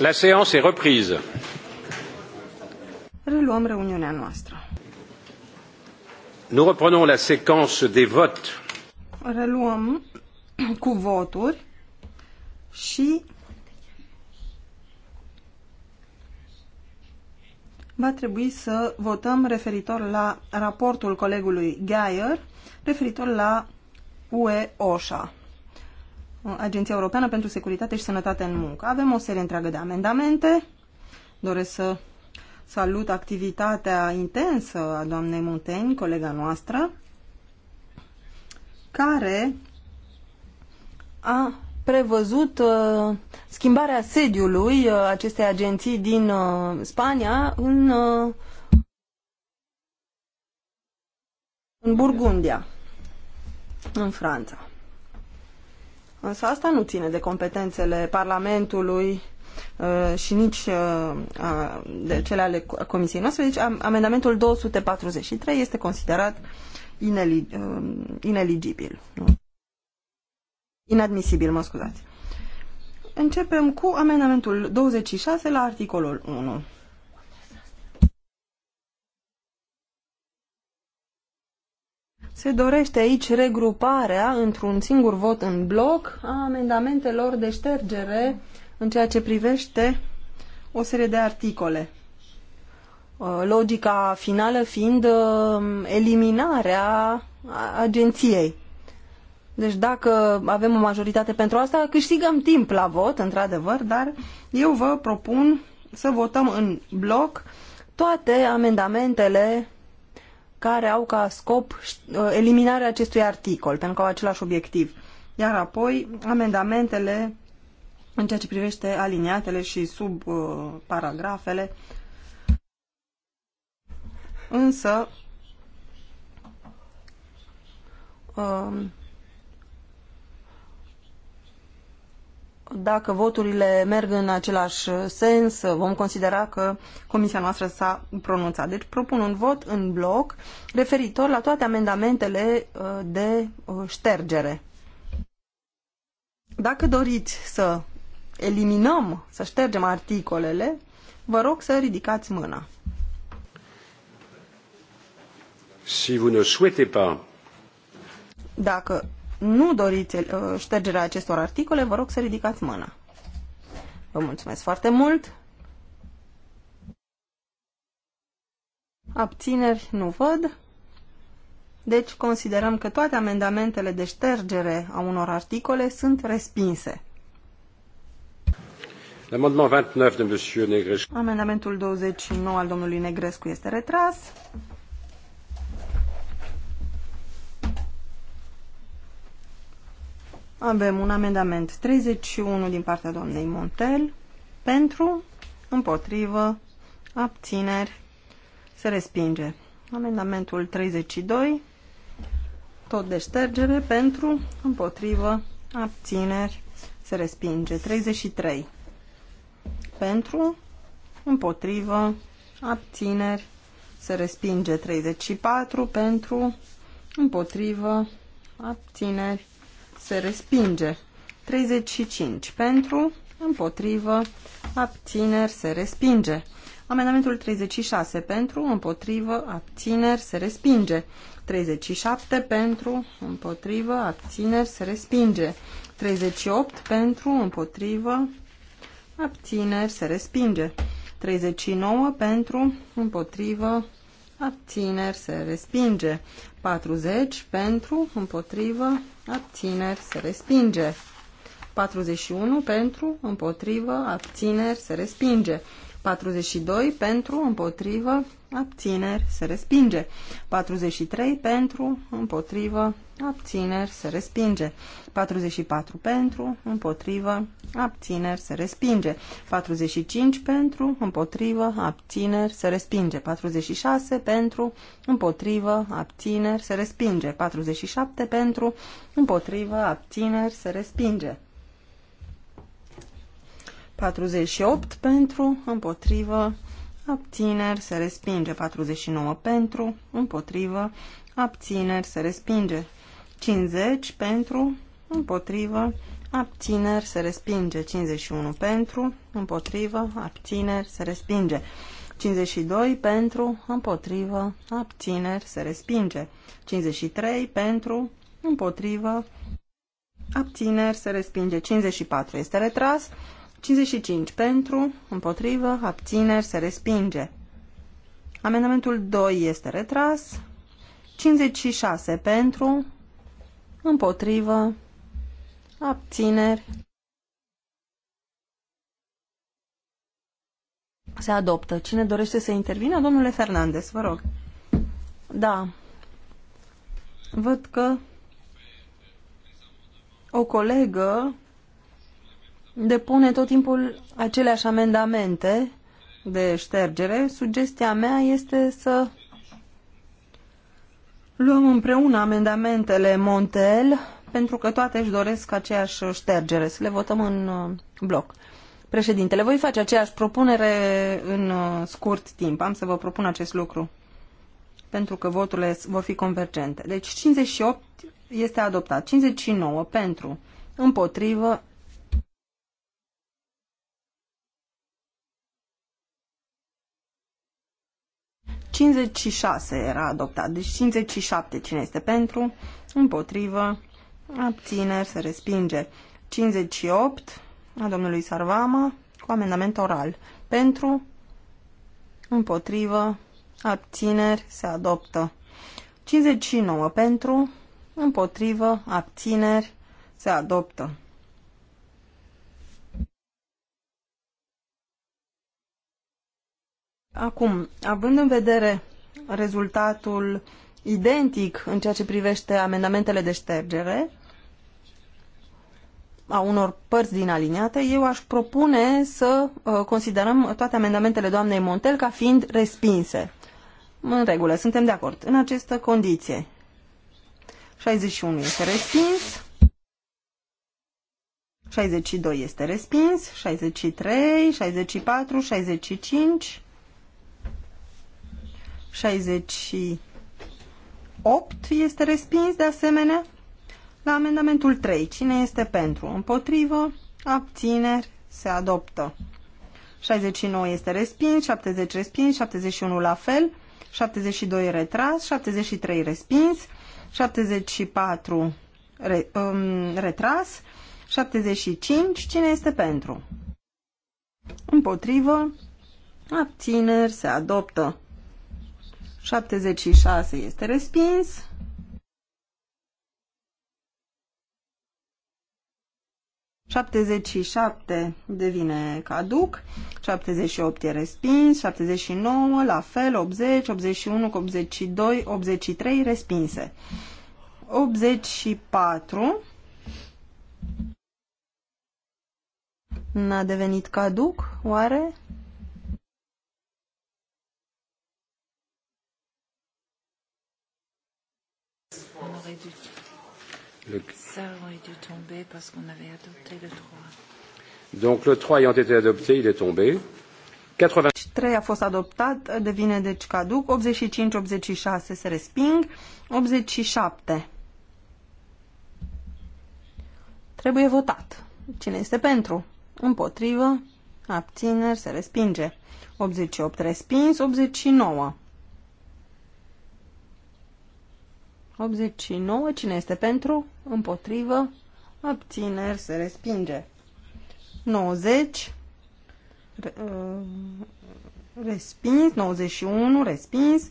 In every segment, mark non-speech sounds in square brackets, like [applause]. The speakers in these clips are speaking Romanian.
La séance est reprise. Reluăm reuniunea noastră. Nous reprenons la séquence des votes. Reluăm cu voturi și va trebui să votăm referitor la raportul colegului Geyer, referitor la UE-OSHA. Agenția Europeană pentru Securitate și Sănătate în Muncă. Avem o serie întreagă de amendamente. Doresc să salut activitatea intensă a doamnei Munteni, colega noastră, care a prevăzut uh, schimbarea sediului uh, acestei agenții din uh, Spania în, uh, în Burgundia, în Franța. Însă asta nu ține de competențele Parlamentului uh, și nici uh, de cele ale Comisiei noastre. Deci amendamentul 243 este considerat um, ineligibil. Inadmisibil, mă scuzați. Începem cu amendamentul 26 la articolul 1. Se dorește aici regruparea într-un singur vot în bloc a amendamentelor de ștergere în ceea ce privește o serie de articole. Uh, logica finală fiind uh, eliminarea agenției. Deci dacă avem o majoritate pentru asta, câștigăm timp la vot, într-adevăr, dar eu vă propun să votăm în bloc toate amendamentele care au ca scop uh, eliminarea acestui articol, pentru că au același obiectiv. Iar apoi amendamentele în ceea ce privește aliniatele și subparagrafele. Însă, um, dacă voturile merg în același sens, vom considera că comisia noastră s-a pronunțat. Deci propun un vot în bloc referitor la toate amendamentele uh, de uh, ștergere. Dacă doriți să eliminăm, să ștergem articolele, vă rog să ridicați mâna. Si vous ne souhaitez pas. Dacă nu doriți uh, ștergerea acestor articole, vă rog să ridicați mâna. Vă mulțumesc foarte mult. Abțineri nu văd. Deci considerăm că toate amendamentele de ștergere a unor articole sunt respinse. Amendamentul 29 al domnului Negrescu este retras. Avem un amendament 31 din partea doamnei Montel pentru, împotrivă, abțineri, se respinge. Amendamentul 32, tot de ștergere, pentru, împotrivă, abțineri, se respinge. 33, pentru, împotrivă, abțineri, se respinge. 34, pentru, împotrivă, abțineri, se respinge. 35 pentru, împotrivă, abțineri, se respinge. Amendamentul 36 pentru, împotrivă, abțineri, se respinge. 37 pentru, împotrivă, abțineri, se respinge. 38 pentru, împotrivă, abțineri, se respinge. 39 pentru, împotrivă, abțineri, se respinge. 40 pentru, împotrivă, abțineri, se respinge. 41 pentru, împotrivă, abțineri, se respinge. 42 pentru, împotrivă, abțineri, se respinge. 43 pentru, împotrivă, abțineri, se respinge. 44 pentru, împotrivă, abțineri, se respinge. 45 pentru, împotrivă, abțineri, se respinge. 46 pentru, împotrivă, abțineri, se respinge. 47 pentru, împotrivă, abțineri, se respinge. 48 pentru, împotrivă, abțineri, se respinge 49 pentru, împotrivă, abțineri, se respinge 50 pentru, împotrivă, abțineri, se respinge 51 pentru, împotrivă, abțineri, se respinge 52 pentru, împotrivă, abțineri, se respinge 53 pentru, împotrivă, abțineri, se respinge 54 este retras 55 pentru, împotrivă, abțineri, se respinge. Amendamentul 2 este retras. 56 pentru, împotrivă, abțineri. Se adoptă. Cine dorește să intervină? Domnule Fernandez, vă rog. Da. Văd că o colegă depune tot timpul aceleași amendamente de ștergere, sugestia mea este să luăm împreună amendamentele Montel, pentru că toate își doresc aceeași ștergere, să le votăm în uh, bloc. Președintele, voi face aceeași propunere în uh, scurt timp. Am să vă propun acest lucru, pentru că voturile vor fi convergente. Deci 58 este adoptat, 59 pentru, împotrivă, 56 era adoptat, deci 57 cine este pentru, împotrivă, abțineri, se respinge. 58 a domnului Sarvama cu amendament oral. Pentru, împotrivă, abțineri, se adoptă. 59 pentru, împotrivă, abțineri, se adoptă. Acum, având în vedere rezultatul identic în ceea ce privește amendamentele de ștergere a unor părți din aliniate, eu aș propune să uh, considerăm toate amendamentele doamnei Montel ca fiind respinse. În regulă, suntem de acord. În această condiție, 61 este respins, 62 este respins, 63, 64, 65, 68 este respins de asemenea. La amendamentul 3, cine este pentru? Împotrivă, abțineri, se adoptă. 69 este respins, 70 respins, 71 la fel, 72 retras, 73 respins, 74 re, um, retras, 75 cine este pentru? Împotrivă, abțineri, se adoptă. 76 este respins. Șaptezeci șapte devine caduc, 78 e respins, 79 la fel, 80, 81, 82, 83 respinse. 84 n-a devenit caduc, oare? On aurait dû... Le... Ça aurait dû tomber parce qu'on avait adopté le 3. Donc le 3 ayant été adopté, il est tombé. 80... 3 deci, a fost adoptat, devine deci caduc. 85-86 se resping. 87. Trebuie votat. Cine este pentru? Împotrivă. Abțineri se respinge. 88 respins. 89. 89. Cine este pentru? Împotrivă. Abțineri se respinge. 90. Re, uh, respins. 91. Respins.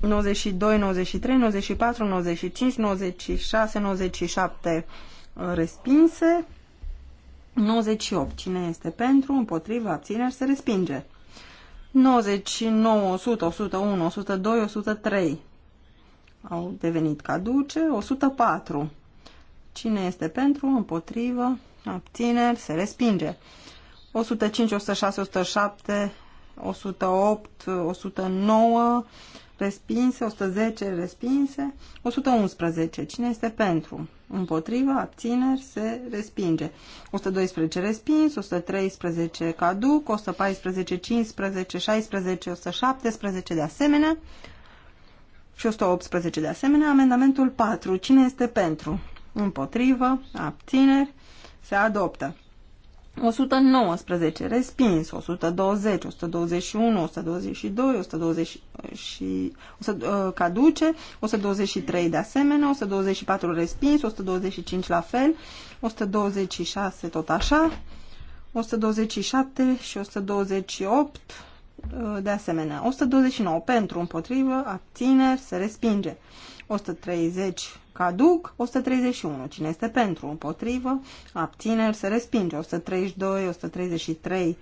92, 93, 94, 95, 96, 97 respinse. 98. Cine este pentru? Împotriva Abțineri se respinge. 99, 100, 101, 102, 103 au devenit caduce. 104. Cine este pentru, împotrivă, abțineri, se respinge. 105, 106, 107, 108, 109, respinse, 110, respinse, 111. Cine este pentru? Împotrivă, abțineri, se respinge. 112 respins, 113 caduc, 114, 15, 16, 117 de asemenea și 118 de asemenea. Amendamentul 4. Cine este pentru? Împotrivă, abțineri, se adoptă. 119, respins, 120, 121, 122, 120 și 100, caduce, 123 de asemenea, 124 respins, 125 la fel, 126 tot așa, 127 și 128 de asemenea. 129 pentru, împotrivă, abțineri, se respinge. 130 caduc, 131. Cine este pentru, împotrivă, abțineri, se respinge. 132, 133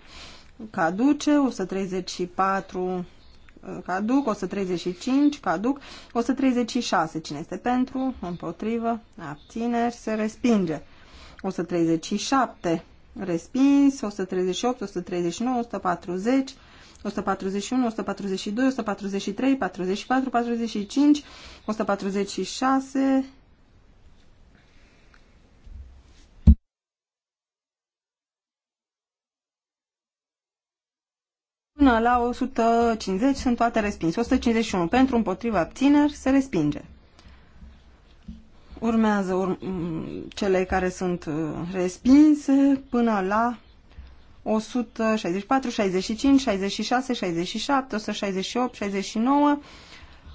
caduce, 134 caduc, 135 caduc, 136. Cine este pentru, împotrivă, abțineri, se respinge. 137 respins, 138, 139, 140 141, 142, 143, 44, 45, 146, 1 la 150 sunt toate respinse. 151 pentru, împotriva, abțineri, se respinge. Urmează urm cele care sunt uh, respinse până la 164, 65, 66, 67, 168, 69,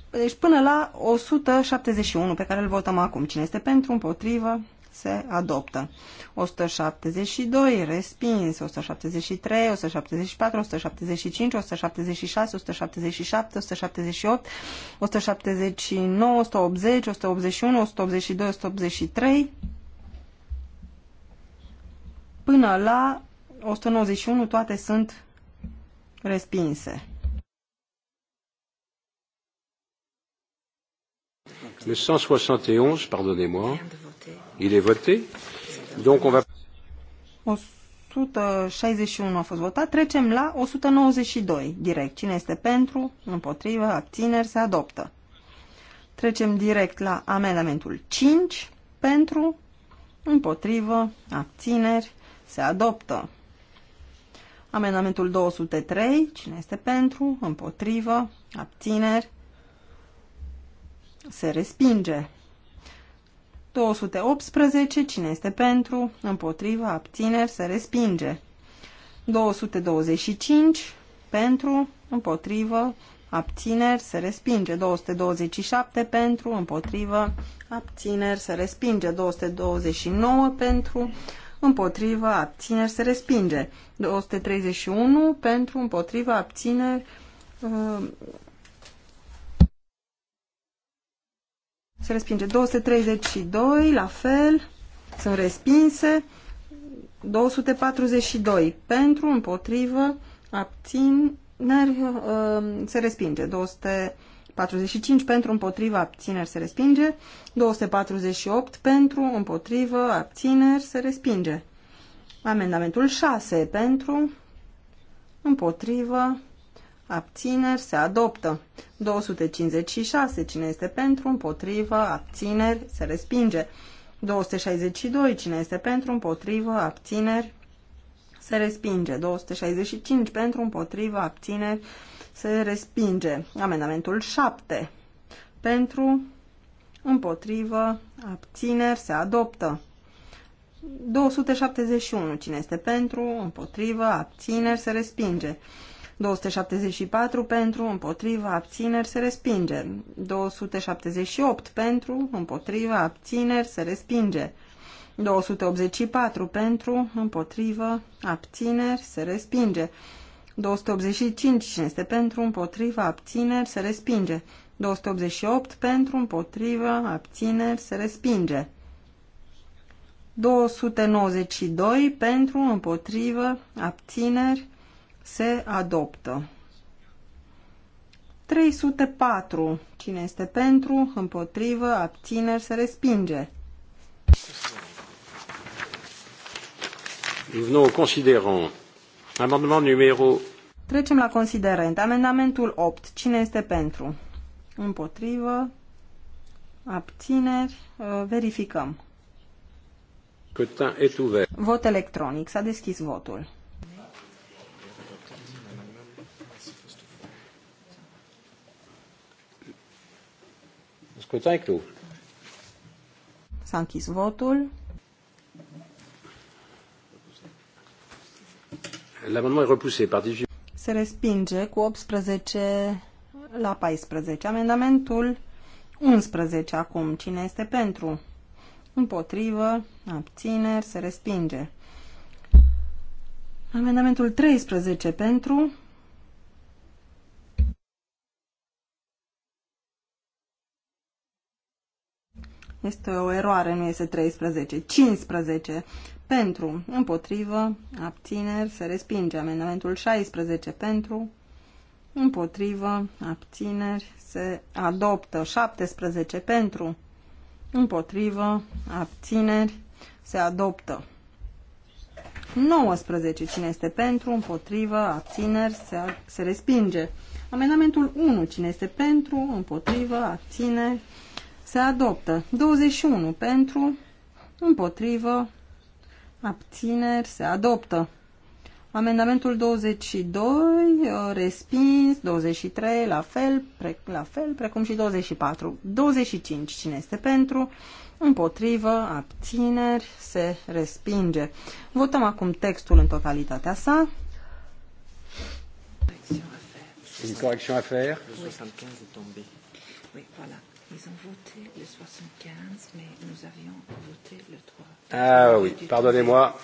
deci până la 171 pe care îl votăm acum. Cine este pentru, împotrivă, se adoptă. 172, respins, 173, 174, 175, 176, 177, 178, 179, 180, 181, 182, 183, până la 191 toate sunt respinse. Le 171, pardonnez-moi, il est voté. Donc on va... 161 a fost votat, trecem la 192 direct. Cine este pentru, împotrivă, abțineri, se adoptă. Trecem direct la amendamentul 5, pentru, împotrivă, abțineri, se adoptă. Amendamentul 203, cine este pentru, împotrivă, abțineri, se respinge. 218, cine este pentru, împotrivă, abțineri, se respinge. 225, pentru, împotrivă, abțineri, se respinge. 227, pentru, împotrivă, abțineri, se respinge. 229, pentru, împotrivă, abțineri, se respinge. 231 pentru, împotrivă, abțineri, uh, se respinge. 232, la fel, sunt respinse. 242 pentru, împotrivă, abțineri, uh, se respinge. 200 45 pentru, împotriva, abțineri se respinge. 248 pentru, împotrivă, abțineri se respinge. Amendamentul 6 pentru, împotrivă, abțineri se adoptă. 256 cine este pentru, împotrivă, abțineri se respinge. 262 cine este pentru, împotrivă, abțineri se respinge. 265 pentru, împotrivă, abțineri se se respinge. Amendamentul 7 pentru, împotrivă, abțineri, se adoptă. 271. Cine este pentru, împotrivă, abțineri, se respinge. 274 pentru, împotrivă, abțineri, se respinge. 278 pentru, împotrivă, abțineri, se respinge. 284 pentru, împotrivă, abțineri, se respinge. 285 cine este pentru, împotriva, abțineri, se respinge. 288 pentru, împotriva, abțineri, se respinge. 292 pentru, împotrivă, abțineri, se adoptă. 304. Cine este pentru, împotrivă, abțineri, se respinge. Nous venons au considérant Amendament Trecem la considerent. Amendamentul 8. Cine este pentru? Împotrivă. Abțineri. Uh, verificăm. Vot electronic. S-a deschis votul. S-a închis votul. L'amendement est repoussé par 18. Se respinge cu 18 la 14. Amendamentul 11 acum. Cine este pentru? Împotrivă, abțineri, se respinge. Amendamentul 13 pentru, Este o eroare, nu este 13, 15 pentru, împotrivă, abțineri, se respinge. Amendamentul 16 pentru, împotrivă, abțineri, se adoptă. 17 pentru, împotrivă, abțineri, se adoptă. 19. Cine este pentru, împotrivă, abțineri, se, se respinge. Amendamentul 1. Cine este pentru, împotrivă, abțineri, se adoptă. 21. Pentru, împotrivă, Abțineri se adoptă. Amendamentul 22, respins, 23, la fel, pre, la fel, precum și 24. 25, cine este pentru? Împotrivă, abțineri, se respinge. Votăm acum textul în totalitatea sa. Une correction à faire. Oui. 75 est tombé. Oui, voilà. Ils ont voté le 75, mais nous avions voté le 3. Ah oui, pardonnez-moi.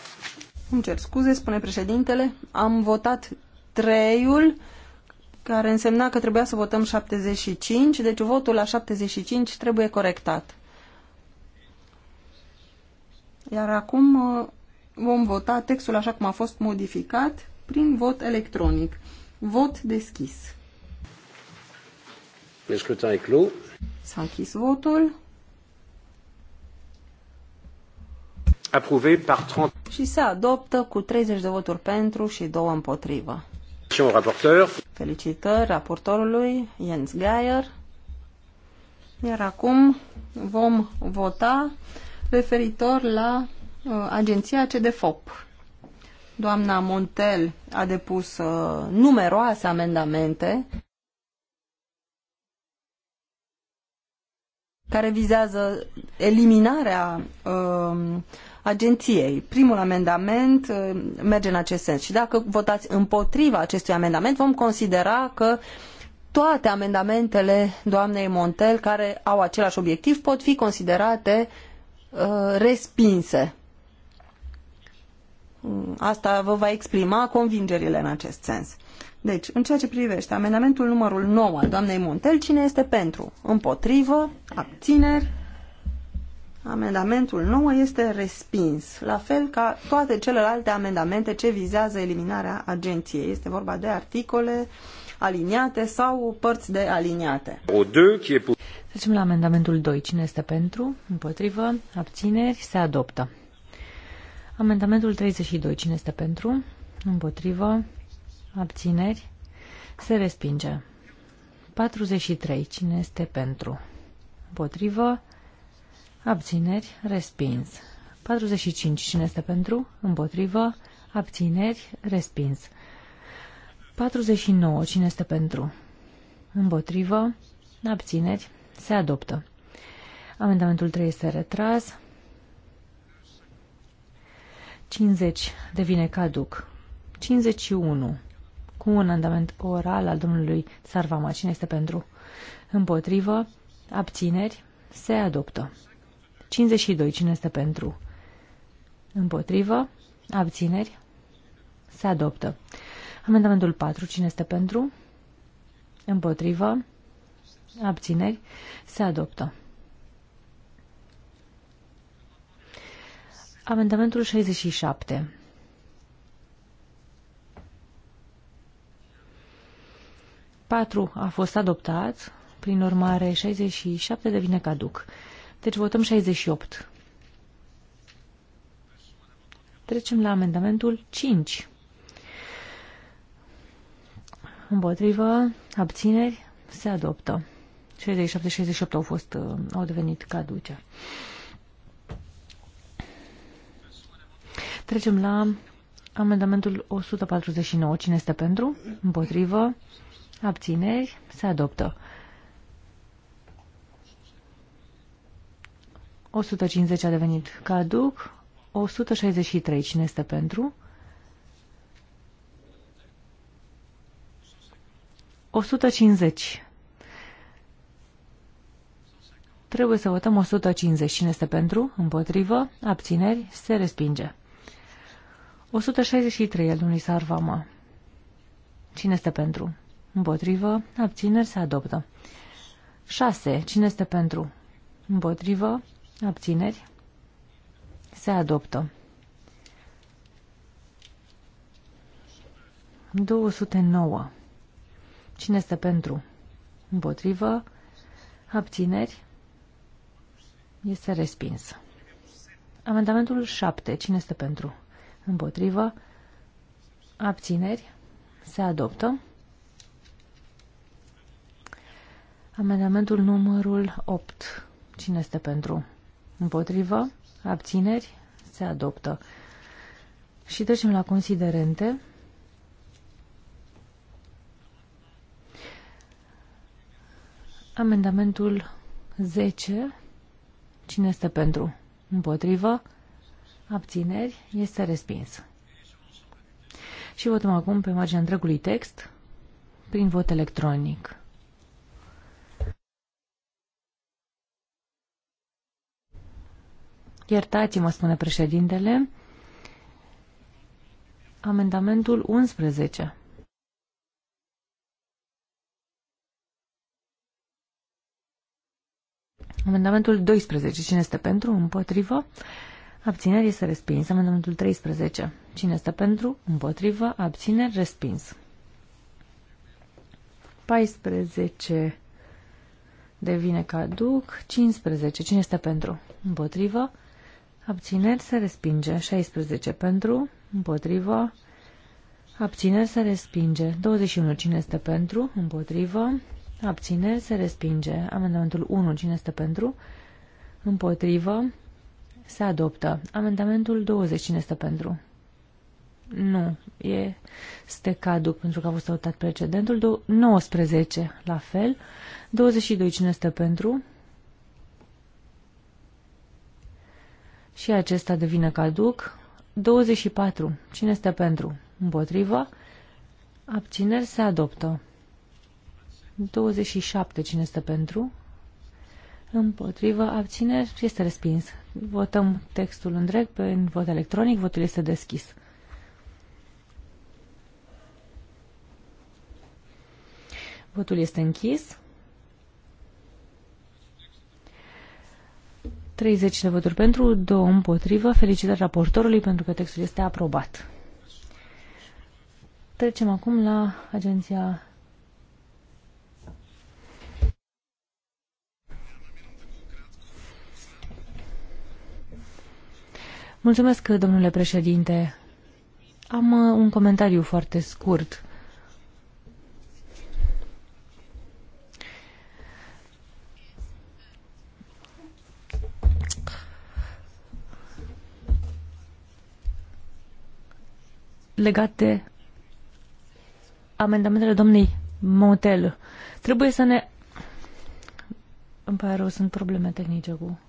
Îmi cer scuze, spune președintele. Am votat 3-ul, care însemna că trebuia să votăm 75, deci votul la 75 trebuie corectat. Iar acum uh, vom vota textul așa cum a fost modificat prin vot electronic. Vot deschis. Le scrutin est clos. S-a închis votul. par 30. Și se adoptă cu 30 de voturi pentru și 2 împotrivă. Raporteur. Felicitări raportorului Jens Geier. Iar acum vom vota referitor la uh, agenția CDFOP. Doamna Montel a depus uh, numeroase amendamente care vizează eliminarea uh, agenției. Primul amendament uh, merge în acest sens. Și dacă votați împotriva acestui amendament, vom considera că toate amendamentele doamnei Montel care au același obiectiv pot fi considerate uh, respinse asta vă va exprima convingerile în acest sens. Deci, în ceea ce privește amendamentul numărul 9 al doamnei Montel, cine este pentru? Împotrivă? Abțineri? Amendamentul 9 este respins, la fel ca toate celelalte amendamente ce vizează eliminarea agenției. Este vorba de articole aliniate sau părți de aliniate. O Trecem la amendamentul 2. Cine este pentru? Împotrivă? Abțineri? Se adoptă. Amendamentul 32. Cine este pentru? Împotrivă. Abțineri. Se respinge. 43. Cine este pentru? Împotrivă. Abțineri. Respins. 45. Cine este pentru? Împotrivă. Abțineri. Respins. 49. Cine este pentru? Împotrivă. Abțineri. Se adoptă. Amendamentul 3 este retras. 50 devine caduc. 51 cu un andament oral al domnului Sarvama. Cine este pentru? Împotrivă. Abțineri. Se adoptă. 52. Cine este pentru? Împotrivă. Abțineri. Se adoptă. Amendamentul 4. Cine este pentru? Împotrivă. Abțineri. Se adoptă. Amendamentul 67. Patru a fost adoptat, prin urmare 67 devine caduc. Deci votăm 68. Trecem la amendamentul 5. Împotrivă, abțineri, se adoptă. 67-68 au fost, uh, au devenit caduce. Trecem la amendamentul 149. Cine este pentru? Împotrivă? Abțineri? Se adoptă. 150 a devenit caduc. 163. Cine este pentru? 150. Trebuie să votăm 150. Cine este pentru? Împotrivă? Abțineri? Se respinge. 163 al domnului Sarvama. Cine este pentru? Împotrivă. Abțineri se adoptă. 6. Cine este pentru? Împotrivă. Abțineri se adoptă. 209. Cine este pentru? Împotrivă. Abțineri. Este respins. Amendamentul 7. Cine este pentru? împotrivă, abțineri, se adoptă. Amendamentul numărul 8. Cine este pentru? Împotrivă, abțineri, se adoptă. Și trecem la considerente. Amendamentul 10. Cine este pentru? Împotrivă? Abțineri. Este respins. Și votăm acum pe marginea întregului text prin vot electronic. Iertați-mă, spune președintele, amendamentul 11. Amendamentul 12. Cine este pentru? Împotrivă? Abțineri este respins. Amendamentul 13. Cine este pentru? Împotrivă. Abțineri. Respins. 14 devine caduc. 15. Cine este pentru? Împotrivă. Abțineri se respinge. 16 pentru. Împotrivă. Abțineri se respinge. 21. Cine este pentru? Împotrivă. Abțineri se respinge. Amendamentul 1. Cine este pentru? Împotrivă. Se adoptă. Amendamentul 20. Cine este pentru? Nu. E este pentru că a fost adoptat precedentul. 19. La fel. 22. Cine este pentru? Și acesta devine caduc. 24. Cine este pentru? Împotrivă. Abțineri se adoptă. 27. Cine este pentru? Împotrivă, abțineri, este respins. Votăm textul întreg pe vot electronic, votul este deschis. Votul este închis. 30 de voturi pentru, 2 împotrivă. Felicitări raportorului pentru că textul este aprobat. Trecem acum la Agenția Mulțumesc, domnule președinte. Am uh, un comentariu foarte scurt. legat de amendamentele domnului Motel. Trebuie să ne... Îmi pare rău, sunt probleme tehnice cu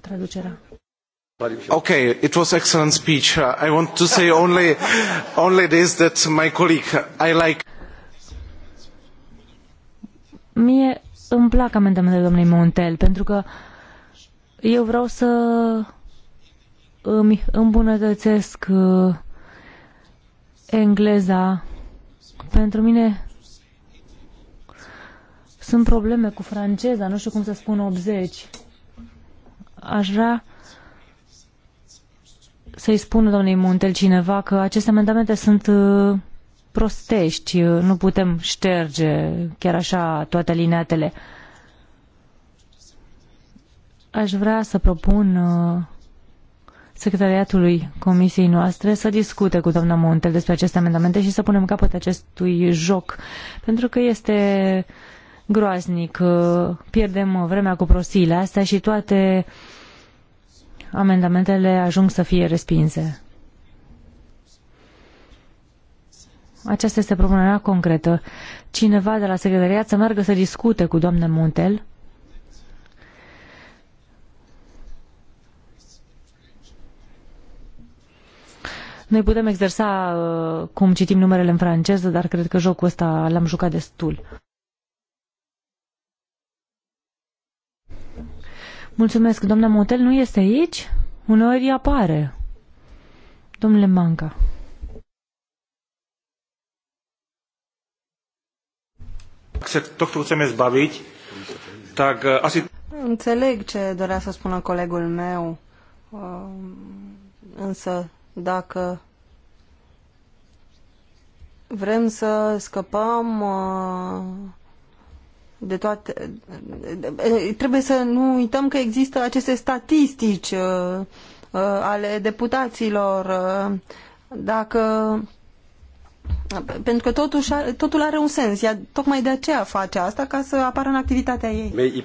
traducerea. Okay, it was excellent speech. I want to say only, only this that my colleague, I like. Mie îmi plac amendamentele domnului Montel, pentru că eu vreau să îmi îmbunătățesc uh, engleza. Pentru mine sunt probleme cu franceza, nu știu cum să spun 80. Aș vrea să-i spună domnului Muntel cineva că aceste amendamente sunt uh, prostești, uh, nu putem șterge chiar așa toate alineatele. Aș vrea să propun uh, secretariatului comisiei noastre să discute cu doamna Montel despre aceste amendamente și să punem capăt acestui joc, pentru că este groaznic. Pierdem vremea cu prostiile astea și toate uh, amendamentele ajung să fie respinse. Aceasta este propunerea concretă. Cineva de la secretariat să meargă să discute cu doamne Montel Noi putem exersa uh, cum citim numerele în franceză, dar cred că jocul ăsta l-am jucat destul. Mulțumesc. Doamna Motel nu este aici? Uneori apare. Domnule Manca. Eh, Înțeleg ce dorea să spună colegul meu, eh, însă dacă vrem să scăpăm eh, de toate... Trebuie să nu uităm că există aceste statistici uh, uh, ale deputaților. Uh, dacă... Pentru că totuși, totul are un sens. Ea tocmai de aceea face asta, ca să apară în activitatea ei.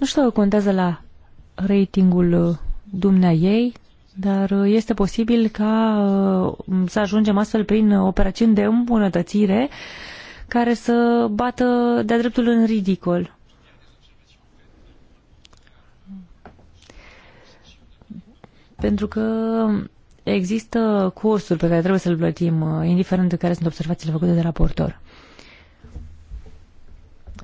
Nu știu, contează la ratingul dumnea ei, dar este posibil ca să ajungem astfel prin operațiuni de îmbunătățire uh, care să bată de-a dreptul în ridicol. Pentru că există costuri pe care trebuie să le plătim, uh, indiferent de care sunt observațiile făcute de raportor.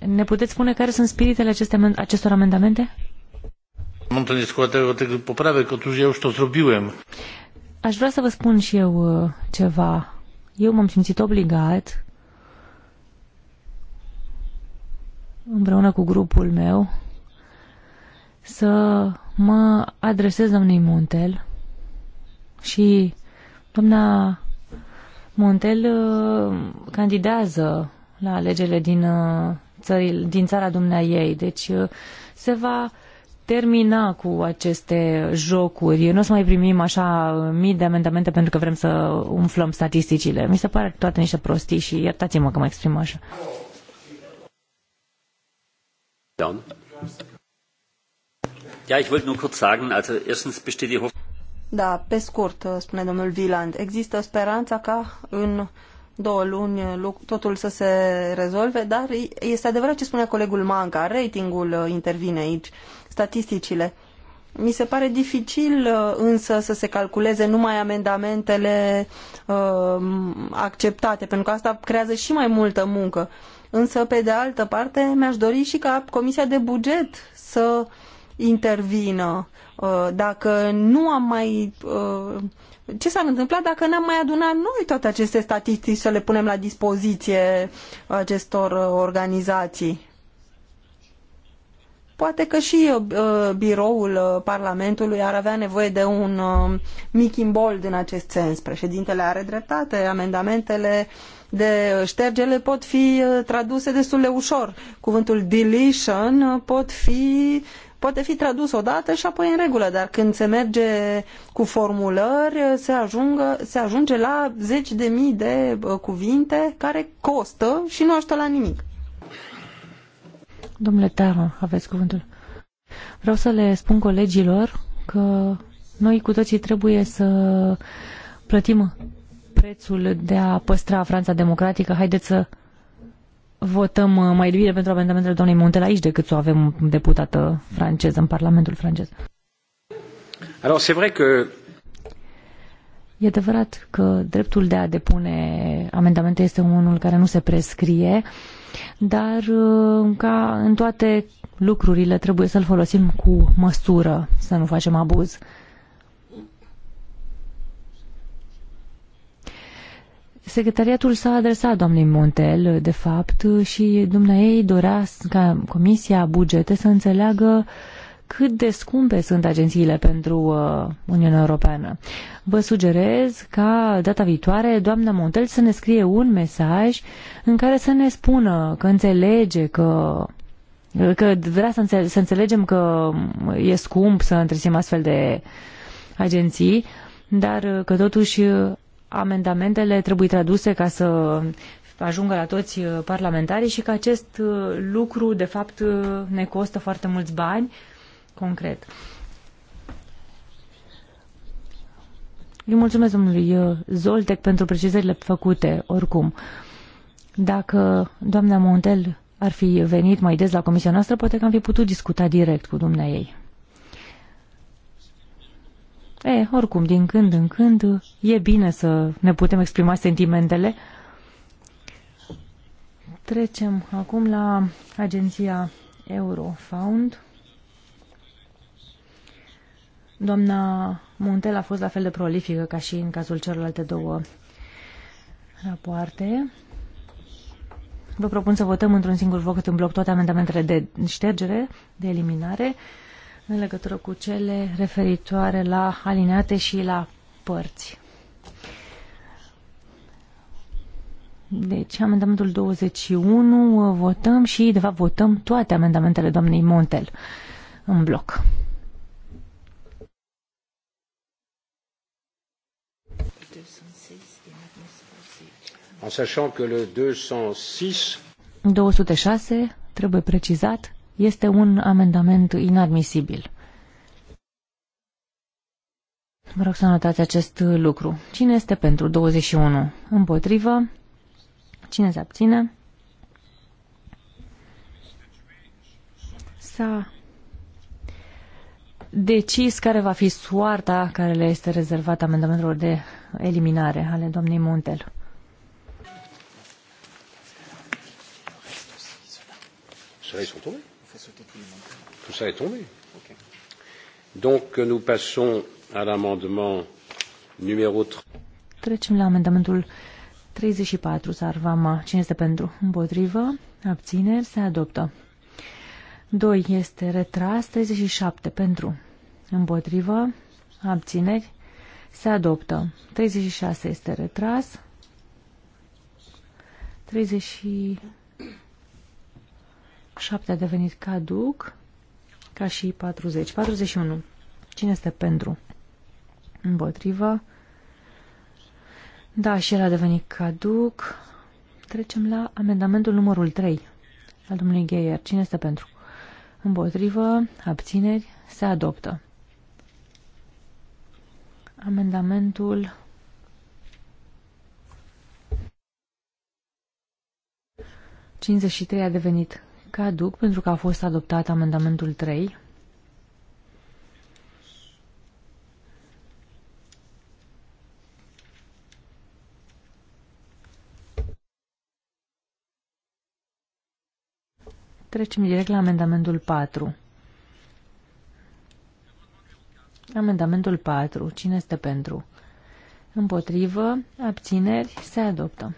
Ne puteți spune care sunt spiritele aceste, acestor amendamente? Mam to nie o tego, tych poprawek, otóż ja tot to Aș vrea să vă spun și eu uh, ceva. Eu m-am simțit obligat împreună cu grupul meu, să mă adresez doamnei Montel și doamna Montel uh, candidează la alegerile din, uh, din țara dumnea ei, deci uh, se va termina cu aceste jocuri. Nu o să mai primim așa mii de amendamente pentru că vrem să umflăm statisticile. Mi se pare toate niște prostii și iertați-mă că mă exprim așa. Down. Da, pe scurt, uh, spune domnul Wieland, există speranța ca în două luni uh, totul să se rezolve, dar este adevărat ce spunea colegul Manca, ratingul uh, intervine aici, statisticile. Mi se pare dificil însă să se calculeze numai amendamentele uh, acceptate, pentru că asta creează și mai multă muncă. Uh, Însă, pe de altă parte, mi-aș dori și ca Comisia de Buget să intervină. Uh, dacă nu am mai... Uh, ce s-ar întâmpla dacă n-am mai adunat noi toate aceste statistici să le punem la dispoziție acestor uh, organizații? Poate că și biroul Parlamentului ar avea nevoie de un mic imbold în acest sens. Președintele are dreptate, amendamentele uh, de ștergere pot fi uh, traduse destul de ușor. Cuvântul deletion uh, pot fi, poate fi tradus odată și apoi în regulă, dar când se merge cu formulări, uh, se, ajungă, se ajunge la zeci de mii de cuvinte care costă și nu ajută la nimic. Domnule Taron, aveți cuvântul. Vreau să le spun colegilor că noi cu toții trebuie să plătim prețul de a păstra Franța democratică. Haideți să votăm uh, mai bine pentru amendamentele doamnei Montel aici decât să o avem deputată franceză în Parlamentul francez. Alors, c'est vrai que... E adevărat că dreptul de a depune amendamente este unul care nu se prescrie, dar uh, ca în toate lucrurile trebuie să-l folosim cu măsură, să nu facem abuz. Secretariatul s-a adresat doamnei Montel, de fapt, și ei dorea ca Comisia Bugete să înțeleagă cât de scumpe sunt agențiile pentru uh, Uniunea Europeană. Vă sugerez ca data viitoare doamna Montel să ne scrie un mesaj în care să ne spună că înțelege că că vrea să, înțe- să înțelegem că e scump să întreținem astfel de agenții, dar că totuși amendamentele trebuie traduse ca să ajungă la toți uh, parlamentarii și că acest uh, lucru, de fapt, uh, ne costă foarte mulți bani, concret. Îi mulțumesc domnului Zoltec pentru precizările făcute, oricum. Dacă doamna Montel ar fi venit mai des la comisia noastră, poate că am fi putut discuta direct cu dumneai ei. E, oricum, din când în când e bine să ne putem exprima sentimentele. Trecem acum la agenția Eurofound. Doamna Montel a fost la fel de prolifică ca și în cazul celorlalte două rapoarte. Vă propun să votăm într-un singur vot în bloc toate amendamentele de ștergere, de eliminare în legătură cu cele referitoare la alineate și la părți. Deci, amendamentul 21 uh, votăm și, de fapt, votăm toate amendamentele doamnei Montel în bloc. În sachant că le 206 206 trebuie precizat este un amendament inadmisibil. Vă rog să notați acest lucru. Cine este pentru 21? Împotrivă? Cine se abține? S-a decis care va fi soarta care le este rezervată amendamentelor de eliminare ale doamnei Montel. Să ils Tout ça est tombé. Okay. Donc nous passons à l'amendement numéro 3. Trecem la amendamentul 34, Sarvama. Cine este pentru? Împotrivă? Abțineri? Se adoptă. 2 este retras, 37 pentru. Împotrivă? Abțineri? Se adoptă. 36 este retras. 30 7 a devenit caduc, ca și 40. 41. Cine este pentru? Împotrivă. Da, și el a devenit caduc. Trecem la amendamentul numărul 3 al domnului Gheier. Cine este pentru? Împotrivă, abțineri, se adoptă. Amendamentul ...53 a devenit caduc pentru că a fost adoptat amendamentul 3. Trecem direct la amendamentul 4. Amendamentul 4. Cine este pentru? Împotrivă, abțineri, se adoptă.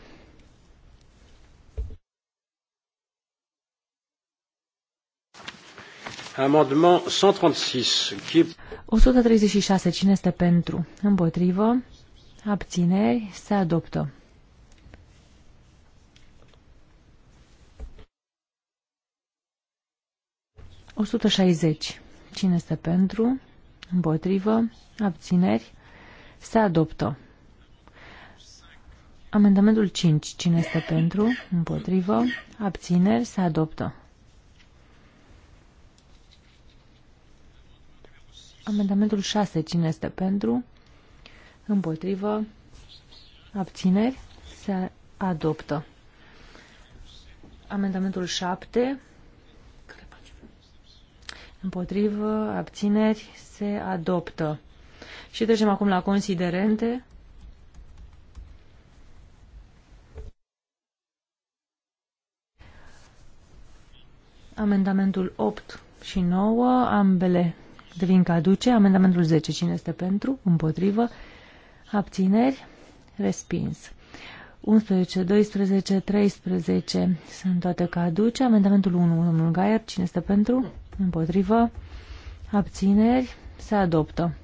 Amendement 136. 136. Cine este pentru? Împotrivă? Abțineri? Se adoptă. O 160. Cine este pentru? Împotrivă? Abțineri? Se adoptă. Amendamentul 5. Cine este pentru? Împotrivă? Abțineri? Se adoptă. Amendamentul 6. Cine este pentru? Împotrivă? Abțineri? Se adoptă. Amendamentul 7. Împotrivă? Abțineri? Se adoptă. Și trecem acum la considerente. Amendamentul 8 și 9, ambele devin caduce. Amendamentul 10. Cine este pentru? Împotrivă. Abțineri. Respins. 11, 12, 13 sunt toate caduce. Amendamentul 1, domnul Gaier, cine este pentru? Împotrivă. Abțineri. Se adoptă.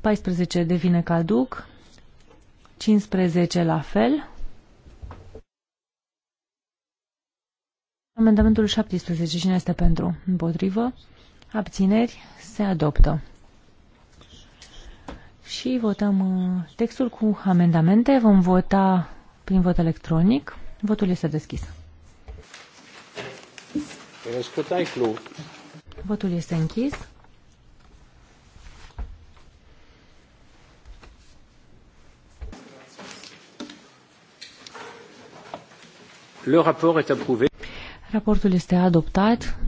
14 devine caduc. 15 la fel. Amendamentul 17. Cine este pentru? Împotrivă. Abțineri. Se adoptă. Și votăm uh, textul cu amendamente. Vom vota prin vot electronic. Votul este deschis. Votul este închis. Le raport est approuvé. Raportul este adoptat.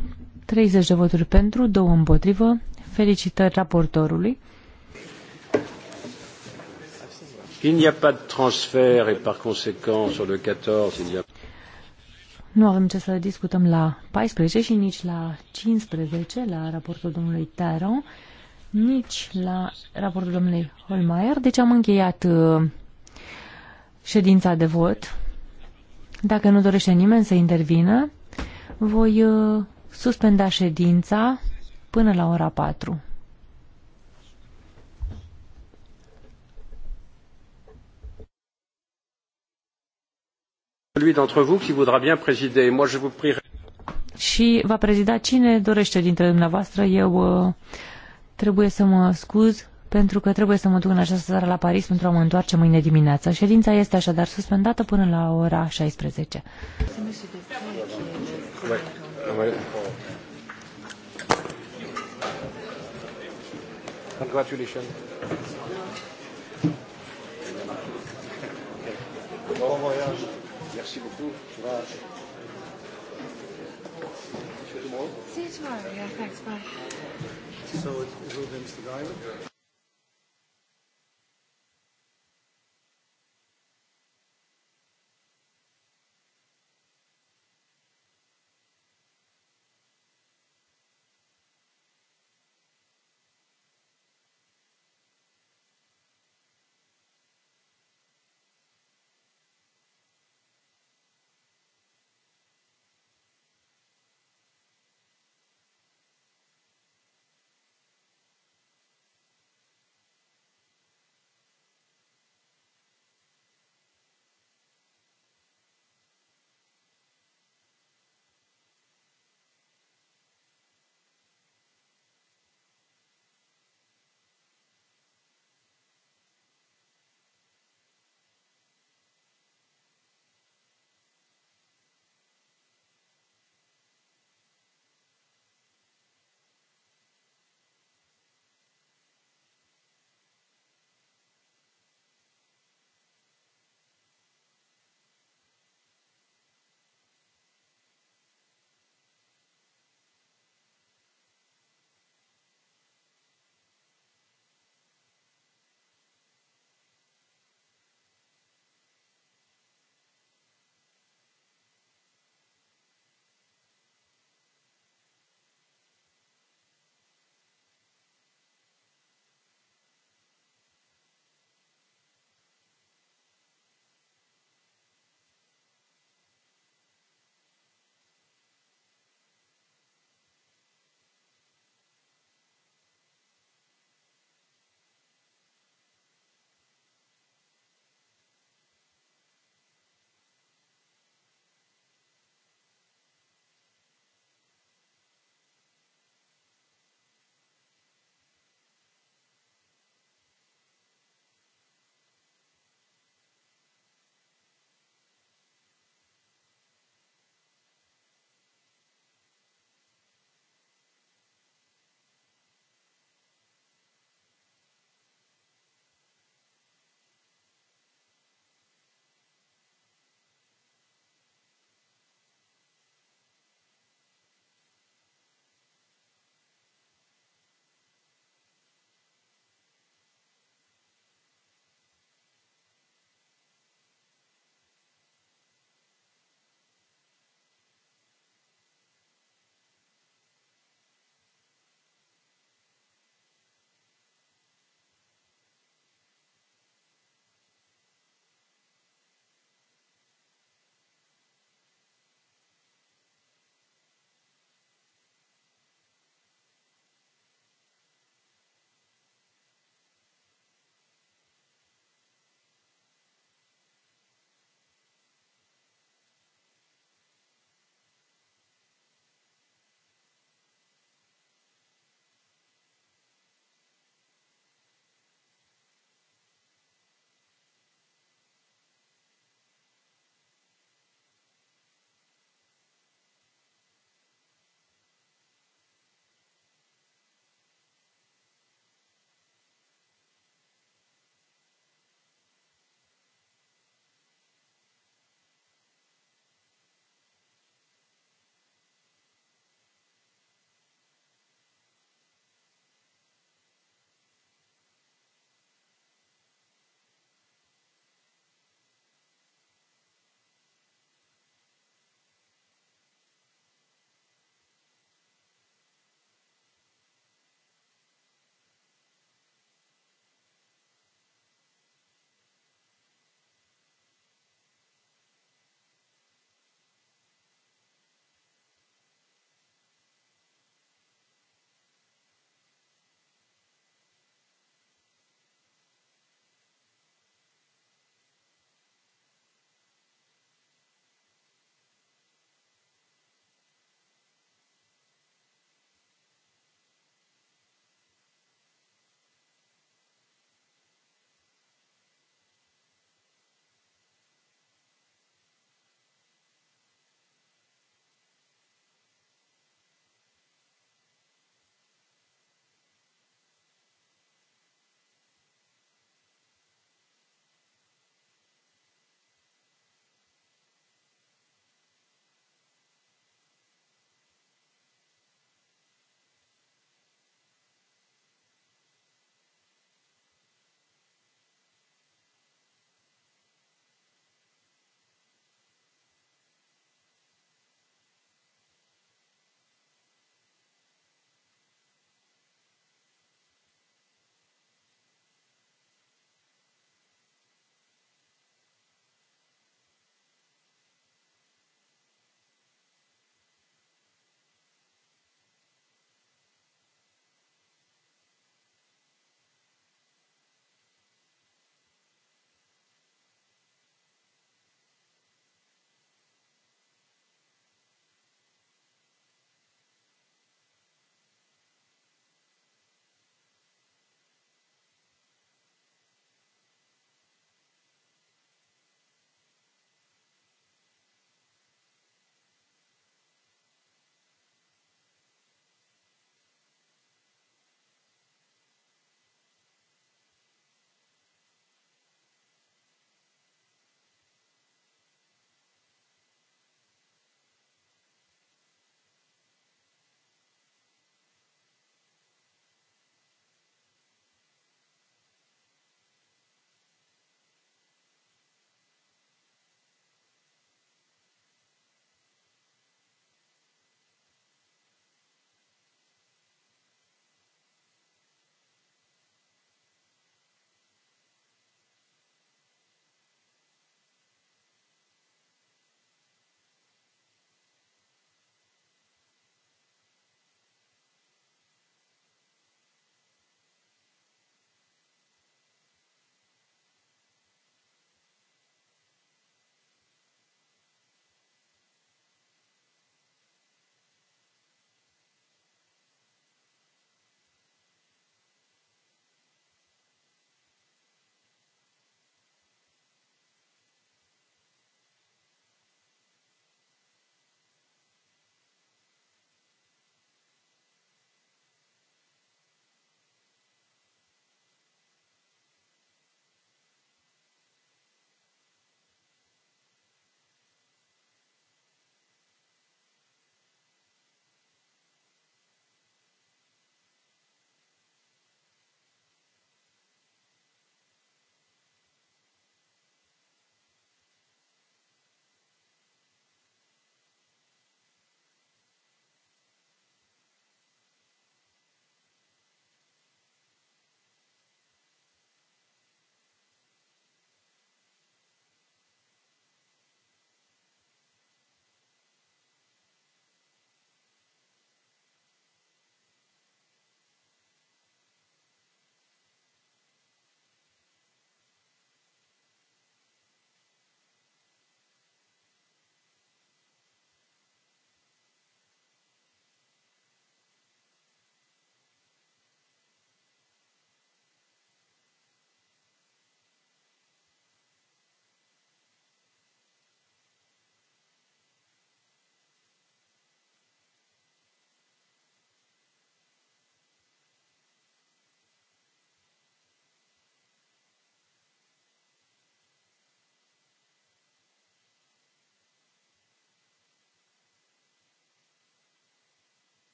30 de voturi pentru, 2 împotrivă. Felicitări raportorului. Il n'y a pas de transfert et par conséquent sur le 14 il y a... Nu avem ce să discutăm la 14 și nici la 15, la raportul domnului Taron, nici la raportul domnului Holmeier. Deci am încheiat uh, ședința de vot. Dacă nu dorește nimeni să intervină, voi uh, suspenda ședința până la ora 4. Celui dintre vous qui voudra bien présider, moi je vous Și va prezida cine dorește dintre dumneavoastră. Eu uh, trebuie să mă scuz pentru că trebuie să mă duc în această seară la Paris pentru a mă întoarce mâine dimineață. Ședința este așadar suspendată până la ora 16. Congratulations. Bon voyage. Merci beaucoup. Tu vas. See you tomorrow. See you tomorrow. Yeah, thanks. Bye. So it's over, Mr. Diamond.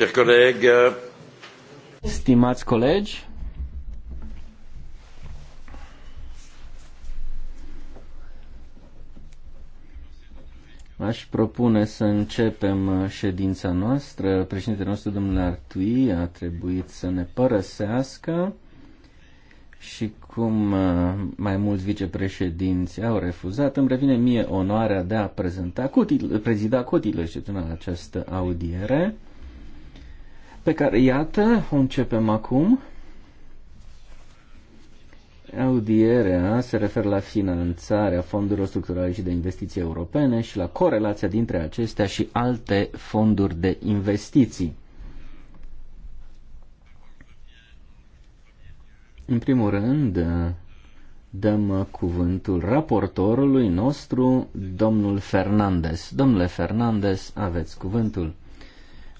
Chers collègues, euh, Stimați colegi, aș propune să începem uh, ședința noastră. Președintele nostru, domnul Artui, a trebuit să ne părăsească și cum uh, mai mulți vicepreședinți au refuzat, îmi revine mie onoarea de a prezenta cu prezida cu și această audiere pe care, iată, o începem acum. Audierea se referă la finanțarea fondurilor structurale și de investiții europene și la corelația dintre acestea și alte fonduri de investiții. În primul rând, dăm cuvântul raportorului nostru, domnul Fernandez. Domnule Fernandez, aveți cuvântul.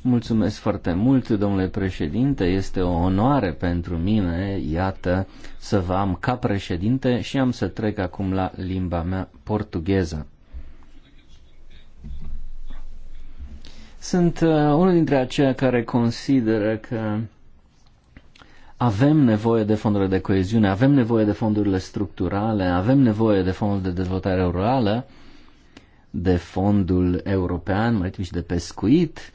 Mulțumesc foarte mult, domnule președinte. Este o onoare pentru mine, iată, să vă am ca președinte și am să trec acum la limba mea portugheză. Sunt uh, unul dintre aceia care consideră că avem nevoie de fondurile de coeziune, avem nevoie de fondurile structurale, avem nevoie de fondul de dezvoltare rurală, de fondul european, mai și de pescuit,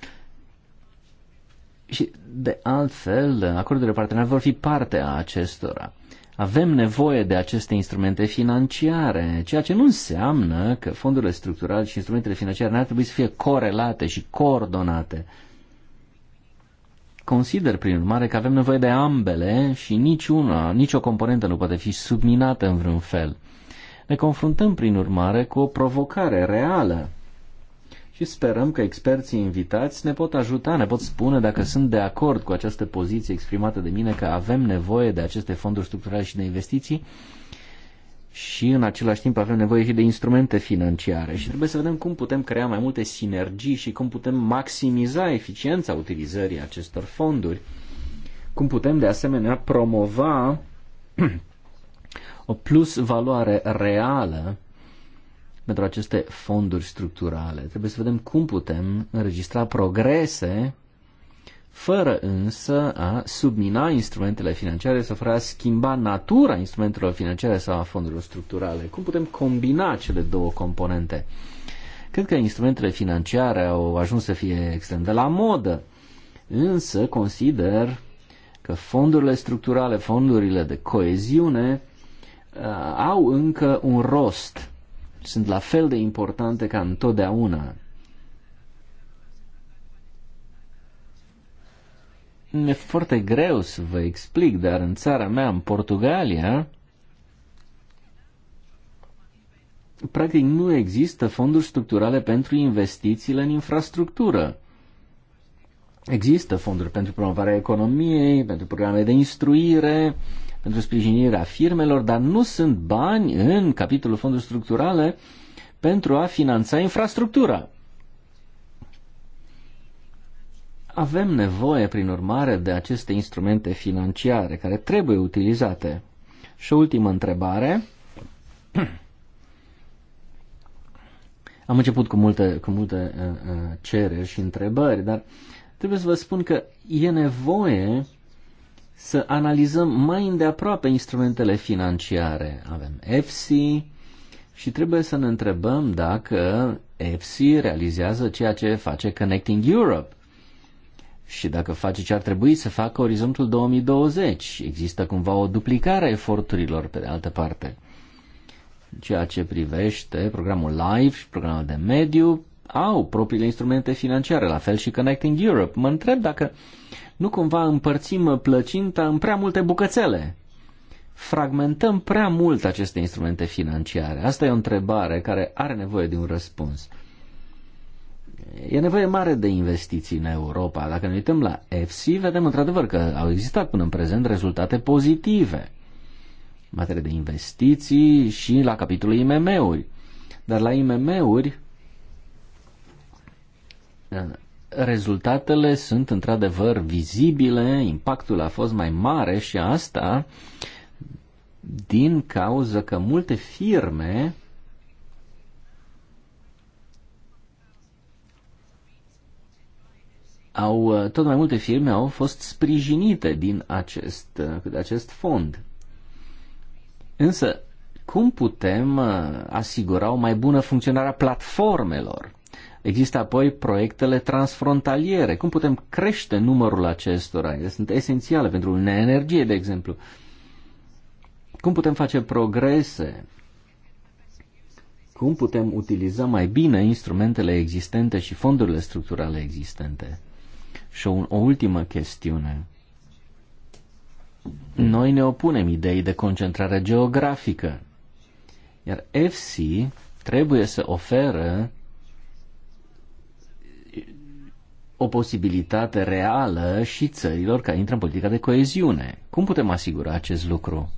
și, de altfel, acordurile parteneriat vor fi parte a acestora. Avem nevoie de aceste instrumente financiare, ceea ce nu înseamnă că fondurile structurale și instrumentele financiare n-ar trebui să fie corelate și coordonate. Consider, prin urmare, că avem nevoie de ambele și niciuna, nicio componentă nu poate fi subminată în vreun fel. Ne confruntăm, prin urmare, cu o provocare reală și sperăm că experții invitați ne pot ajuta, ne pot spune dacă sunt de acord cu această poziție exprimată de mine că avem nevoie de aceste fonduri structurale și de investiții și în același timp avem nevoie și de instrumente financiare și trebuie să vedem cum putem crea mai multe sinergii și cum putem maximiza eficiența utilizării acestor fonduri, cum putem de asemenea promova [clears throat] o plus valoare reală pentru aceste fonduri structurale. Trebuie să vedem cum putem înregistra progrese fără însă a submina instrumentele financiare sau fără a schimba natura instrumentelor financiare sau a fondurilor structurale. Cum putem combina cele două componente? Cred că instrumentele financiare au ajuns să fie extrem de la modă, însă consider că fondurile structurale, fondurile de coeziune uh, au încă un rost sunt la fel de importante ca întotdeauna. Mi-e foarte greu să vă explic, dar în țara mea, în Portugalia, practic nu există fonduri structurale pentru investițiile în infrastructură. Există fonduri pentru promovarea economiei, pentru programe de instruire, pentru sprijinirea firmelor, dar nu sunt bani în capitolul fonduri structurale pentru a finanța infrastructura. Avem nevoie, prin urmare, de aceste instrumente financiare care trebuie utilizate. Și o ultimă întrebare. Am început cu multe, cu multe uh, uh, cereri și întrebări, dar trebuie să vă spun că e nevoie să analizăm mai îndeaproape instrumentele financiare. Avem EFSI și trebuie să ne întrebăm dacă EFSI realizează ceea ce face Connecting Europe și dacă face ce ar trebui să facă orizontul 2020. Există cumva o duplicare a eforturilor pe de altă parte. Ceea ce privește programul LIFE și programul de mediu au propriile instrumente financiare, la fel și Connecting Europe. Mă întreb dacă uh, nu cumva împărțim plăcinta în prea multe bucățele? Fragmentăm prea mult aceste instrumente financiare. Asta e o întrebare care are nevoie de un răspuns. E nevoie mare de investiții în Europa. Dacă ne uităm la EFSI, vedem într-adevăr că au existat până în prezent rezultate pozitive în materie de investiții și la capitolul IMM-uri. Dar la IMM-uri rezultatele sunt într-adevăr vizibile, impactul a fost mai mare și asta din cauza că multe firme au, tot mai multe firme au fost sprijinite din acest, de acest fond. Însă, cum putem uh, asigura o mai bună funcționare a platformelor? Există apoi proiectele transfrontaliere. Cum putem crește numărul acestora? Ele sunt esențiale pentru Uniunea Energie, de exemplu. Cum putem face progrese? Cum putem utiliza mai bine instrumentele existente și fondurile structurale existente? Și o, o ultimă chestiune. Noi ne opunem idei de concentrare geografică, iar FC trebuie să oferă o posibilitate reală și țărilor care intră în politica de coeziune. Cum putem asigura acest lucru?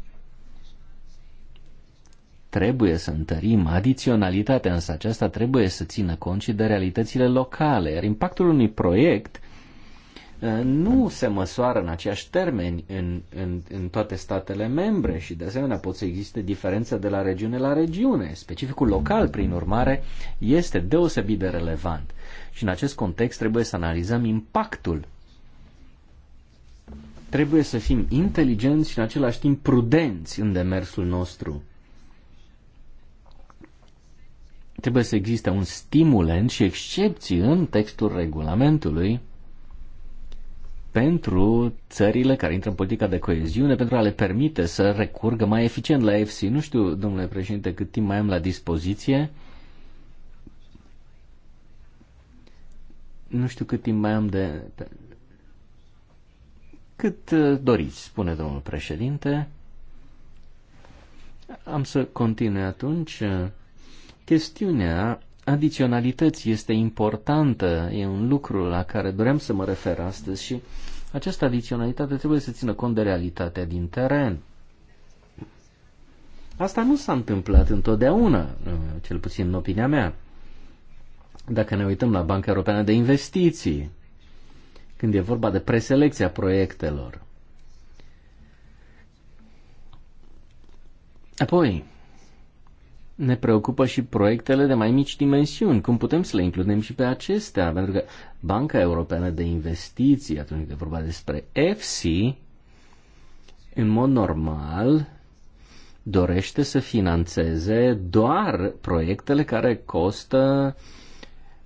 Trebuie să întărim adiționalitatea, însă aceasta trebuie să țină cont și de realitățile locale, iar impactul unui proiect uh, nu se măsoară în aceiași termeni în, în, în toate statele membre și de asemenea pot să existe diferențe de la regiune la regiune. Specificul local, prin urmare, este deosebit de relevant. Și în acest context trebuie să analizăm impactul. Trebuie să fim inteligenți și în același timp prudenți în demersul nostru. Trebuie să existe un stimulent și excepții în textul regulamentului pentru țările care intră în politica de coeziune, pentru a le permite să recurgă mai eficient la EFSI. Nu știu, domnule președinte, cât timp mai am la dispoziție. Nu știu cât timp mai am de... Cât uh, doriți, spune domnul președinte. Am să continui atunci. Uh, chestiunea adiționalității este importantă, e un lucru la care doream să mă refer astăzi și această adiționalitate trebuie să țină cont de realitatea din teren. Asta nu s-a întâmplat întotdeauna, uh, cel puțin în opinia mea. Dacă ne uităm la Banca Europeană de Investiții, când e vorba de preselecția proiectelor. Apoi, ne preocupă și proiectele de mai mici dimensiuni. Cum putem să le includem și pe acestea? Pentru că Banca Europeană de Investiții, atunci când e vorba despre EFSI, în mod normal dorește să financeze doar proiectele care costă uh,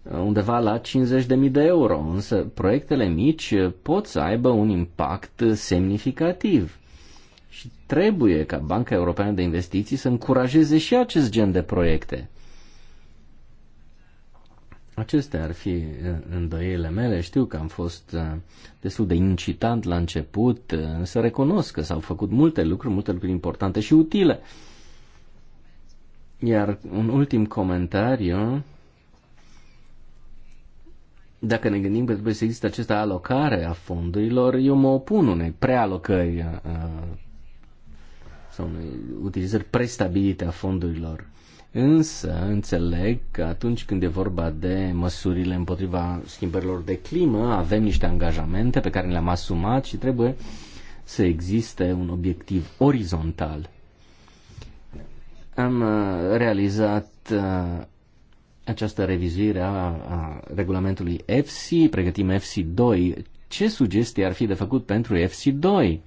undeva la 50.000 de euro, însă proiectele mici pot să aibă un impact semnificativ. Și trebuie ca Banca Europeană de Investiții să încurajeze și acest gen de proiecte. Acestea ar fi uh, îndoiele mele. Știu că am fost uh, destul de incitant la început, uh, însă recunosc că s-au făcut multe lucruri, multe lucruri importante și utile. Iar un ultim comentariu dacă ne gândim că trebuie să există această alocare a fondurilor, eu mă opun unei prealocări uh, sau unei utilizări prestabilite a fondurilor. Însă înțeleg că atunci când e vorba de măsurile împotriva schimbărilor de climă, avem niște angajamente pe care le-am asumat și trebuie să existe un obiectiv orizontal. Am uh, realizat uh, această revizuire a, a regulamentului FC, pregătim FC2, ce sugestii ar fi de făcut pentru FC2?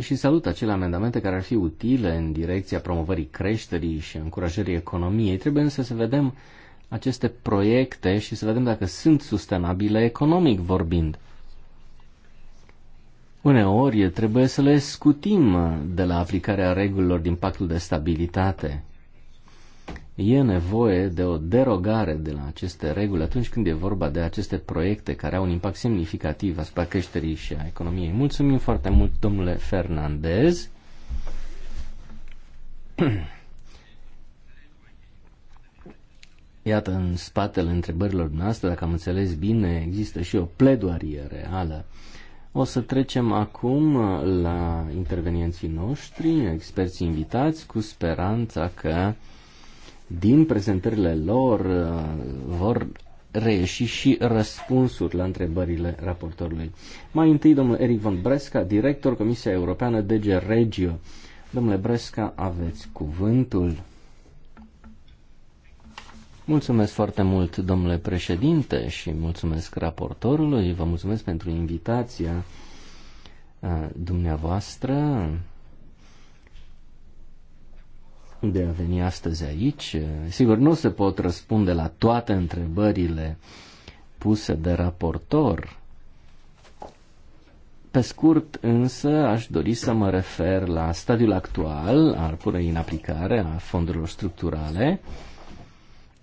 Și salut acele amendamente care ar fi utile în direcția promovării creșterii și încurajării economiei. Trebuie însă să vedem aceste proiecte și să vedem dacă sunt sustenabile economic vorbind. Uneori trebuie să le scutim de la aplicarea regulilor din pactul de stabilitate. E nevoie de o derogare de la aceste reguli atunci când e vorba de aceste proiecte care au un impact semnificativ asupra creșterii și a economiei. Mulțumim foarte mult, domnule Fernandez. [clears throat] Iată, în spatele întrebărilor noastre, dacă am înțeles bine, există și o pledoarie reală uh, o să trecem acum uh, la intervenienții noștri, experții invitați, cu speranța că din prezentările lor uh, vor reieși și răspunsuri la întrebările raportorului. Mai întâi, domnul Eric von Bresca, director Comisia Europeană DG Regio. Domnule Bresca, aveți cuvântul. Mulțumesc foarte mult, domnule președinte, și mulțumesc raportorului. Vă mulțumesc pentru invitația dumneavoastră de a veni astăzi aici. Sigur, nu se pot răspunde la toate întrebările puse de raportor. Pe scurt, însă, aș dori să mă refer la stadiul actual al punerii în aplicare a fondurilor structurale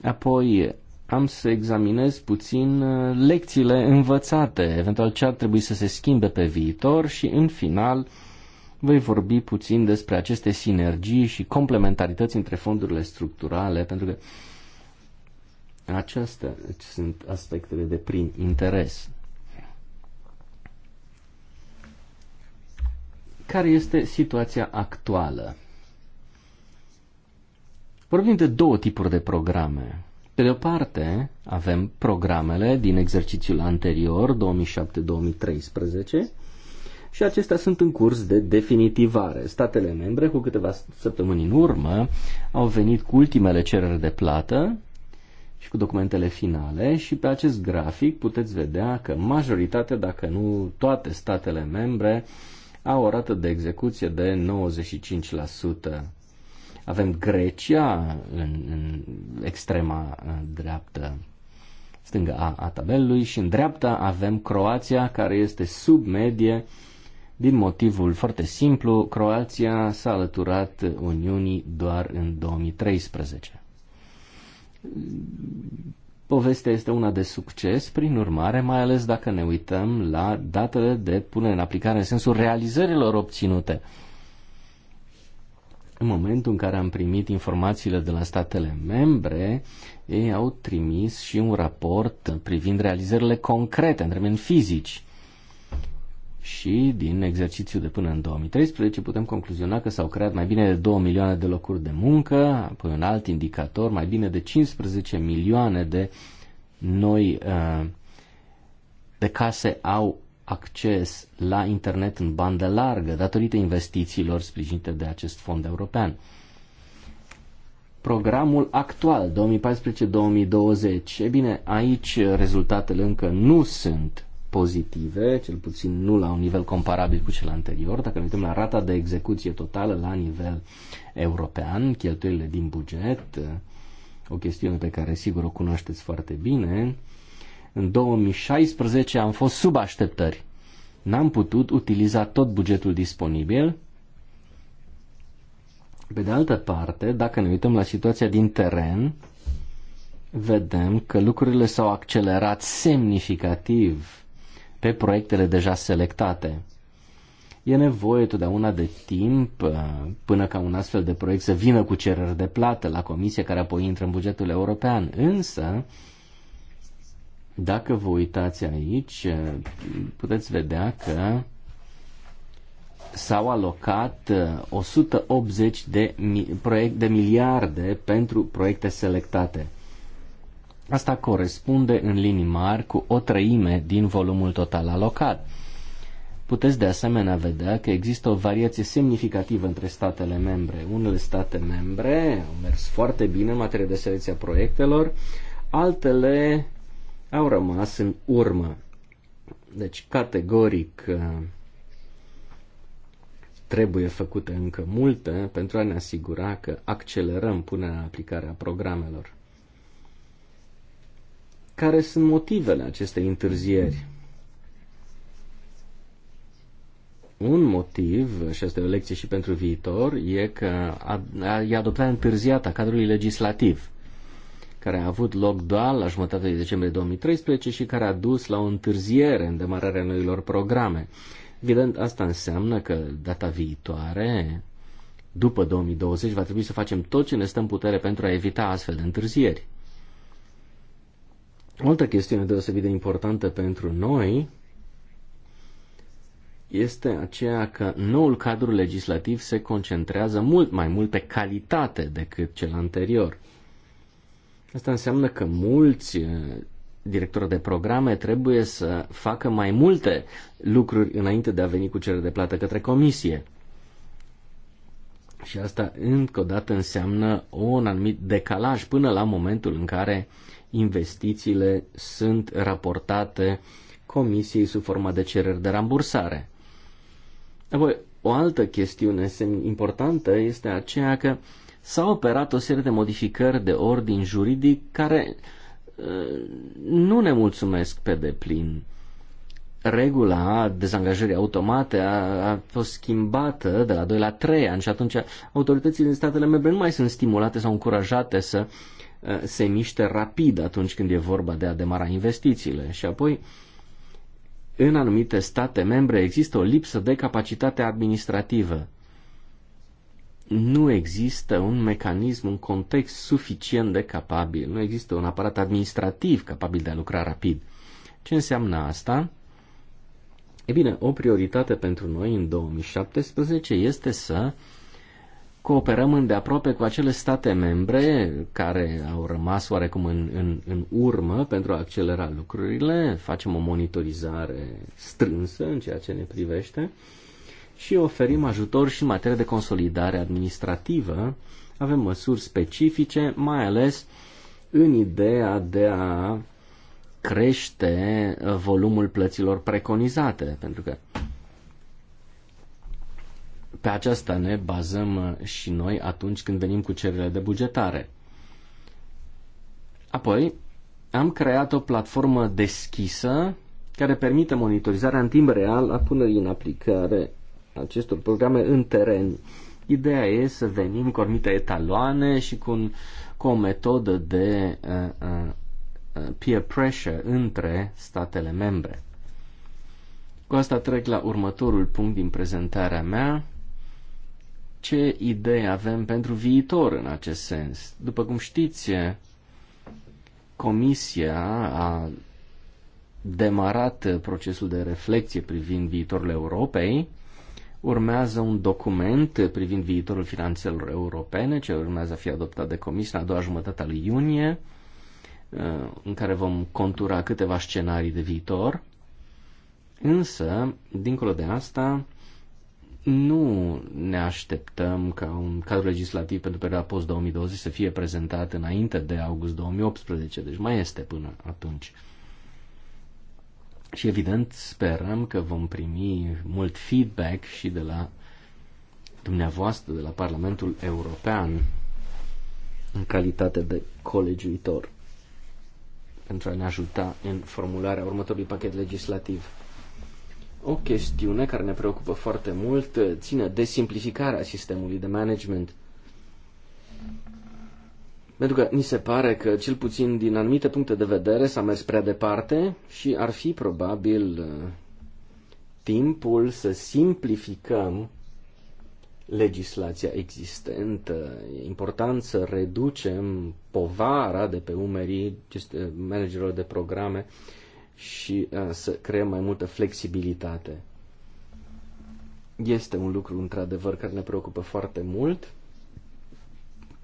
Apoi am să examinez puțin uh, lecțiile învățate, eventual ce ar trebui să se schimbe pe viitor și în final voi vorbi puțin despre aceste sinergii și complementarități între fondurile structurale, pentru că acestea sunt aspectele de prim interes. Care este situația actuală? Vorbim de două tipuri de programe. Pe de o parte, avem programele din exercițiul anterior, 2007-2013, și acestea sunt în curs de definitivare. Statele membre, cu câteva săptămâni în urmă, au venit cu ultimele cereri de plată și cu documentele finale și pe acest grafic puteți vedea că majoritatea, dacă nu toate statele membre, au o rată de execuție de 95%. Avem Grecia în, în extrema uh, dreaptă, stângă a, a tabelului și în dreapta avem Croația care este sub medie din motivul foarte simplu, Croația s-a alăturat Uniunii doar în 2013. Povestea este una de succes, prin urmare, mai ales dacă ne uităm la datele de punere în aplicare în sensul realizărilor obținute. În momentul în care am primit informațiile de la statele membre, ei au trimis și un raport privind realizările concrete, în termeni fizici. Și din exercițiul de până în 2013 putem concluziona că s-au creat mai bine de 2 milioane de locuri de muncă, apoi un alt indicator, mai bine de 15 milioane de noi uh, de case au acces la internet în bandă largă datorită investițiilor sprijinite de acest fond european. Programul actual 2014-2020, e bine, aici rezultatele încă nu sunt pozitive, cel puțin nu la un nivel comparabil cu cel anterior. Dacă ne uităm la rata de execuție totală la nivel european, cheltuielile din buget, o chestiune pe care sigur o cunoașteți foarte bine, în 2016 am fost sub așteptări. N-am putut utiliza tot bugetul disponibil. Pe de altă parte, dacă ne uităm la situația din teren, vedem că lucrurile s-au accelerat semnificativ pe proiectele deja selectate. E nevoie totdeauna de timp uh, până ca un astfel de proiect să vină cu cereri de plată la comisie care apoi intră în bugetul european. Însă, dacă vă uitați aici, eh, puteți vedea că s-au alocat 180 eh, de, proiect, de miliarde pentru proiecte selectate. Asta corespunde în linii mari cu o treime din volumul total alocat. Puteți de asemenea vedea că există o variație semnificativă între statele membre. Unele state membre au mers foarte bine în materie de selecție a proiectelor, altele au rămas în urmă. Deci, categoric, uh, trebuie făcute încă multe pentru a ne asigura că accelerăm punerea în aplicare a programelor. Care sunt motivele acestei întârzieri? Un motiv, și asta e o lecție și pentru viitor, e că e adoptarea întârziată a cadrului legislativ care a avut loc doar la jumătatea de decembrie 2013 și care a dus la o întârziere în demararea noilor programe. Evident, asta înseamnă că data viitoare, după 2020, va trebui să facem tot ce ne stă în putere pentru a evita astfel de întârzieri. O altă chestiune deosebit de importantă pentru noi este aceea că noul cadru legislativ se concentrează mult mai mult pe calitate decât cel anterior. Asta înseamnă că mulți eh, directori de programe trebuie să facă mai multe lucruri înainte de a veni cu cerere de plată către comisie. Și asta încă o dată înseamnă un anumit decalaj până la momentul în care investițiile sunt raportate comisiei sub forma de cereri de rambursare. Apoi, o altă chestiune importantă este aceea că s-au operat o serie de modificări de ordin juridic care uh, nu ne mulțumesc pe deplin. Regula dezangajării automate a, a fost schimbată de la 2 la 3 ani și atunci autoritățile din statele membre nu mai sunt stimulate sau încurajate să uh, se miște rapid atunci când e vorba de a demara investițiile. Și apoi, în anumite state membre există o lipsă de capacitate administrativă nu există un mecanism, un context suficient de capabil, nu există un aparat administrativ capabil de a lucra rapid. Ce înseamnă asta? E bine, o prioritate pentru noi în 2017 este să cooperăm îndeaproape cu acele state membre care au rămas oarecum în, în, în urmă pentru a accelera lucrurile, facem o monitorizare strânsă în ceea ce ne privește și oferim ajutor și în materie de consolidare administrativă. Avem măsuri specifice, mai ales în ideea de a crește uh, volumul plăților preconizate, pentru că pe aceasta ne bazăm uh, și noi atunci când venim cu cererile de bugetare. Apoi, am creat o platformă deschisă care permite monitorizarea în timp real a punerii în aplicare acestor programe în teren. Ideea e să venim cu anumite etaloane și cu, un, cu o metodă de uh, uh, uh, peer pressure între statele membre. Cu asta trec la următorul punct din prezentarea mea. Ce idei avem pentru viitor în acest sens? După cum știți, Comisia a demarat procesul de reflexie privind viitorul Europei Urmează un document privind viitorul finanțelor europene, ce urmează a fi adoptat de comisie la a doua jumătate a iunie, uh, în care vom contura câteva scenarii de viitor. Însă, dincolo de asta, nu ne așteptăm ca un cadru legislativ pentru perioada post-2020 să fie prezentat înainte de august 2018, deci mai este până atunci. Și evident sperăm că vom primi mult feedback și de la dumneavoastră, de la Parlamentul European, în calitate de colegiuitor, pentru a ne ajuta în formularea următorului pachet legislativ. O chestiune care ne preocupă foarte mult ține de simplificarea sistemului de management. Pentru că ni se pare că, cel puțin din anumite puncte de vedere, s-a mers prea departe și ar fi probabil uh, timpul să simplificăm legislația existentă. E important să reducem povara de pe umerii uh, managerilor de programe și uh, să creăm mai multă flexibilitate. Este un lucru, într-adevăr, care ne preocupă foarte mult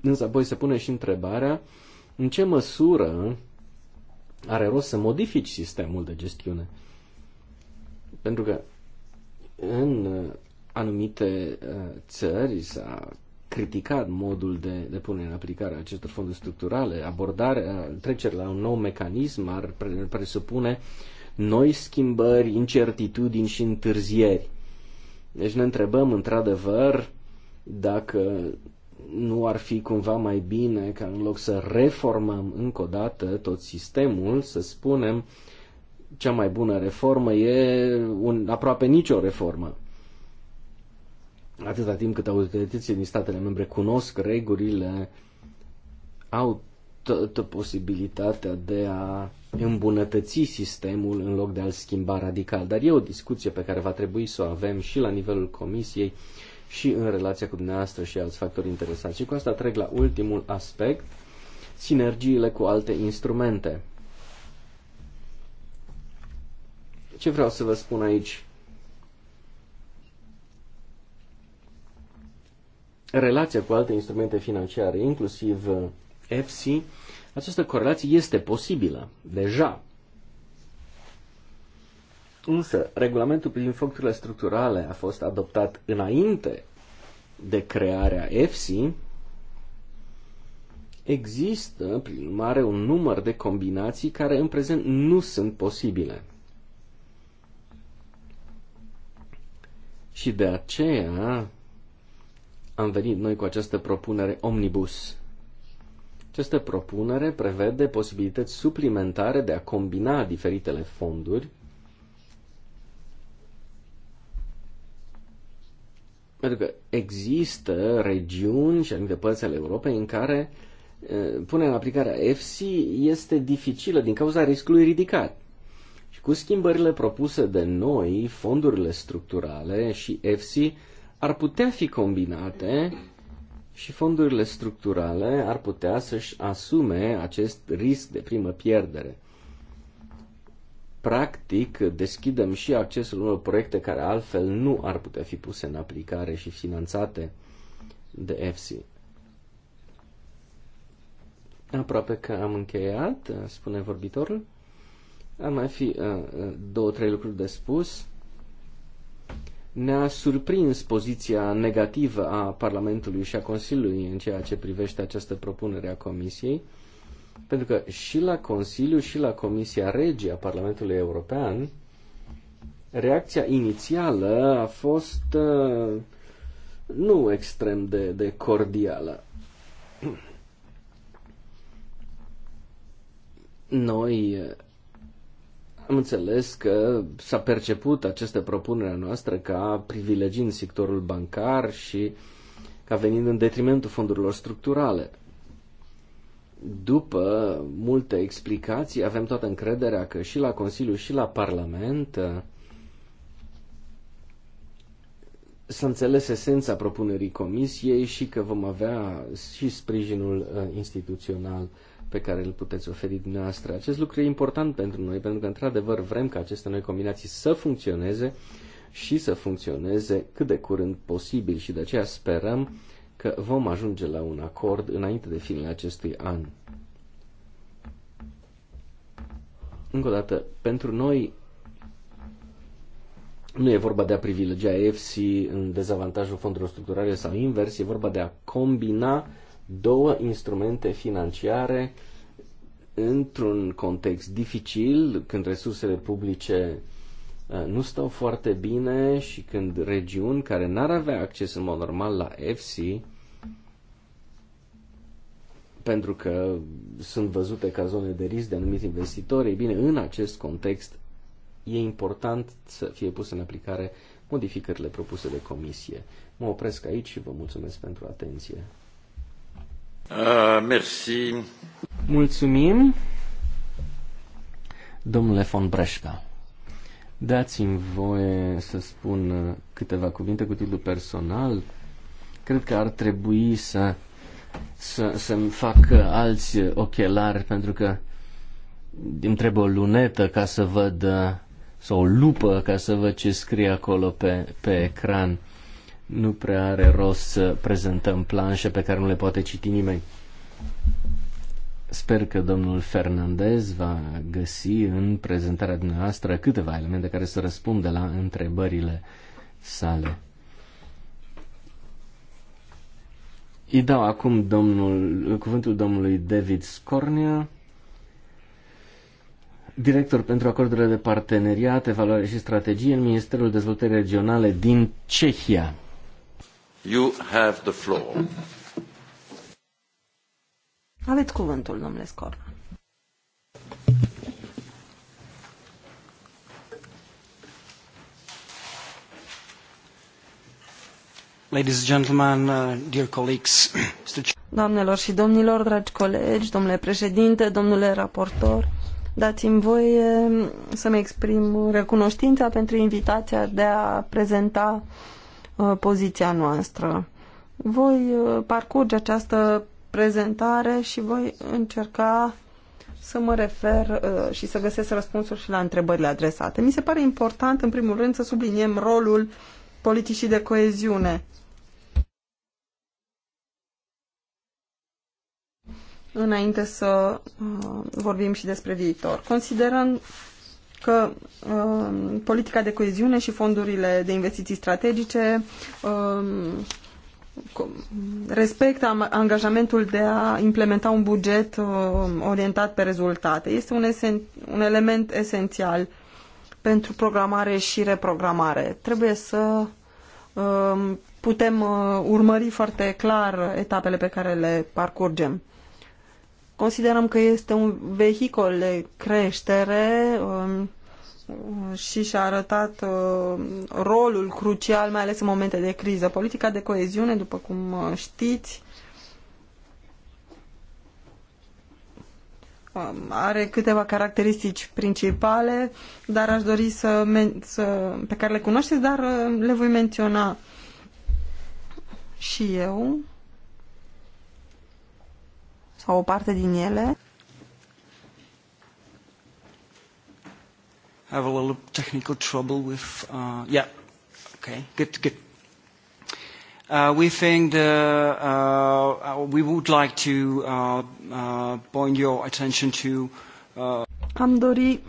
Însă apoi se pune și întrebarea în ce măsură are rost să modifici sistemul de gestiune. Pentru că în uh, anumite uh, țări s-a criticat modul de, de punere în aplicare a acestor fonduri structurale, abordarea, uh, trecerea la un nou mecanism ar presupune noi schimbări, incertitudini și întârzieri. Deci ne întrebăm într-adevăr dacă nu ar fi cumva mai bine ca în loc să reformăm încă o dată tot sistemul, să spunem cea mai bună reformă e un, aproape nicio reformă. Atâta timp cât autoritățile din statele membre cunosc regulile, au toată posibilitatea de a îmbunătăți sistemul în loc de a-l schimba radical. Dar e o discuție pe care va trebui să o avem și la nivelul comisiei și în relația cu dumneavoastră și alți factori interesați. Și cu asta trec la ultimul aspect, sinergiile cu alte instrumente. Ce vreau să vă spun aici? Relația cu alte instrumente financiare, inclusiv uh, FC, această corelație este posibilă deja. Însă, regulamentul privind fondurile structurale a fost adoptat înainte de crearea EFSI. Există, prin mare un număr de combinații care în prezent nu sunt posibile. Și de aceea am venit noi cu această propunere omnibus. Această propunere prevede posibilități suplimentare de a combina diferitele fonduri Pentru că există regiuni și anumite părți ale Europei în care punerea în aplicare a FC este dificilă din cauza riscului ridicat. Și cu schimbările propuse de noi, fondurile structurale și FC ar putea fi combinate și fondurile structurale ar putea să-și asume acest risc de primă pierdere practic deschidem și accesul unor proiecte care altfel nu ar putea fi puse în aplicare și finanțate de EFSI. Aproape că am încheiat, spune vorbitorul. Ar mai fi uh, două, trei lucruri de spus. Ne-a surprins poziția negativă a Parlamentului și a Consiliului în ceea ce privește această propunere a Comisiei. Uh, pentru că și la Consiliu și la Comisia Regie a Parlamentului European, reacția inițială a fost uh, nu extrem de, de cordială. Noi uh, am înțeles că s-a perceput această propunere a noastră ca privilegiind sectorul bancar și ca venind în detrimentul fondurilor structurale după multe explicații, avem toată încrederea că și la Consiliu și la Parlament uh, s-a înțeles esența propunerii Comisiei și că vom avea și sprijinul uh, instituțional pe care îl puteți oferi dumneavoastră. Acest lucru e important pentru noi, pentru că, într-adevăr, vrem ca aceste noi combinații să funcționeze și să funcționeze cât de curând posibil și de aceea sperăm că vom ajunge la un acord înainte de finele acestui an. Încă o dată, pentru noi nu e vorba de a privilegia EFC în dezavantajul fondurilor structurale sau invers, e vorba de a combina două instrumente financiare într-un context dificil, când resursele publice Eh, nu stau foarte bine și când regiuni care n-ar avea acces în mod normal la FC, pentru că sunt văzute ca zone de risc de anumiți investitori, bine, în acest context e important să fie pus în aplicare modificările propuse de comisie. Mă opresc aici și vă mulțumesc pentru atenție. Uh, merci. Mulțumim. Domnule von Breșca. Dați-mi voie să spun uh, câteva cuvinte cu titlu personal. Cred că ar trebui să, să, să-mi fac alți ochelari pentru că îmi trebuie o lunetă ca să văd uh, sau o lupă ca să văd ce scrie acolo pe, pe ecran. Nu prea are rost să prezentăm planșe pe care nu le poate citi nimeni. Sper că domnul Fernandez va găsi în prezentarea dumneavoastră câteva elemente care să răspundă la întrebările sale. Îi dau acum domnul, cuvântul domnului David Scornia, director pentru acordurile de parteneriat, evaluare și strategie în Ministerul Dezvoltării Regionale din Cehia. You have the floor. Aveți cuvântul, domnule scor. Ladies and gentlemen, uh, dear colleagues, [clears throat] Doamnelor și domnilor, dragi colegi, domnule președinte, domnule raportor, dați-mi voie să-mi exprim recunoștința pentru invitația de a prezenta uh, poziția noastră. Voi uh, parcurge această prezentare și voi încerca să mă refer uh, și să găsesc răspunsuri și la întrebările adresate. Mi se pare important, în primul rând, să subliniem rolul politicii de coeziune. Înainte să uh, vorbim și despre viitor. Considerăm că uh, politica de coeziune și fondurile de investiții strategice uh, respect angajamentul de a implementa un buget uh, orientat pe rezultate. Este un, esen, un element esențial pentru programare și reprogramare. Trebuie să um, putem uh, urmări foarte clar etapele pe care le parcurgem. Considerăm că este un vehicol de creștere um, și și-a arătat uh, rolul crucial, mai ales în momente de criză. Politica de coeziune, după cum uh, știți, um, are câteva caracteristici principale, dar aș dori să, să pe care le cunoașteți, dar uh, le voi menționa și eu sau o parte din ele. have a little technical trouble with, uh, yeah, okay, good, good. Uh, we think the, uh, uh, we would like to uh, uh, point your attention to. Uh... Am dori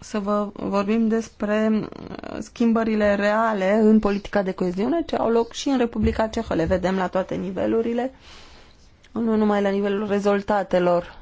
să vă vorbim despre schimbările reale în politica de coeziune ce au loc și în Republica Cehă. Le vedem la toate nivelurile, nu numai la nivelul rezultatelor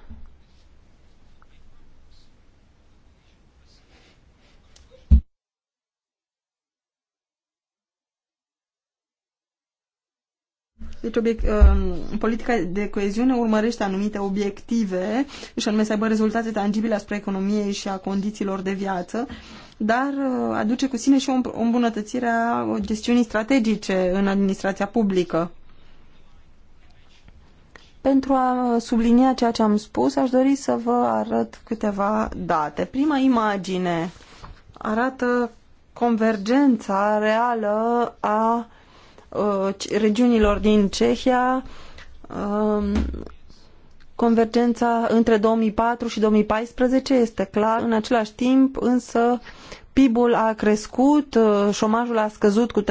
Deci obiect, um, politica de coeziune urmărește anumite obiective și anume să aibă rezultate tangibile asupra economiei și a condițiilor de viață, dar uh, aduce cu sine și o îmbunătățire a gestiunii strategice în administrația publică. Pentru a sublinia ceea ce am spus, aș dori să vă arăt câteva date. Prima imagine arată convergența reală a Uh, regiunilor din Cehia um, convergența între 2004 și 2014 este clar. În același timp, însă, PIB-ul a crescut, uh, șomajul a scăzut cu 3%,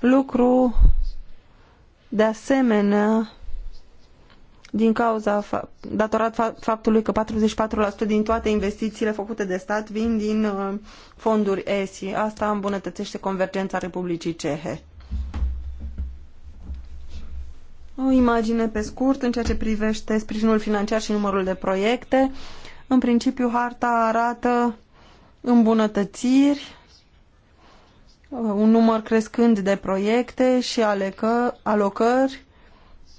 lucru de asemenea din cauza datorat faptului că 44% din toate investițiile făcute de stat vin din uh, fonduri ESI. Asta îmbunătățește convergența Republicii Cehe. O imagine pe scurt în ceea ce privește sprijinul financiar și numărul de proiecte. În principiu, harta arată îmbunătățiri, uh, un număr crescând de proiecte și alecă, alocări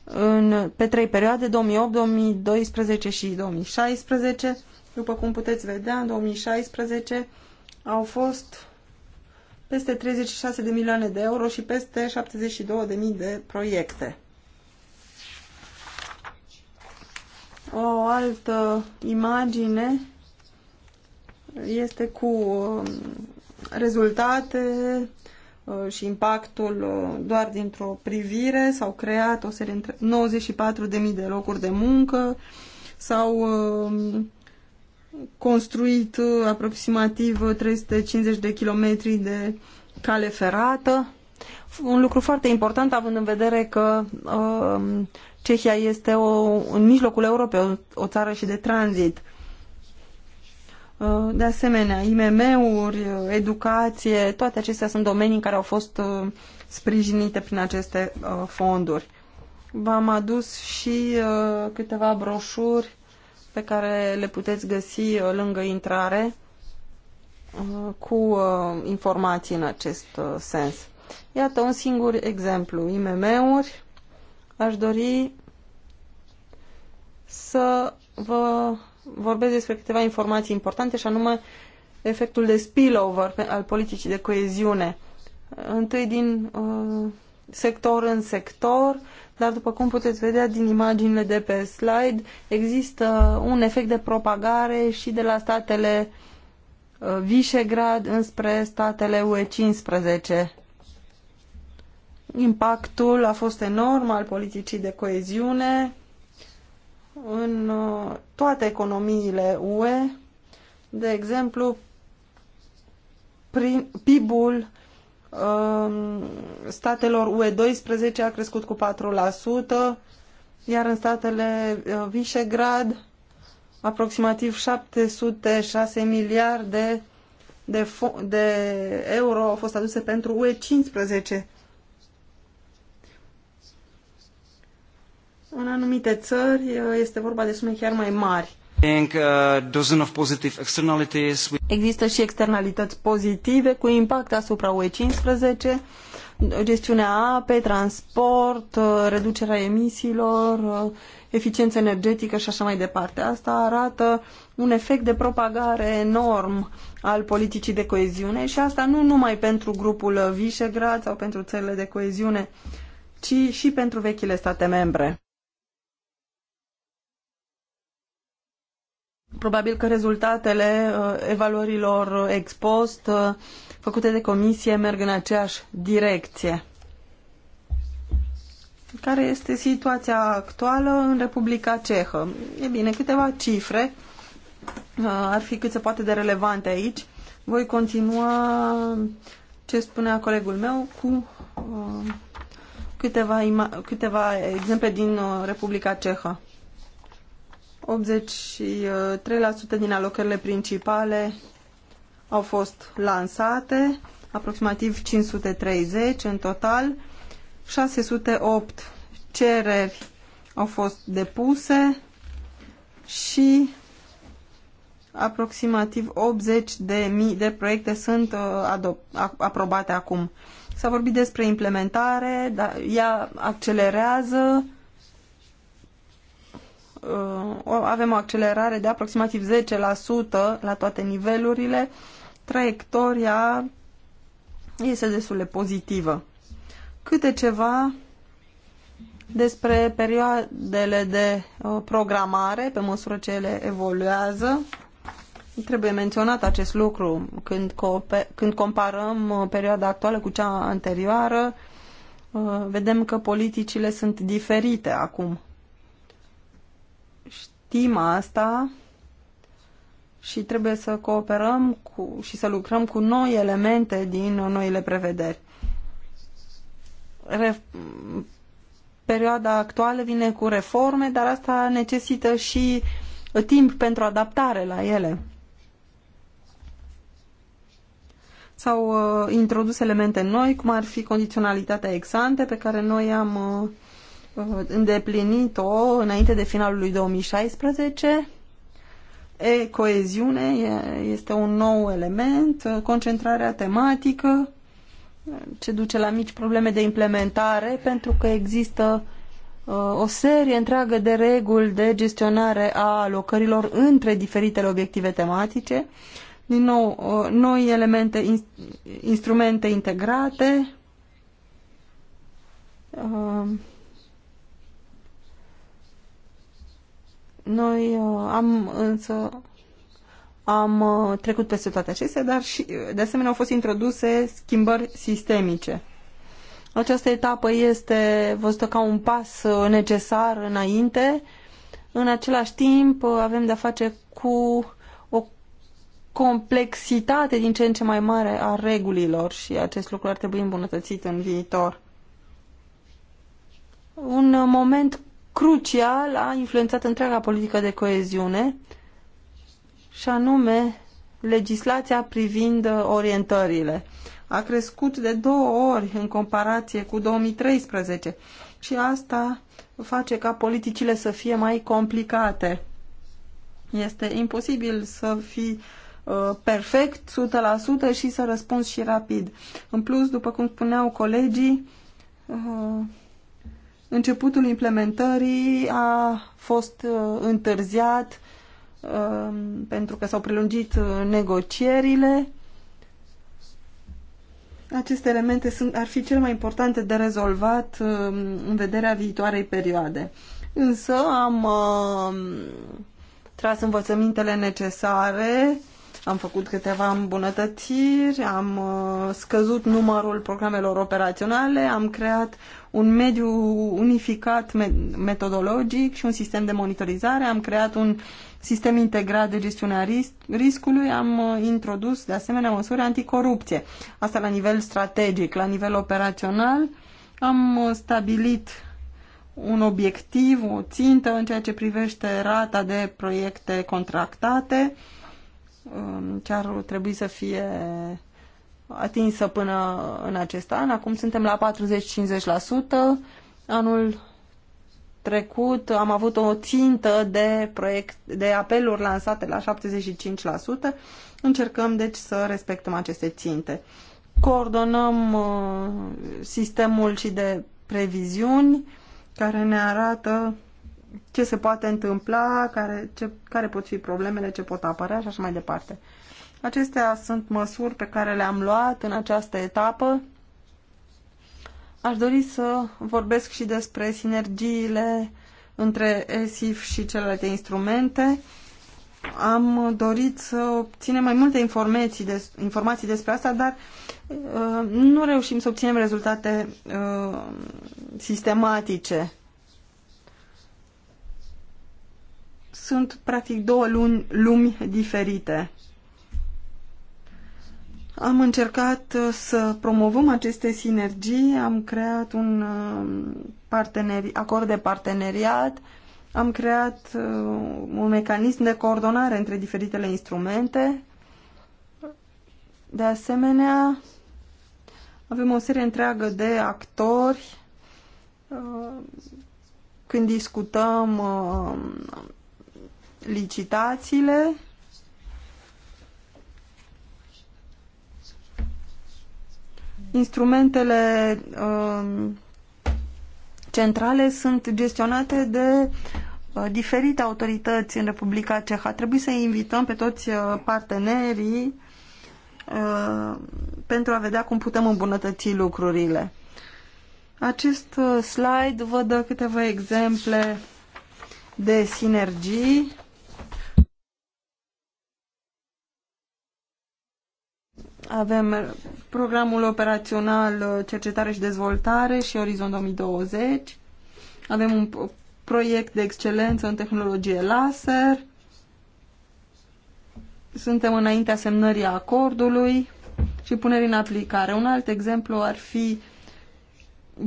în, pe trei perioade, 2008, 2012 și 2016. După cum puteți vedea, în 2016 au fost peste 36 de milioane de euro și peste 72 de mii de proiecte. O altă imagine este cu um, rezultate Uh, și impactul uh, doar dintr-o privire, s-au creat o serie între 94.000 de locuri de muncă, s-au um, construit uh, aproximativ 350 de kilometri de cale ferată. Un lucru foarte important, având în vedere că uh, Cehia este o, în mijlocul Europei, o, o țară și de tranzit. Uh, Uh, de asemenea, IMM-uri, uh, educație, toate acestea sunt domenii care au fost uh, sprijinite prin aceste fonduri. V-am adus și câteva broșuri pe care le puteți găsi lângă intrare cu informații în acest sens. Iată un singur exemplu, IMM-uri. Aș dori să vă vorbesc despre câteva informații importante și anume efectul de spillover al politicii de coeziune. Întâi din uh, sector în sector, dar după cum puteți vedea din imaginile de pe slide, există un efect de propagare și de la statele uh, Visegrad înspre statele UE15. Impactul a fost enorm al politicii de coeziune în uh, toate economiile UE, de exemplu, PIB-ul um, statelor UE 12 a crescut cu 4%, iar în statele uh, Visegrad aproximativ 706 miliarde de, de euro au fost aduse pentru UE 15. În anumite țări uh, este vorba de sume chiar mai mari. Uh, Există și externalități pozitive cu impact asupra UE15, gestiunea apei, transport, uh, reducerea emisiilor, eficiență energetică și așa mai departe. Asta arată un efect de propagare enorm al politicii de coeziune și asta nu numai pentru grupul Visegrad sau pentru țările de coeziune, ci și pentru vechile state membre. Probabil că rezultatele uh, evaluărilor ex post uh, făcute de comisie merg în aceeași direcție. Care este situația actuală în Republica Cehă? E bine, câteva cifre uh, ar fi cât se poate de relevante aici. Voi continua ce spunea colegul meu cu câteva, câteva exemple din Republica Cehă. 83% din alocările principale au fost lansate, aproximativ 530 în total, 608 cereri au fost depuse și aproximativ 80 de mii de proiecte sunt uh, aprobate acum. S-a vorbit despre implementare, dar ea accelerează Uh, avem o accelerare de aproximativ 10% la toate nivelurile, traiectoria este destul de pozitivă. Câte ceva despre perioadele de uh, programare pe măsură ce ele evoluează. Trebuie menționat acest lucru când, când comparăm uh, perioada actuală cu cea anterioară. Vedem că politicile sunt diferite acum. Știm asta și trebuie să cooperăm cu, și să lucrăm cu noi elemente din noile prevederi. Re, perioada actuală vine cu reforme, dar asta necesită și timp pentru adaptare la ele. S-au uh, introdus elemente noi, cum ar fi condiționalitatea exante pe care noi am uh, Uh, îndeplinit-o înainte de finalul lui 2016. E, coeziune este un nou element, uh, concentrarea tematică, uh, ce duce la mici probleme de implementare, pentru că există o serie întreagă de reguli de gestionare a alocărilor între diferitele obiective tematice, din nou, noi elemente, instrumente integrate, Noi uh, am însă am uh, trecut peste toate acestea, dar și, de asemenea au fost introduse schimbări sistemice. Această etapă este văzută ca un pas uh, necesar înainte. În același timp avem de-a face cu o complexitate din ce în ce mai mare a regulilor și acest lucru ar trebui îmbunătățit în viitor. Un moment crucial a influențat întreaga politică de coeziune și anume legislația privind uh, orientările. A crescut de două ori în comparație cu 2013 și asta face ca politicile să fie mai complicate. Este imposibil să fii uh, perfect 100% și să răspunzi și rapid. În plus, după cum spuneau colegii, uh, Începutul implementării a fost uh, întârziat um, pentru că s-au prelungit uh, negocierile. Aceste elemente sunt, ar fi cel mai importante de rezolvat um, în vederea viitoarei perioade. Însă am uh, tras învățămintele necesare, am făcut câteva îmbunătățiri, am uh, scăzut numărul programelor operaționale, am creat un mediu unificat metodologic și un sistem de monitorizare. Am creat un sistem integrat de gestiune a riscului. Am uh, introdus, de asemenea, măsuri anticorupție. Asta la nivel strategic. La nivel operațional am uh, stabilit un obiectiv, o țintă în ceea ce privește rata de proiecte contractate um, ce ar trebui să fie atinsă până în acest an. Acum suntem la 40-50%. Anul trecut am avut o țintă de, proiect, de apeluri lansate la 75%. Încercăm deci să respectăm aceste ținte. Coordonăm uh, sistemul și de previziuni care ne arată ce se poate întâmpla, care, ce, care pot fi problemele, ce pot apărea și așa mai departe. Acestea sunt măsuri pe care le-am luat în această etapă. Aș dori să vorbesc și despre sinergiile între ESIF și celelalte instrumente. Am dorit să obținem mai multe informații, des, informații despre asta, dar uh, nu reușim să obținem rezultate uh, sistematice. Sunt practic două luni, lumi diferite. Am încercat uh, să promovăm aceste sinergii, am creat un um, parteneri, acord de parteneriat, am creat uh, un mecanism de coordonare între diferitele instrumente. De asemenea, avem o serie întreagă de actori uh, când discutăm licitațiile instrumentele um, centrale sunt gestionate de uh, diferite autorități în Republica Ceha. Trebuie să invităm pe toți uh, partenerii uh, pentru a vedea cum putem îmbunătăți lucrurile. Acest slide vă dă câteva exemple de sinergii Avem programul operațional uh, Cercetare și Dezvoltare și Orizont 2020. Avem un proiect de excelență în tehnologie laser. Suntem înaintea semnării acordului și punerii în aplicare. Un alt exemplu ar fi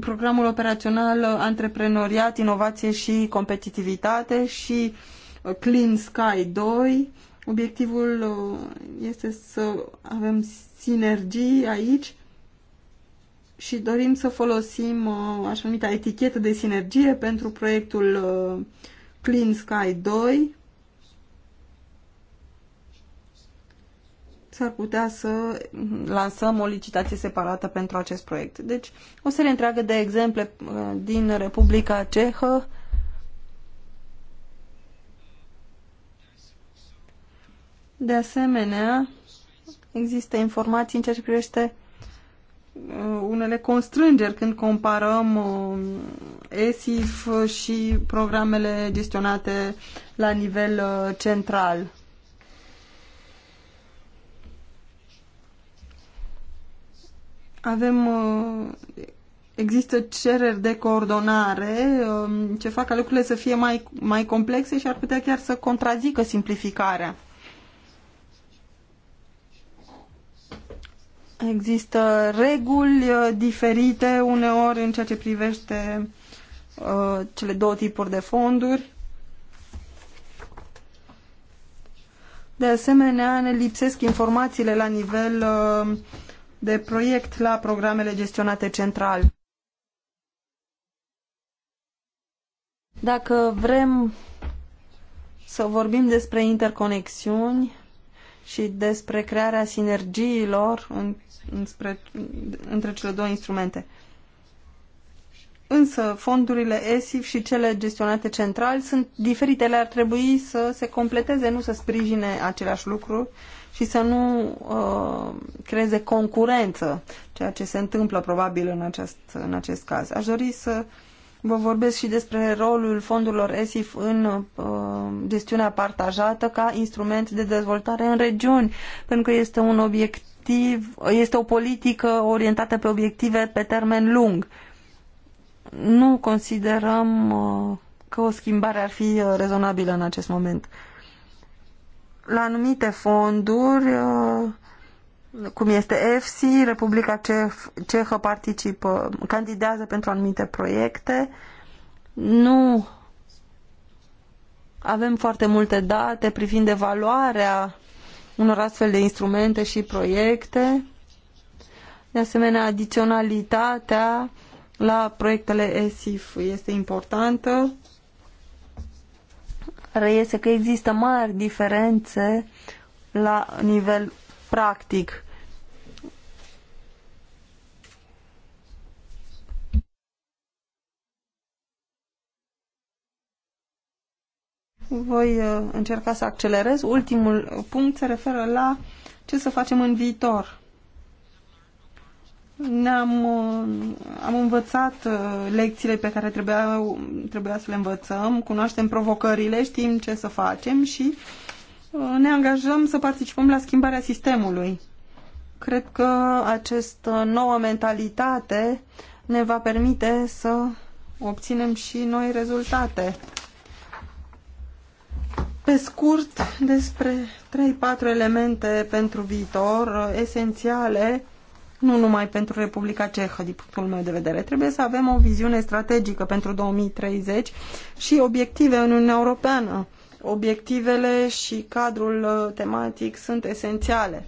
programul operațional uh, Antreprenoriat, Inovație și Competitivitate și uh, Clean Sky 2. Obiectivul este să avem sinergii aici și dorim să folosim uh, așa numită etichetă de sinergie pentru proiectul uh, Clean Sky 2. S-ar putea să lansăm o licitație separată pentru acest proiect. Deci, o serie întreagă de exemple uh, din Republica Cehă De asemenea, există informații în ceea ce privește uh, unele constrângeri când comparăm uh, ESIF și programele gestionate la nivel uh, central. Avem, există cereri de coordonare um, ce fac ca lucrurile să fie mai, mai complexe și ar putea chiar să contrazică simplificarea. Există reguli uh, diferite uneori în ceea ce privește uh, cele două tipuri de fonduri. De asemenea, ne lipsesc informațiile la nivel uh, de proiect la programele gestionate central. Dacă vrem să vorbim despre interconexiuni, și despre crearea sinergiilor în, înspre, între cele două instrumente. Însă, fondurile ESIF și cele gestionate central sunt diferite. Le ar trebui să se completeze, nu să sprijine același lucru și să nu uh, creeze concurență, ceea ce se întâmplă probabil în acest, în acest caz. Aș dori să uh, Vă vorbesc și despre rolul fondurilor ESIF în uh, gestiunea partajată ca instrument de dezvoltare în regiuni, pentru că este un obiectiv, este o politică orientată pe obiective pe termen lung. Nu considerăm uh, că o schimbare ar fi uh, rezonabilă în acest moment. La anumite fonduri uh, cum este EFSI, Republica Cef, Cehă participă, candidează pentru anumite proiecte. Nu avem foarte multe date privind evaluarea unor astfel de instrumente și proiecte. De asemenea, adiționalitatea la proiectele ESIF este importantă. Reiese că există mari diferențe la nivel practic Voi uh, încerca să accelerez. Ultimul punct se referă la ce să facem în viitor. Ne-am uh, am învățat uh, lecțiile pe care trebuia, trebuia să le învățăm, cunoaștem provocările, știm ce să facem și ne angajăm să participăm la schimbarea sistemului. Cred că această nouă mentalitate ne va permite să obținem și noi rezultate. Pe scurt, despre 3-4 elemente pentru viitor, uh, esențiale, nu numai pentru Republica Cehă, din punctul meu de vedere. Trebuie să avem o viziune strategică pentru 2030 și obiective în Uniunea Europeană. Obiectivele și cadrul uh, tematic sunt esențiale.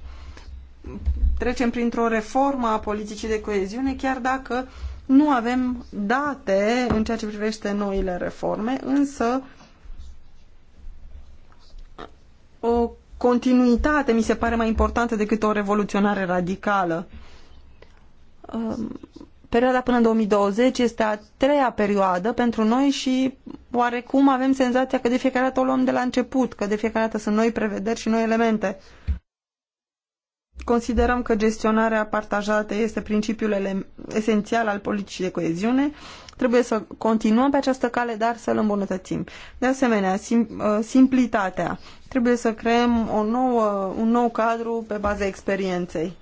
Trecem printr-o reformă a politicii de coeziune, chiar dacă nu avem date în ceea ce privește noile reforme, însă uh, o continuitate mi se pare mai importantă decât o revoluționare radicală. Um, perioada până în 2020 este a treia perioadă pentru noi și oarecum avem senzația că de fiecare dată o luăm de la început, că de fiecare dată sunt noi prevederi și noi elemente. Considerăm că gestionarea partajată este principiul esențial al politicii de coeziune Trebuie să continuăm pe această cale, dar să-l îmbunătățim. De asemenea, sim, uh, simplitatea. Trebuie să creăm o nouă, un nou cadru pe baza experienței.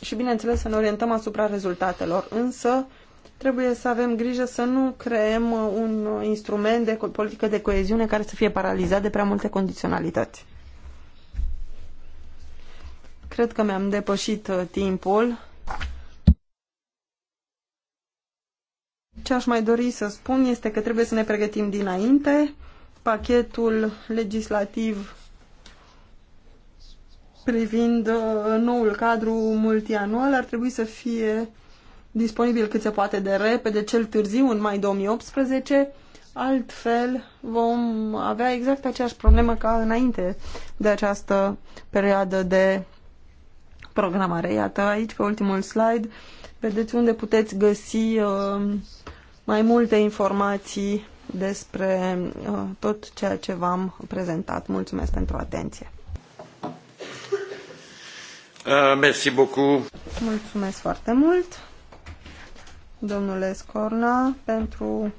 Și, bineînțeles, să ne orientăm asupra rezultatelor, însă trebuie să avem grijă să nu creăm uh, un instrument de politică de coeziune care să fie paralizat de prea multe condiționalități. Cred că mi-am depășit uh, timpul. Ce aș mai dori să spun este că trebuie să ne pregătim dinainte. Pachetul legislativ privind uh, noul cadru multianual ar trebui să fie disponibil cât se poate de repede, cel târziu în mai 2018, altfel vom avea exact aceeași problemă ca înainte de această perioadă de programare. Iată, aici pe ultimul slide vedeți unde puteți găsi uh, mai multe informații despre uh, tot ceea ce v-am prezentat. Mulțumesc pentru atenție. Uh, merci beaucoup. Mulțumesc foarte mult, domnule Scorna, pentru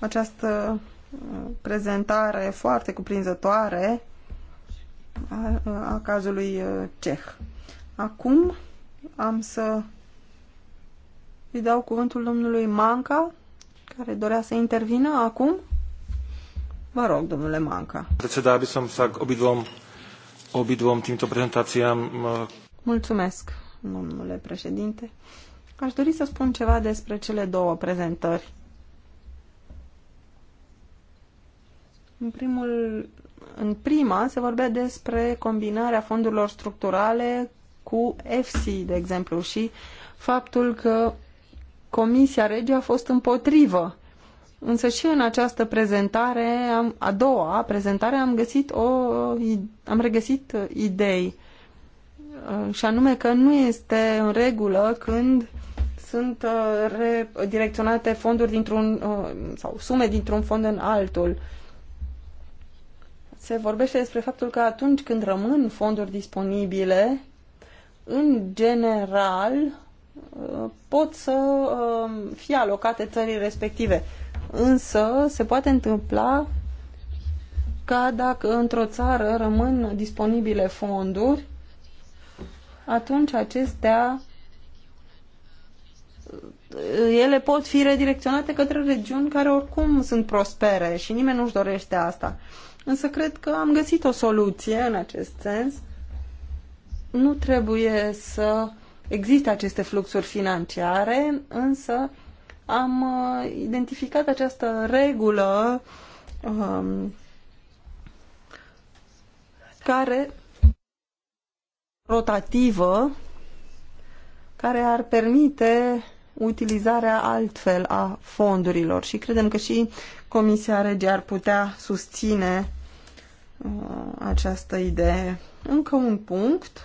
această uh, prezentare foarte cuprinzătoare a, a cazului ceh. Acum am să îi dau cuvântul domnului Manca, care dorea să intervină acum. Vă rog, domnule Manca. Predsedá by som obidvom, obidvom týmto prezentáciám... Mulțumesc, domnule președinte. Aș dori să spun ceva despre cele două prezentări. În primul în prima se vorbea despre combinarea fondurilor structurale cu FC, de exemplu, și faptul că Comisia Regi a fost împotrivă. Însă și în această prezentare, a doua prezentare, am, găsit o, am regăsit idei. Și anume că nu este în regulă când sunt uh, direcționate fonduri dintr-un uh, sau sume dintr-un fond în altul. Se vorbește despre faptul că atunci când rămân fonduri disponibile, în general, pot să um, fie alocate țării respective. Însă se poate întâmpla ca dacă într-o țară rămân disponibile fonduri, atunci acestea uh, ele pot fi redirecționate către regiuni care oricum sunt prospere și nimeni nu-și dorește asta. Însă cred că am găsit o soluție în acest sens. Nu trebuie să uh, Există aceste fluxuri financiare, însă am uh, identificat această regulă um, care rotativă care ar permite utilizarea altfel a fondurilor și credem că și Comisia Rege ar putea susține uh, această idee. Încă un punct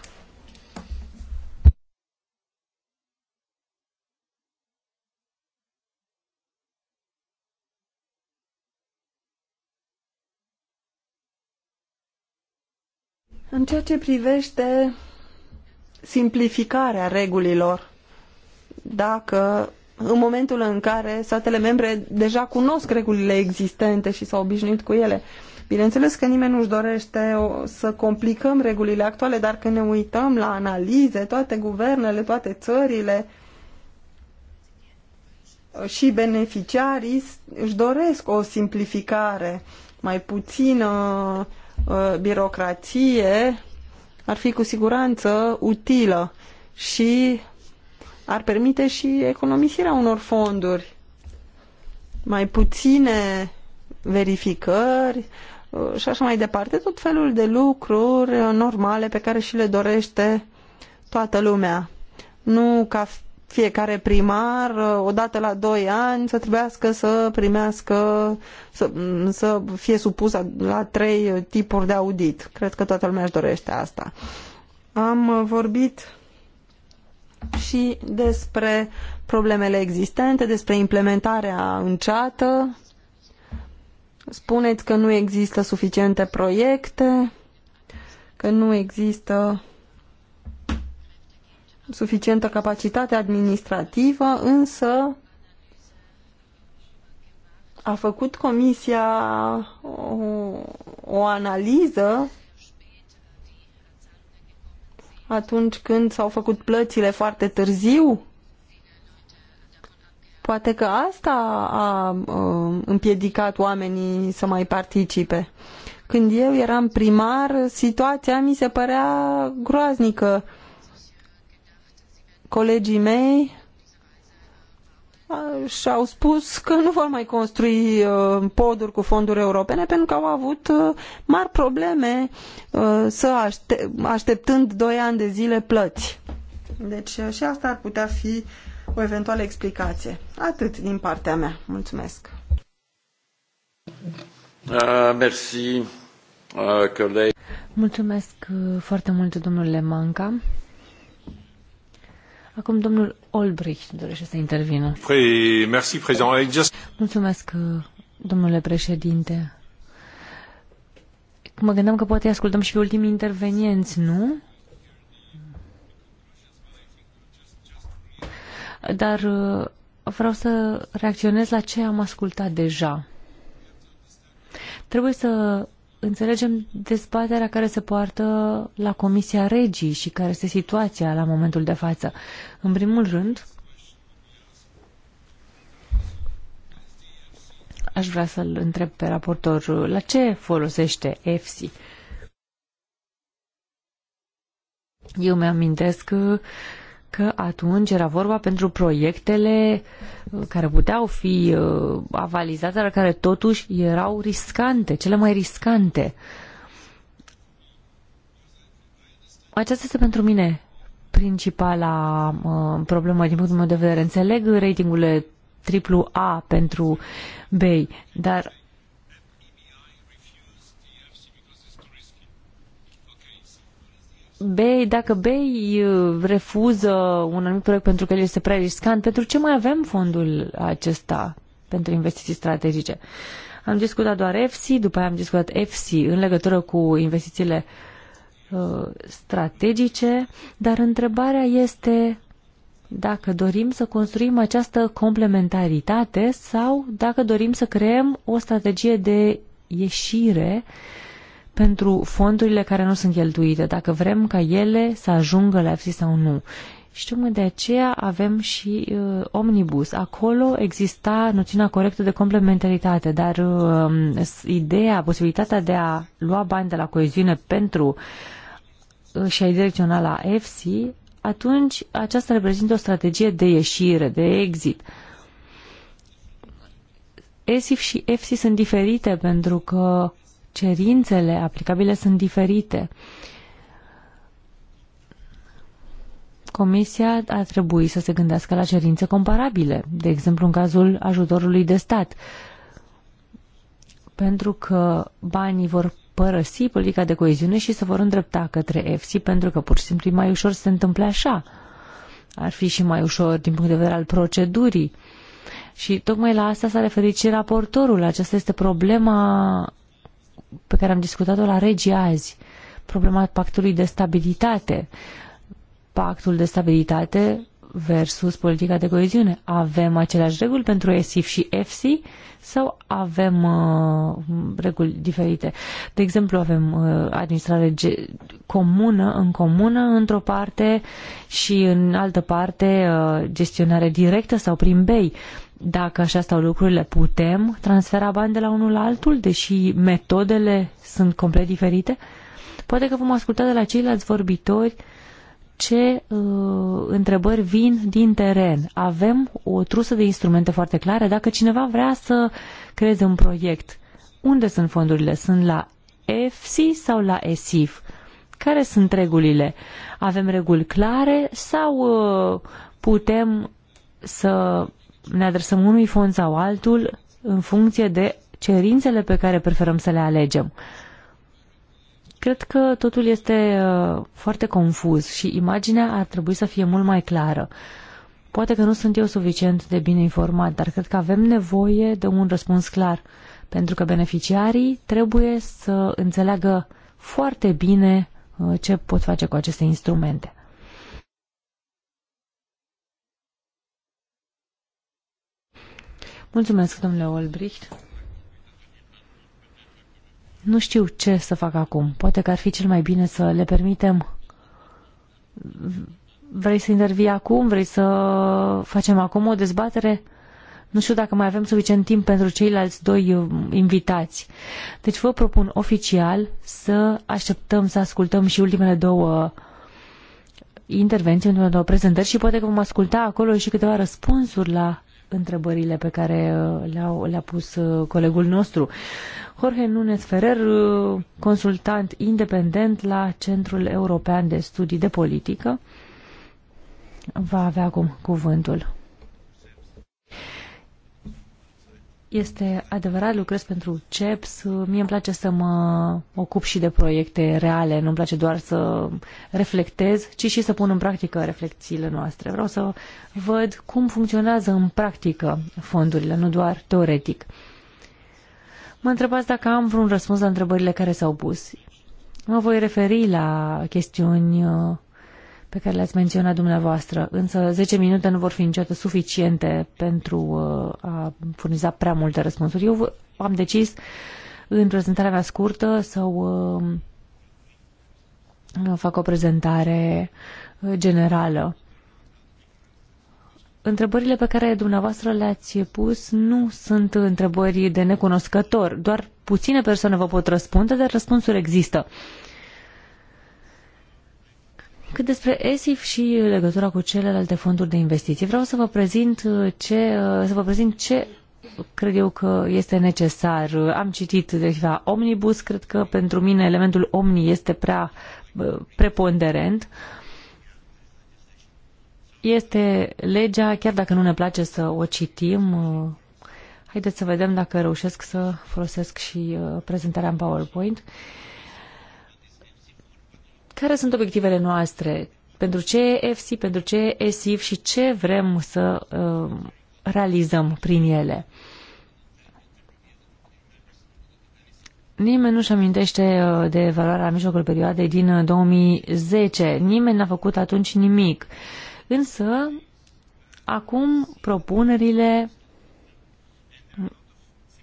În ceea ce privește simplificarea regulilor, dacă în momentul în care statele membre deja cunosc regulile existente și s-au obișnuit cu ele, bineînțeles că nimeni nu-și dorește să complicăm regulile actuale, dar când ne uităm la analize, toate guvernele, toate țările și beneficiarii își doresc o simplificare mai puțină uh, Uh, birocrație ar fi cu siguranță utilă și ar permite și economisirea unor fonduri. Mai puține verificări uh, și așa mai departe, tot felul de lucruri uh, normale pe care și le dorește toată lumea. Nu ca fiecare primar, uh, o dată la doi ani, să trebuiască să primească, să, mm, să fie supus la trei tipuri de audit. Cred că toată lumea își dorește asta. Am uh, vorbit și despre problemele existente, despre implementarea înceată. Spuneți că nu există suficiente proiecte, că nu există suficientă capacitate administrativă, însă a făcut comisia o, o analiză atunci când s-au făcut plățile foarte târziu? Poate că asta a împiedicat oamenii să mai participe. Când eu eram primar, situația mi se părea groaznică Colegii mei și-au spus că nu vor mai construi uh, poduri cu fonduri europene pentru că au avut uh, mari probleme uh, să aște- așteptând 2 ani de zile plăți. Deci și asta ar putea fi o eventuală explicație. Atât din partea mea. Mulțumesc. Uh, merci, uh, Mulțumesc foarte mult, domnule Manca. Acum domnul Olbricht dorește să intervină. Merci, Just... Mulțumesc, uh, domnule președinte. Mă gândeam că poate ascultăm și pe ultimii intervenienți, nu? Dar uh, vreau să reacționez la ce am ascultat deja. Trebuie să înțelegem dezbaterea care se poartă la Comisia Regii și care este situația la momentul de față. În primul rând, aș vrea să-l întreb pe raportor la ce folosește EFSI. Eu mi-amintesc că că atunci era vorba pentru proiectele uh, care puteau fi uh, avalizate, dar care totuși erau riscante, cele mai riscante. Aceasta este pentru mine principala uh, problemă din punctul meu de vedere. Înțeleg ratingurile AAA pentru BEI, dar BEI, dacă BEI uh, refuză un anumit proiect pentru că el este prea riscant, pentru ce mai avem fondul acesta pentru investiții strategice? Am discutat doar EFSI, după aia am discutat EFSI în legătură cu investițiile uh, strategice, dar întrebarea este dacă dorim să construim această complementaritate sau dacă dorim să creăm o strategie de ieșire uh, pentru fondurile care nu sunt cheltuite, dacă vrem ca ele să ajungă la EFSI sau nu. Și tocmai de aceea avem și uh, omnibus. Acolo exista noțiunea corectă de complementaritate, dar uh, ideea, posibilitatea de a lua bani de la coeziune pentru uh, și a-i direcționa la EFSI, atunci aceasta reprezintă o strategie de ieșire, de exit. ESIF și EFSI sunt diferite pentru că cerințele aplicabile sunt diferite. Comisia ar trebui să se gândească la cerințe comparabile, de exemplu în cazul ajutorului de stat, pentru că banii vor părăsi politica de coeziune și se vor îndrepta către EFSI, pentru că pur și simplu e mai ușor să se întâmple așa. Ar fi și mai ușor din punct de vedere al procedurii. Și tocmai la asta s-a referit și raportorul. Aceasta este problema pe care am discutat-o la regii azi, problema pactului de stabilitate. Pactul de stabilitate versus politica de coeziune. Avem aceleași reguli pentru ESIF și EFSI sau avem uh, reguli diferite? De exemplu, avem uh, administrare comună în comună într-o parte și în altă parte uh, gestionare directă sau prin BEI. Dacă așa stau lucrurile, putem transfera bani de la unul la altul, deși metodele sunt complet diferite? Poate că vom asculta de la ceilalți vorbitori ce uh, întrebări vin din teren. Avem o trusă de instrumente foarte clare. Dacă cineva vrea să creeze un proiect, unde sunt fondurile? Sunt la EFSI sau la ESIF? Care sunt regulile? Avem reguli clare sau uh, putem să ne adresăm unui fond sau altul în funcție de cerințele pe care preferăm să le alegem. Cred că totul este uh, foarte confuz și imaginea ar trebui să fie mult mai clară. Poate că nu sunt eu suficient de bine informat, dar cred că avem nevoie de un răspuns clar, pentru că beneficiarii trebuie să înțeleagă foarte bine uh, ce pot face cu aceste instrumente. Mulțumesc, domnule Olbricht. Nu știu ce să fac acum. Poate că ar fi cel mai bine să le permitem... Vrei să intervii acum? Vrei să facem acum o dezbatere? Nu știu dacă mai avem suficient timp pentru ceilalți doi uh, invitați. Deci vă propun oficial să așteptăm să ascultăm și ultimele două uh, intervenții, ultimele două prezentări și poate că vom asculta acolo și câteva răspunsuri la întrebările pe care uh, le-a le pus uh, colegul nostru. Jorge Nunes Ferrer, uh, consultant independent la Centrul European de Studii de Politică, va avea acum cuvântul. Este adevărat, lucrez pentru CEPS. Mie îmi place să mă ocup și de proiecte reale. Nu-mi place doar să reflectez, ci și să pun în practică reflexiile noastre. Vreau să văd cum funcționează în practică fondurile, nu doar teoretic. Mă întrebați dacă am vreun răspuns la întrebările care s-au pus. Mă voi referi la chestiuni uh, pe care le-ați menționat dumneavoastră, însă 10 minute nu vor fi niciodată suficiente pentru uh, a furniza prea multe răspunsuri. Eu am decis în prezentarea mea scurtă să uh, fac o prezentare uh, generală. Întrebările pe care dumneavoastră le-ați pus nu sunt întrebări de necunoscător. Doar puține persoane vă pot răspunde, dar răspunsuri există. Uh, cât despre ESIF și legătura cu celelalte fonduri de investiții, vreau să vă prezint uh, ce, uh, să vă prezint ce cred eu că este necesar. Am citit deja Omnibus, cred că pentru mine elementul Omni este prea uh, preponderent. Este legea, chiar dacă nu ne place să o citim, haideți să vedem dacă reușesc să folosesc și prezentarea în PowerPoint. Uh, care sunt obiectivele noastre, pentru ce EFSI, pentru ce ESIF și ce vrem să uh, realizăm prin ele. Nimeni nu și amintește uh, de valoarea mijlocul perioadei din 2010. Uh, Nimeni n-a făcut atunci nimic. Însă, acum propunerile,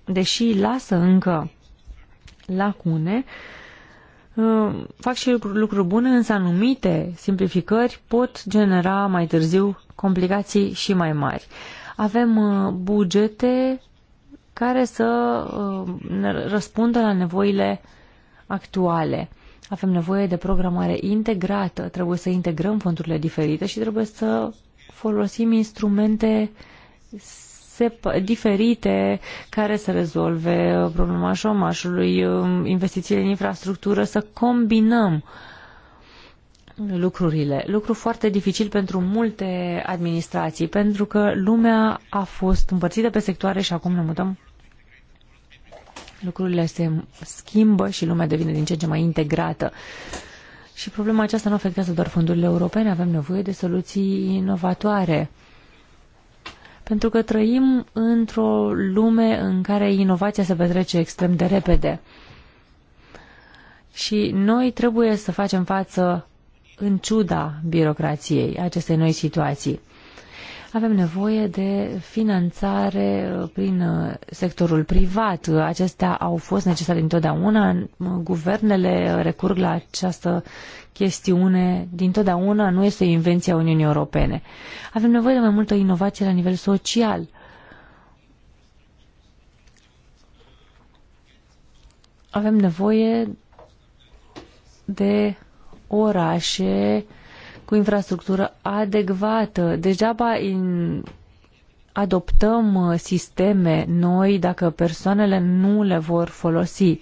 deși lasă încă lacune, uh, Uh, fac și lucruri, lucruri bune, însă anumite simplificări pot genera mai târziu complicații și mai mari. Avem uh, bugete care să uh, ne răspundă la nevoile actuale. Avem nevoie de programare integrată, trebuie să integrăm fondurile diferite și trebuie să folosim instrumente diferite care să rezolve problema șomajului, um, investițiile în infrastructură, să combinăm lucrurile. Lucru foarte dificil pentru multe administrații, pentru că lumea a fost împărțită pe sectoare și acum ne mutăm. Lucrurile se schimbă și lumea devine din ce în ce mai integrată. Și problema aceasta nu afectează doar fondurile europene, avem nevoie de soluții inovatoare. Pentru că trăim într-o lume în care inovația se petrece extrem de repede. Și noi trebuie să facem față în ciuda birocrației acestei noi situații. Avem nevoie de finanțare uh, prin uh, sectorul privat. Uh, acestea au fost necesare întotdeauna. Guvernele recurg la această chestiune dintotdeauna. Nu este invenția Uniunii Europene. Avem nevoie de mai multă inovație la nivel social. Avem nevoie de orașe cu infrastructură adecvată. Degeaba in... adoptăm uh, sisteme noi dacă persoanele nu le vor folosi.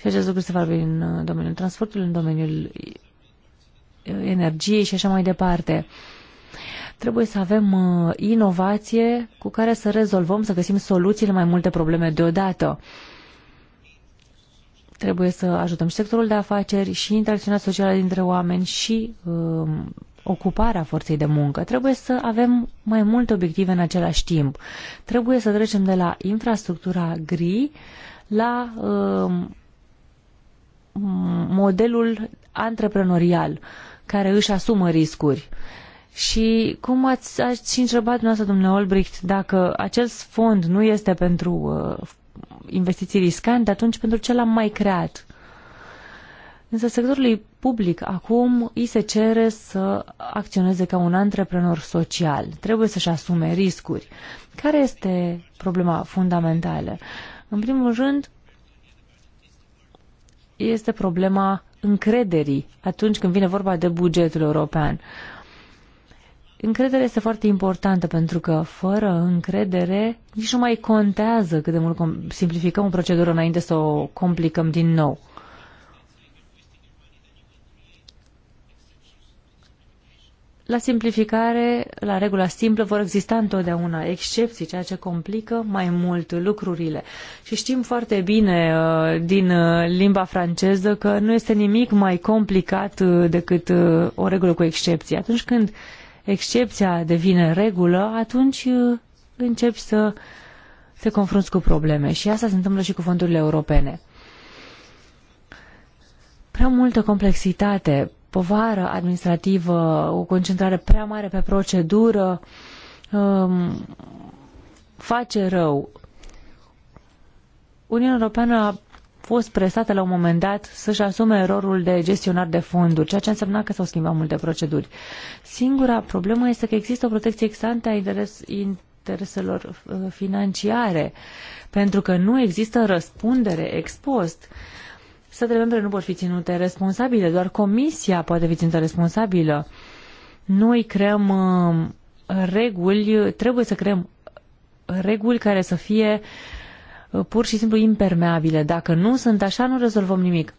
Și acest lucru se face în uh, domeniul transportului, în domeniul uh, energiei și așa mai departe. Trebuie să avem inovație cu care să rezolvăm, să găsim soluțiile mai multe probleme deodată. Trebuie să ajutăm și sectorul de afaceri și interacțiunea socială dintre oameni și uh, ocuparea forței de muncă. Trebuie să avem mai multe obiective în același timp. Trebuie să trecem de la infrastructura gri la uh, modelul antreprenorial care își asumă riscuri. Și cum ați, ați întrebat dumneavoastră, domnule Olbricht, dacă acest fond nu este pentru uh, investiții riscante, atunci pentru ce l-am mai creat? Însă sectorului public acum îi se cere să acționeze ca un antreprenor social. Trebuie să-și asume riscuri. Care este problema fundamentală? În primul rând, este problema încrederii atunci când vine vorba de bugetul european. Încrederea este foarte importantă pentru că fără încredere nici nu mai contează cât de mult simplificăm o procedură înainte să o complicăm din nou. La simplificare, la regula simplă, vor exista întotdeauna excepții, ceea ce complică mai mult lucrurile. Și știm foarte bine uh, din uh, limba franceză că nu este nimic mai complicat uh, decât o regulă cu excepții. Atunci când excepția devine regulă, atunci uh, începi să te confrunți cu probleme. Și asta se întâmplă și cu fondurile europene. Prea multă complexitate, povară administrativă, o concentrare prea mare pe procedură, um, face rău. Uniunea Europeană a fost presată la un moment dat să-și asume rolul de gestionar de fonduri, ceea ce însemna că s-au schimbat multe proceduri. Singura problemă este că există o protecție exante a interes, intereselor uh, financiare, pentru că nu există răspundere expost. Statele membre nu pot fi ținute responsabile, doar Comisia poate fi ținută responsabilă. Noi creăm uh, reguli, trebuie să creăm reguli care să fie uh, Uh, pur și simplu impermeabile. Dacă nu sunt așa, nu rezolvăm nimic.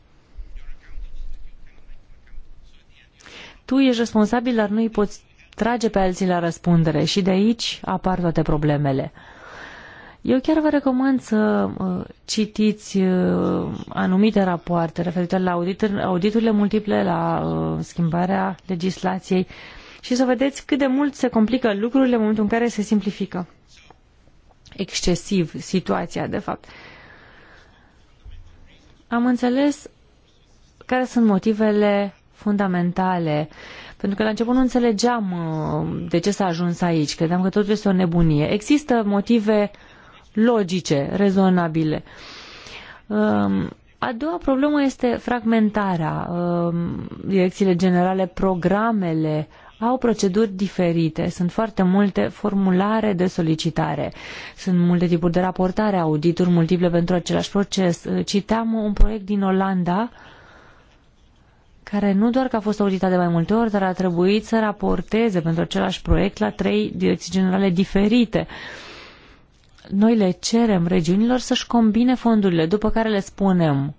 Tu ești responsabil, dar nu îi poți trage pe alții la răspundere și de aici apar toate problemele. Eu chiar vă recomand să uh, citiți uh, anumite rapoarte referitoare la auditurile multiple, la schimbarea legislației și să vedeți cât de mult se complică lucrurile în momentul în care se simplifică excesiv situația, de fapt. Am înțeles care sunt motivele fundamentale. Pentru că la început nu înțelegeam uh, de ce s-a ajuns aici. Credeam că totul este o nebunie. Există motive logice, rezonabile. Um, a doua problemă este fragmentarea. Um, direcțiile generale, programele au proceduri diferite. Sunt foarte multe formulare de solicitare, sunt multe tipuri de raportare, audituri multiple pentru același proces. Citeam un proiect din Olanda care nu doar că a fost auditat de mai multe ori, dar a trebuit să raporteze pentru același proiect la trei direcții generale diferite. Noi le cerem regiunilor să-și combine fondurile, după care le spunem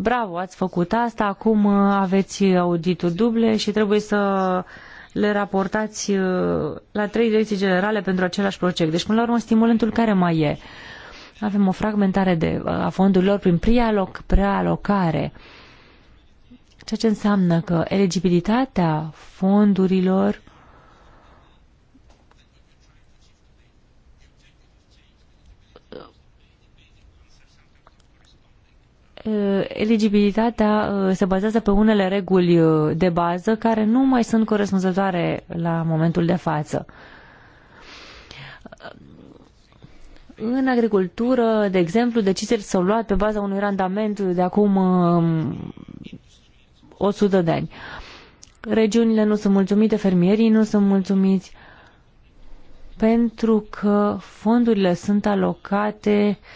bravo, ați făcut asta, acum uh, aveți auditul duble și trebuie să le raportați uh, la trei direcții generale pentru același proiect. Deci, până la urmă, stimulentul care mai e? Avem o fragmentare de, uh, a fondurilor prin prealoc, prealocare, ceea ce înseamnă că eligibilitatea fondurilor uh, Eh, eligibilitatea eh, se bazează pe unele reguli eh, de bază care nu mai sunt corespunzătoare la momentul de față. În agricultură, de exemplu, deciziile s-au luat pe baza unui randament de acum 100 de ani. Regiunile nu sunt mulțumite, fermierii nu sunt mulțumiți pentru că fondurile sunt alocate uh,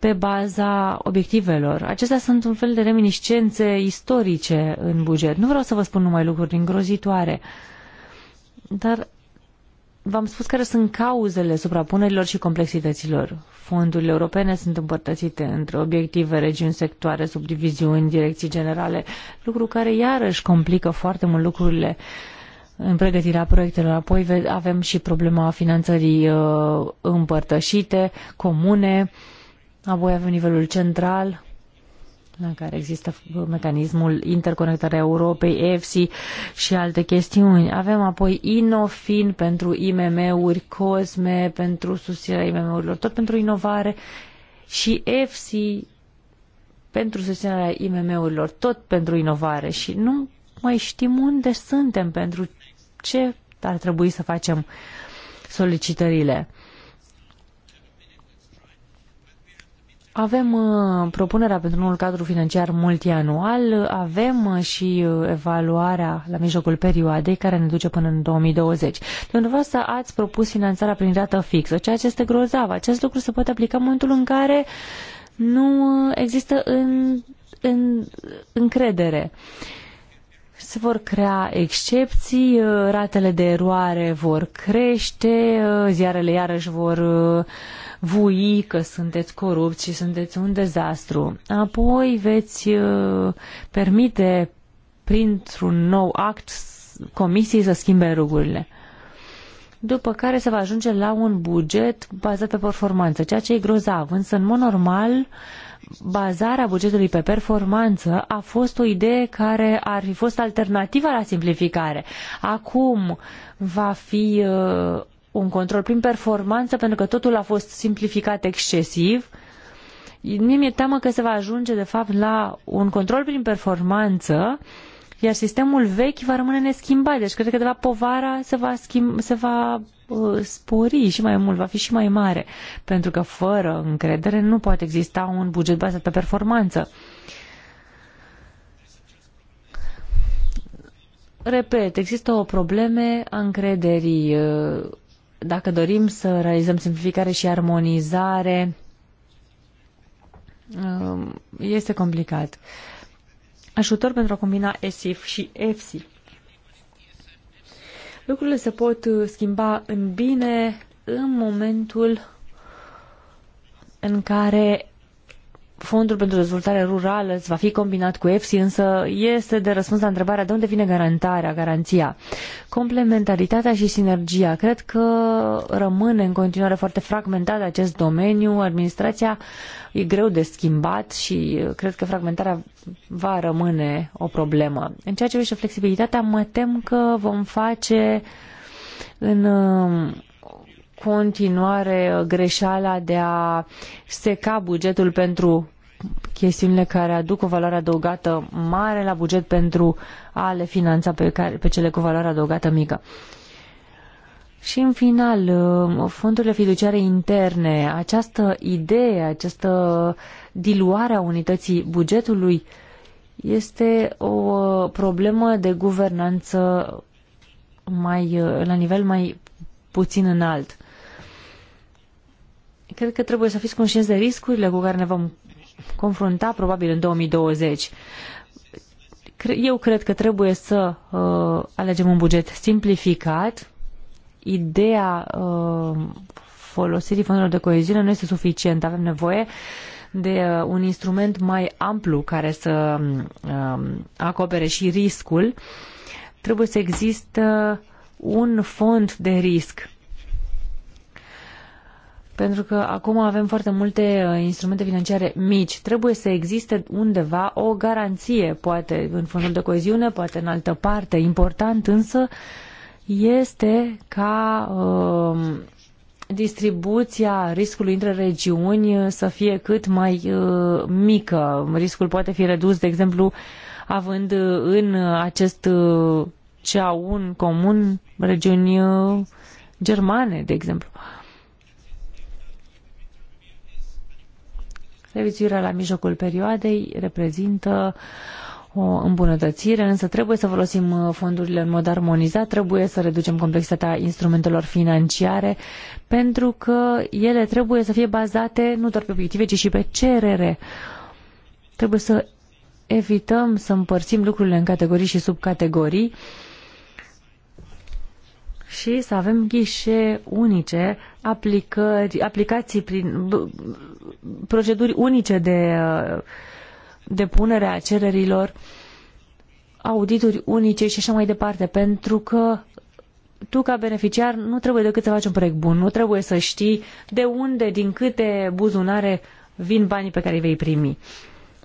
pe baza obiectivelor. Acestea sunt un fel de reminiscențe istorice în buget. Nu vreau să vă spun numai lucruri îngrozitoare, dar v-am spus care sunt cauzele suprapunerilor și complexităților. Fondurile europene sunt împărtățite între obiective, regiuni, sectoare, subdiviziuni, direcții generale, lucru care iarăși complică foarte mult lucrurile în pregătirea proiectelor. Apoi avem și problema finanțării uh, împărtășite, comune, uh, Apoi avem nivelul central, la care există mecanismul interconectarea Europei, EFSI și alte chestiuni. Avem apoi Inofin pentru IMM-uri, COSME pentru susținerea IMM-urilor, tot pentru inovare și EFSI pentru susținerea IMM-urilor, tot pentru inovare și nu mai știm unde suntem, pentru ce ar trebui să facem solicitările. Avem uh, propunerea pentru noul cadru financiar multianual, avem uh, și uh, evaluarea la mijlocul perioadei care ne duce până în 2020. Dumneavoastră ați propus finanțarea prin rată fixă, ceea ce este grozav. Acest lucru se poate aplica în momentul în care nu există în, în, încredere. Se vor crea excepții, ratele de eroare vor crește, ziarele iarăși vor uh, vui că sunteți corupți și sunteți un dezastru. Apoi veți uh, permite printr-un nou act comisiei să schimbe rugurile. După care se va ajunge la un buget bazat pe performanță, ceea ce e grozav. Însă, în mod normal, bazarea bugetului pe performanță a fost o idee care ar fi fost alternativa la simplificare. Acum va fi uh, un control prin performanță pentru că totul a fost simplificat excesiv. Mie mi-e teamă că se va ajunge de fapt la un control prin performanță iar sistemul vechi va rămâne neschimbat. Deci cred că de fapt povara se va, schimb, se va uh, spori și mai mult, va fi și mai mare, pentru că fără încredere nu poate exista un buget bazat pe performanță. Repet, există o probleme a încrederii uh, dacă dorim să realizăm simplificare și armonizare, um, este complicat. Ajutor pentru a combina ESIF și EFSI. Lucrurile se pot uh, schimba în bine în momentul în care Fondul pentru dezvoltare rurală va fi combinat cu EFSI, însă este de răspuns la întrebarea de unde vine garantarea, garanția. Complementaritatea și sinergia. Cred că rămâne în continuare foarte fragmentat acest domeniu. Administrația e greu de schimbat și cred că fragmentarea va rămâne o problemă. În ceea ce privește flexibilitatea, mă tem că vom face în continuare uh, greșeala de a seca bugetul pentru chestiunile care aduc o valoare adăugată mare la buget pentru a le finanța pe, care, pe cele cu valoare adăugată mică. Și în final, uh, fondurile fiduciare interne, această idee, această diluare a unității bugetului este o uh, problemă de guvernanță mai, la nivel mai puțin înalt. Cred că trebuie să fiți conștienți de riscurile cu care ne vom confrunta probabil în 2020. Eu cred că trebuie să uh, alegem un buget simplificat. Ideea uh, folosirii fondurilor de coeziune nu este suficientă. Avem nevoie de uh, un instrument mai amplu care să uh, acopere și riscul. Trebuie să există un fond de risc pentru că acum avem foarte multe uh, instrumente financiare mici. Trebuie să existe undeva o garanție, poate în fondul de coeziune, poate în altă parte. Important însă este ca uh, distribuția riscului între regiuni uh, să fie cât mai uh, mică. Riscul poate fi redus, de exemplu, având uh, în acest uh, cea un comun regiuni germane, de exemplu. Uh, Revizuirea la mijlocul perioadei reprezintă o îmbunătățire, însă trebuie să folosim uh, fondurile în mod armonizat, trebuie să reducem complexitatea instrumentelor financiare, pentru că ele trebuie să fie bazate nu doar pe obiective, ci și pe cerere. Trebuie să evităm să împărțim lucrurile în categorii și subcategorii și să avem ghișe unice aplicări, aplicații prin proceduri unice de depunere a cererilor, audituri unice și așa mai departe, pentru că tu ca beneficiar nu trebuie decât să faci un proiect bun, nu trebuie să știi de unde, din câte buzunare vin banii pe care îi vei primi.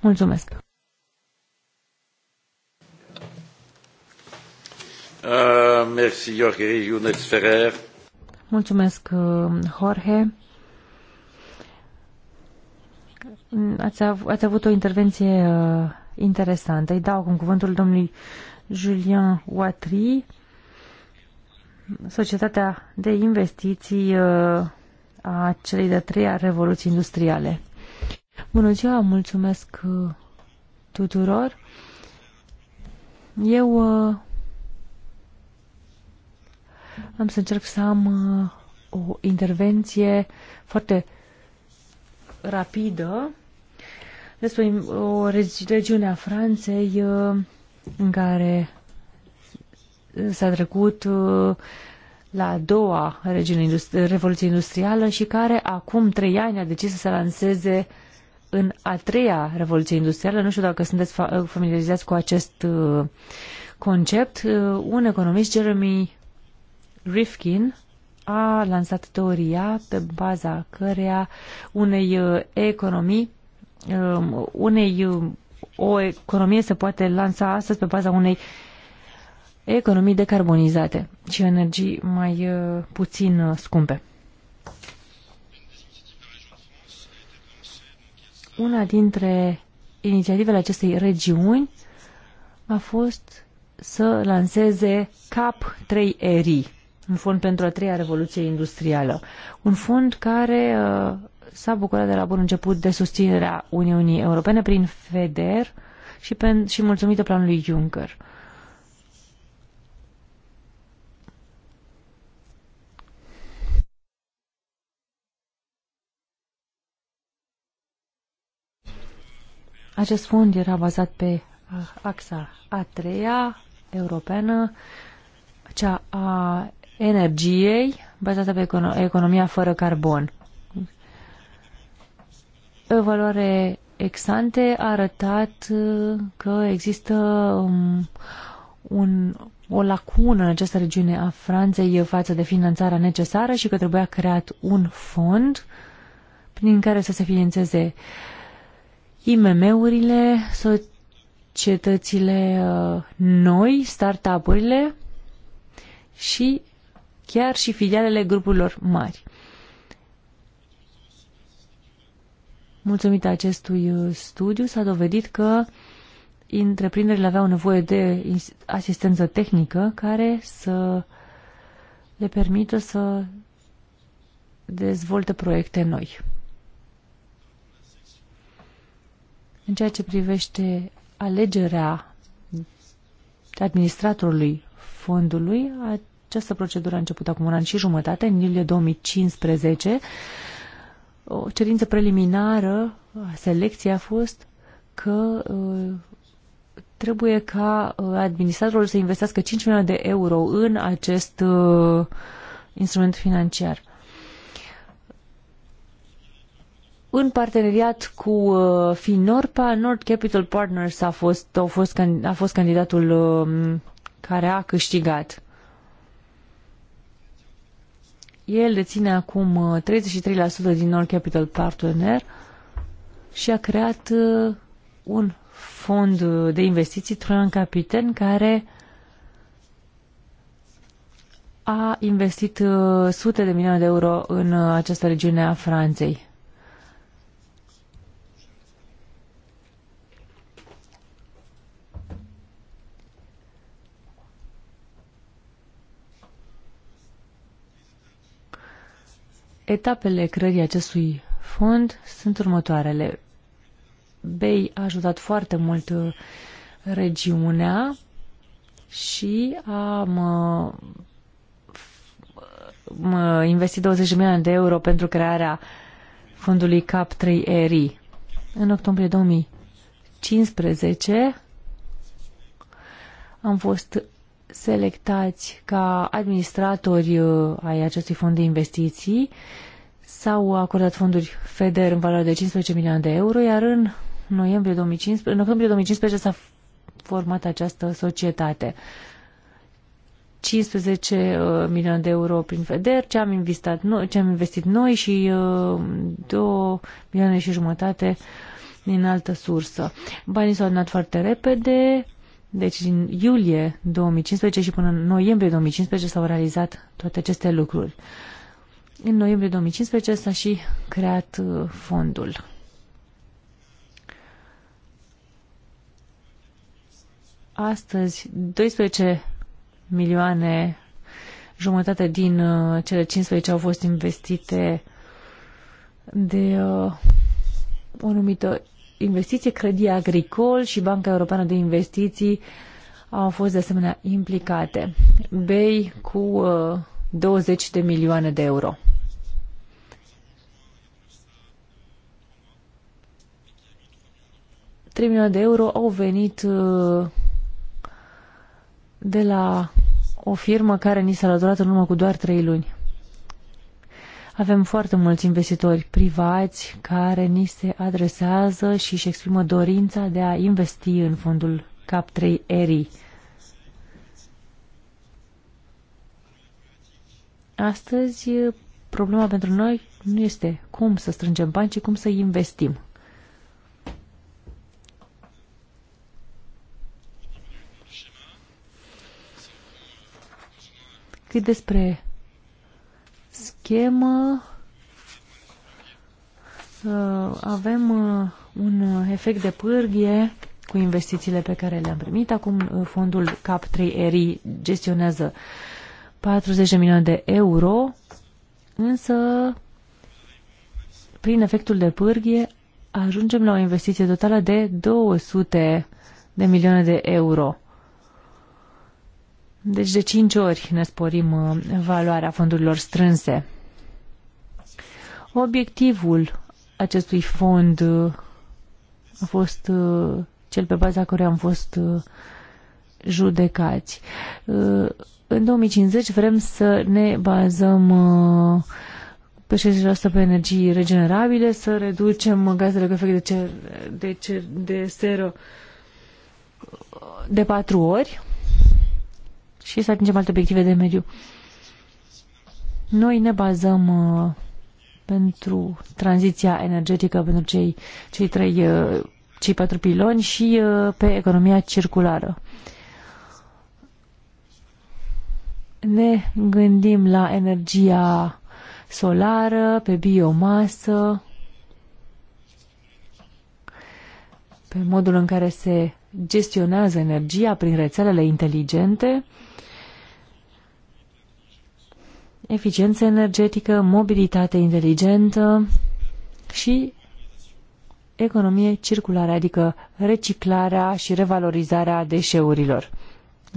Mulțumesc! Uh, merci, Jorge Iunex Ferrer. Mulțumesc, uh, Jorge. Ați, av- ați avut o intervenție uh, interesantă. Îi dau acum cuvântul domnului Julien Watry, Societatea de Investiții uh, a celei de-a treia revoluții industriale. Bună ziua, mulțumesc uh, tuturor. Eu uh, am să încerc să am uh, o intervenție foarte rapidă despre uh, o regiune a Franței uh, în care s-a trecut la a doua regiune industri revoluție industrială și care acum trei ani a decis să se lanseze în a treia revoluție industrială. Nu știu dacă sunteți familiarizați cu acest concept. Un economist, Jeremy Rifkin a lansat teoria pe baza căreia unei uh, economii, um, unei, uh, o economie se poate lansa astăzi pe baza unei economii decarbonizate și energii mai uh, puțin scumpe. Una dintre inițiativele acestei regiuni a fost să lanseze CAP 3 RI, un fond pentru a treia revoluție industrială. Un fond care uh, s-a bucurat de la bun început de susținerea Uniunii Europene prin FEDER și, pen, și mulțumită planului Juncker. Acest fond era bazat pe uh, axa a treia europeană, cea a energiei bazată pe economia fără carbon. Evaluare Exante a arătat uh, că există um, un, o lacună în această regiune a Franței față de finanțarea necesară și că trebuia creat un fond prin care să se finanțeze IMM-urile, societățile uh, noi, up urile și chiar și filialele grupurilor mari. Mulțumită acestui uh, studiu s-a dovedit că întreprinderile aveau nevoie de asistență tehnică care să le permită să dezvolte proiecte noi. În ceea ce privește alegerea administratorului fondului, această procedură a început acum un an și jumătate, în iulie 2015. O cerință preliminară, selecția a fost că uh, trebuie ca uh, administratorul să investească 5 milioane de euro în acest uh, instrument financiar. în parteneriat cu uh, Finorpa, Nord Capital Partners a fost, a fost, a fost candidatul uh, care a câștigat. El deține acum 33% uh, din All Capital Partner și a creat uh, un fond uh, de investiții, Troian capitan care a investit sute de milioane de euro în această regiune a Franței. Etapele creării acestui fond sunt următoarele. BEI a ajutat foarte mult uh, regiunea și am mă investit 20 milioane de euro pentru crearea fondului CAP 3 ERI. În octombrie 2015 am fost selectați ca administratori uh, ai acestui fond de investiții. S-au acordat fonduri FEDER în valoare de 15 milioane de euro, iar în noiembrie 2015, în octombrie 2015 s-a format această societate. 15 uh, milioane de euro prin FEDER, ce am investit noi, ce am investit noi și 2 uh, milioane și jumătate din altă sursă. Banii s-au adunat foarte repede, deci din iulie 2015 și până în noiembrie 2015 s-au realizat toate aceste lucruri. În noiembrie 2015 s-a și creat uh, fondul. Astăzi, 12 milioane jumătate din uh, cele 15 au fost investite de uh, o numită investiție, Credit Agricol și Banca Europeană de Investiții au fost de asemenea implicate. BEI cu uh, 20 de milioane de euro. Trei milioane de euro au venit uh, de la o firmă care ni s-a alăturat în urmă cu doar trei luni. Avem foarte mulți investitori privați care ni se adresează și își exprimă dorința de a investi în fondul CAP3 ERI. Astăzi, problema pentru noi nu este cum să strângem bani, ci cum să investim. Cât despre schemă uh, avem uh, un efect de pârghie cu investițiile pe care le-am primit. Acum uh, fondul CAP3RI gestionează 40 de milioane de euro, însă prin efectul de pârghie ajungem la o investiție totală de 200 de milioane de euro. Deci de 5 ori ne sporim uh, valoarea fondurilor strânse. Obiectivul acestui fond uh, a fost uh, cel pe baza căruia am fost judecați. În 2050 vrem să ne bazăm pe 60% pe energii regenerabile, să reducem gazele cu efect de, cer, de, cer, de seră de patru ori și să atingem alte obiective de mediu. Noi ne bazăm uh, pentru tranziția energetică pentru cei, cei trei, uh, cei patru piloni și uh, pe economia circulară. Ne gândim la energia solară, pe biomasă, pe modul în care se gestionează energia prin rețelele inteligente, eficiență energetică, mobilitate inteligentă și economie circulară, adică reciclarea și revalorizarea deșeurilor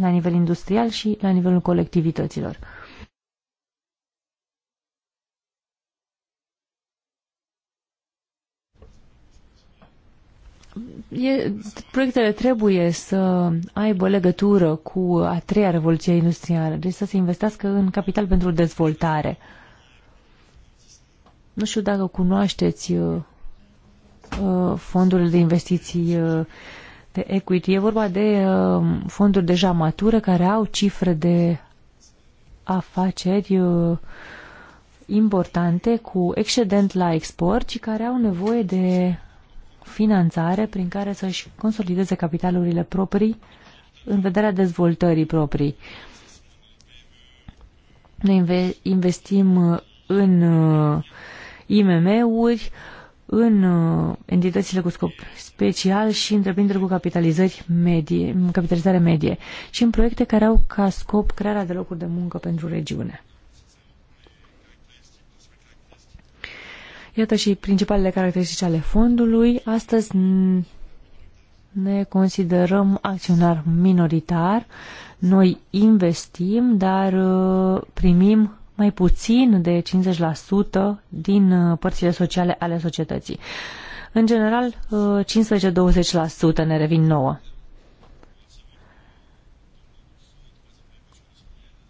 la nivel industrial și la nivelul colectivităților. e, proiectele trebuie să aibă legătură cu a treia revoluție industrială, deci să se investească în capital pentru dezvoltare. Nu știu dacă cunoașteți uh, uh fondurile de investiții uh, de equity. E vorba de uh, fonduri deja mature care au cifre de afaceri uh, importante cu excedent la export și care au nevoie de finanțare prin care să-și consolideze capitalurile proprii în vederea dezvoltării proprii. Ne investim uh, în uh, IMM-uri, în uh, entitățile cu scop special și întreprinderi cu capitalizări medie, capitalizare medie și în proiecte care au ca scop crearea de locuri de muncă pentru regiune. Iată și principalele caracteristici ale fondului. Astăzi ne considerăm acționar minoritar. Noi investim, dar uh, primim mai puțin de 50% din uh, părțile sociale ale societății. În general, 15-20% uh, ne revin nouă.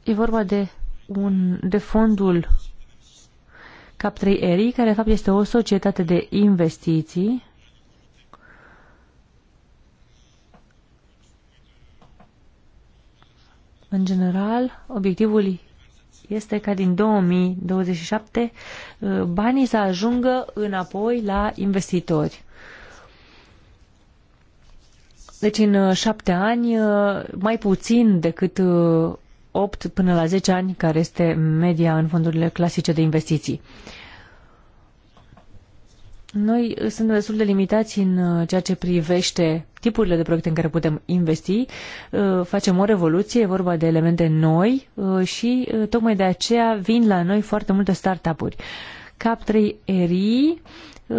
E vorba de, un, de fondul CAP3RI, care de fapt este o societate de investiții În general, obiectivul este ca din 2027 uh, banii să ajungă înapoi la investitori. Deci în uh, șapte ani, uh, mai puțin decât 8 până la 10 ani, care este media în fondurile clasice de investiții. Noi uh, suntem destul de limitați în uh, ceea ce privește tipurile de proiecte în care putem investi. Uh, facem o revoluție, e vorba de elemente noi și tocmai de aceea vin la noi foarte multe startup-uri. Cap 3 RI uh,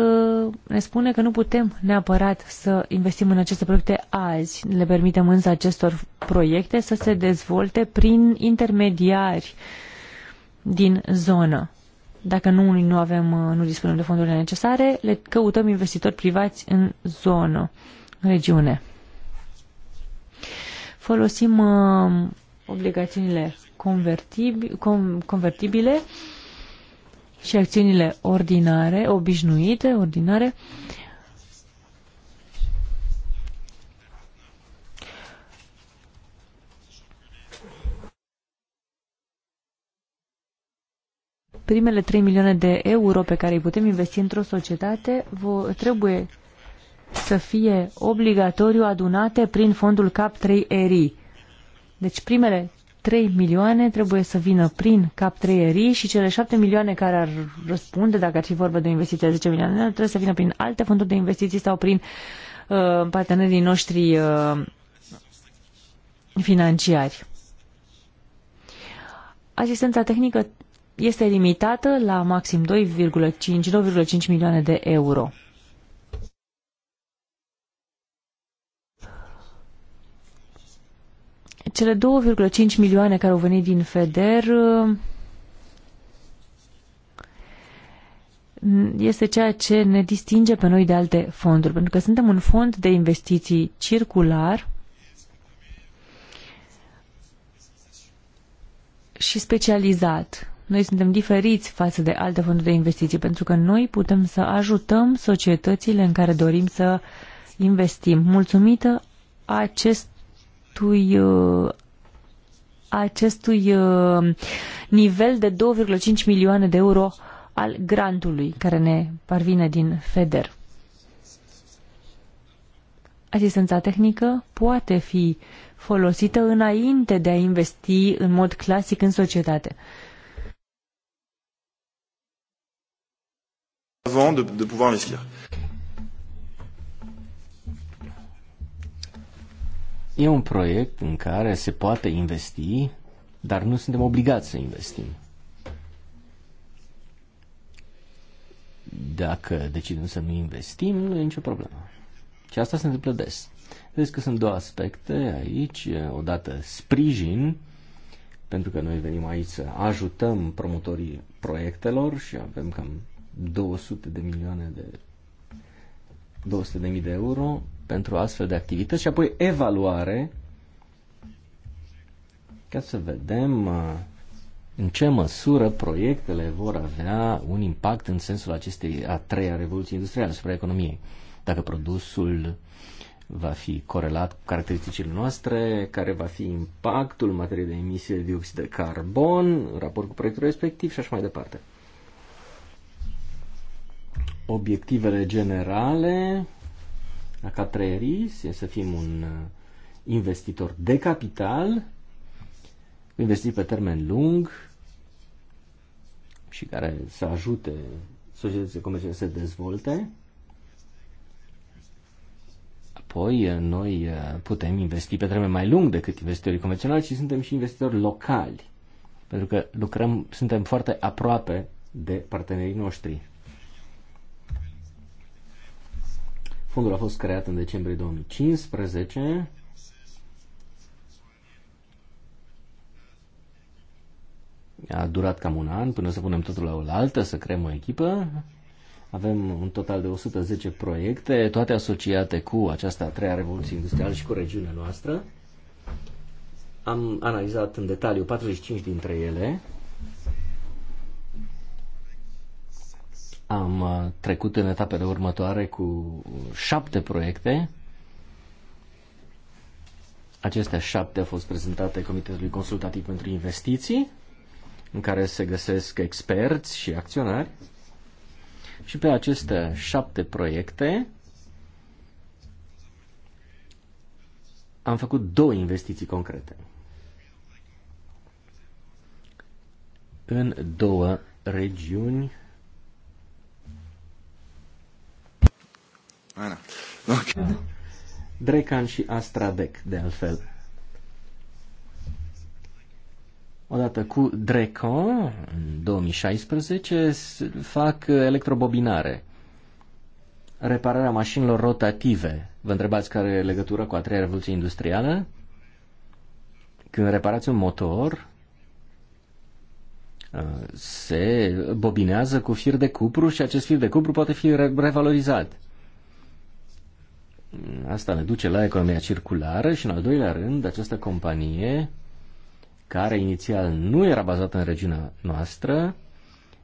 ne spune că nu putem neapărat să investim în aceste proiecte azi. Le permitem însă acestor proiecte să se dezvolte prin intermediari din zonă. Dacă nu, nu avem, uh, nu dispunem de fondurile necesare, le căutăm investitori privați în zonă, în regiune. Folosim uh, obligațiunile convertibile, com, convertibile și acțiunile ordinare, obișnuite, ordinare, primele 3 milioane de euro pe care îi putem investi într-o societate trebuie să fie obligatoriu adunate prin fondul CAP 3 ERI. Deci primele 3 milioane trebuie să vină prin cap treierii și cele 7 milioane care ar răspunde, dacă ar fi vorba de investiții de 10 milioane, trebuie să vină prin alte fonduri de investiții sau prin uh, partenerii noștri uh, financiari. Asistența tehnică este limitată la maxim 2,5-2,5 milioane de euro. Cele 2,5 milioane care au venit din FEDER uh, este ceea ce ne distinge pe noi de alte fonduri, pentru că suntem un fond de investiții circular și specializat. Noi suntem diferiți față de alte fonduri de investiții, pentru că noi putem să ajutăm societățile în care dorim să investim. Mulțumită acest, acestui uh, acestui uh, nivel de 2,5 milioane de euro al grantului care ne parvine din FEDER. Asistența tehnică poate fi folosită înainte de a investi în mod clasic în societate. Avant de, de pouvoir investir. E un proiect în care se poate investi, dar nu suntem obligați să investim. Dacă decidem să nu investim, nu e nicio problemă. Și asta se întâmplă des. Vedeți că sunt două aspecte aici. Odată sprijin, pentru că noi venim aici să ajutăm promotorii proiectelor și avem cam 200 de milioane de 200 de mii de euro pentru astfel de activități și apoi evaluare ca să vedem uh, în ce măsură proiectele vor avea un impact în sensul acestei a treia revoluție industriale asupra economiei. Dacă produsul va fi corelat cu caracteristicile noastre, care va fi impactul în materie de emisie de dioxid de carbon în raport cu proiectul respectiv și așa mai departe. Obiectivele generale a Capreris e să fim un uh, investitor de capital, investit pe termen lung și care să ajute societățile comerciale să se dezvolte. Apoi, uh, noi uh, putem investi pe termen mai lung decât investitorii convenționali și suntem și investitori locali, pentru că lucrăm, suntem foarte aproape de partenerii noștri. Fondul a fost creat în decembrie 2015 a durat cam un an până să punem totul la oaltă, să creăm o echipă. Avem un total de 110 proiecte, toate asociate cu această a treia revoluție industrială și cu regiunea noastră. Am analizat în detaliu 45 dintre ele Am uh, trecut în etapele următoare cu șapte proiecte. Acestea șapte au fost prezentate Comitetului Consultativ pentru Investiții, în care se găsesc experți și acționari. Și pe aceste șapte proiecte am făcut două investiții concrete. În două regiuni Ana. Okay. Drecan și Astradec, de altfel. Odată cu Dreco, în 2016, fac electrobobinare. Repararea mașinilor rotative. Vă întrebați care e legătura cu a treia revoluție industrială? Când reparați un motor, uh, se bobinează cu fir de cupru și acest fir de cupru poate fi revalorizat. Asta ne duce la economia circulară și, în al doilea rând, această companie, care inițial nu era bazată în regiunea noastră,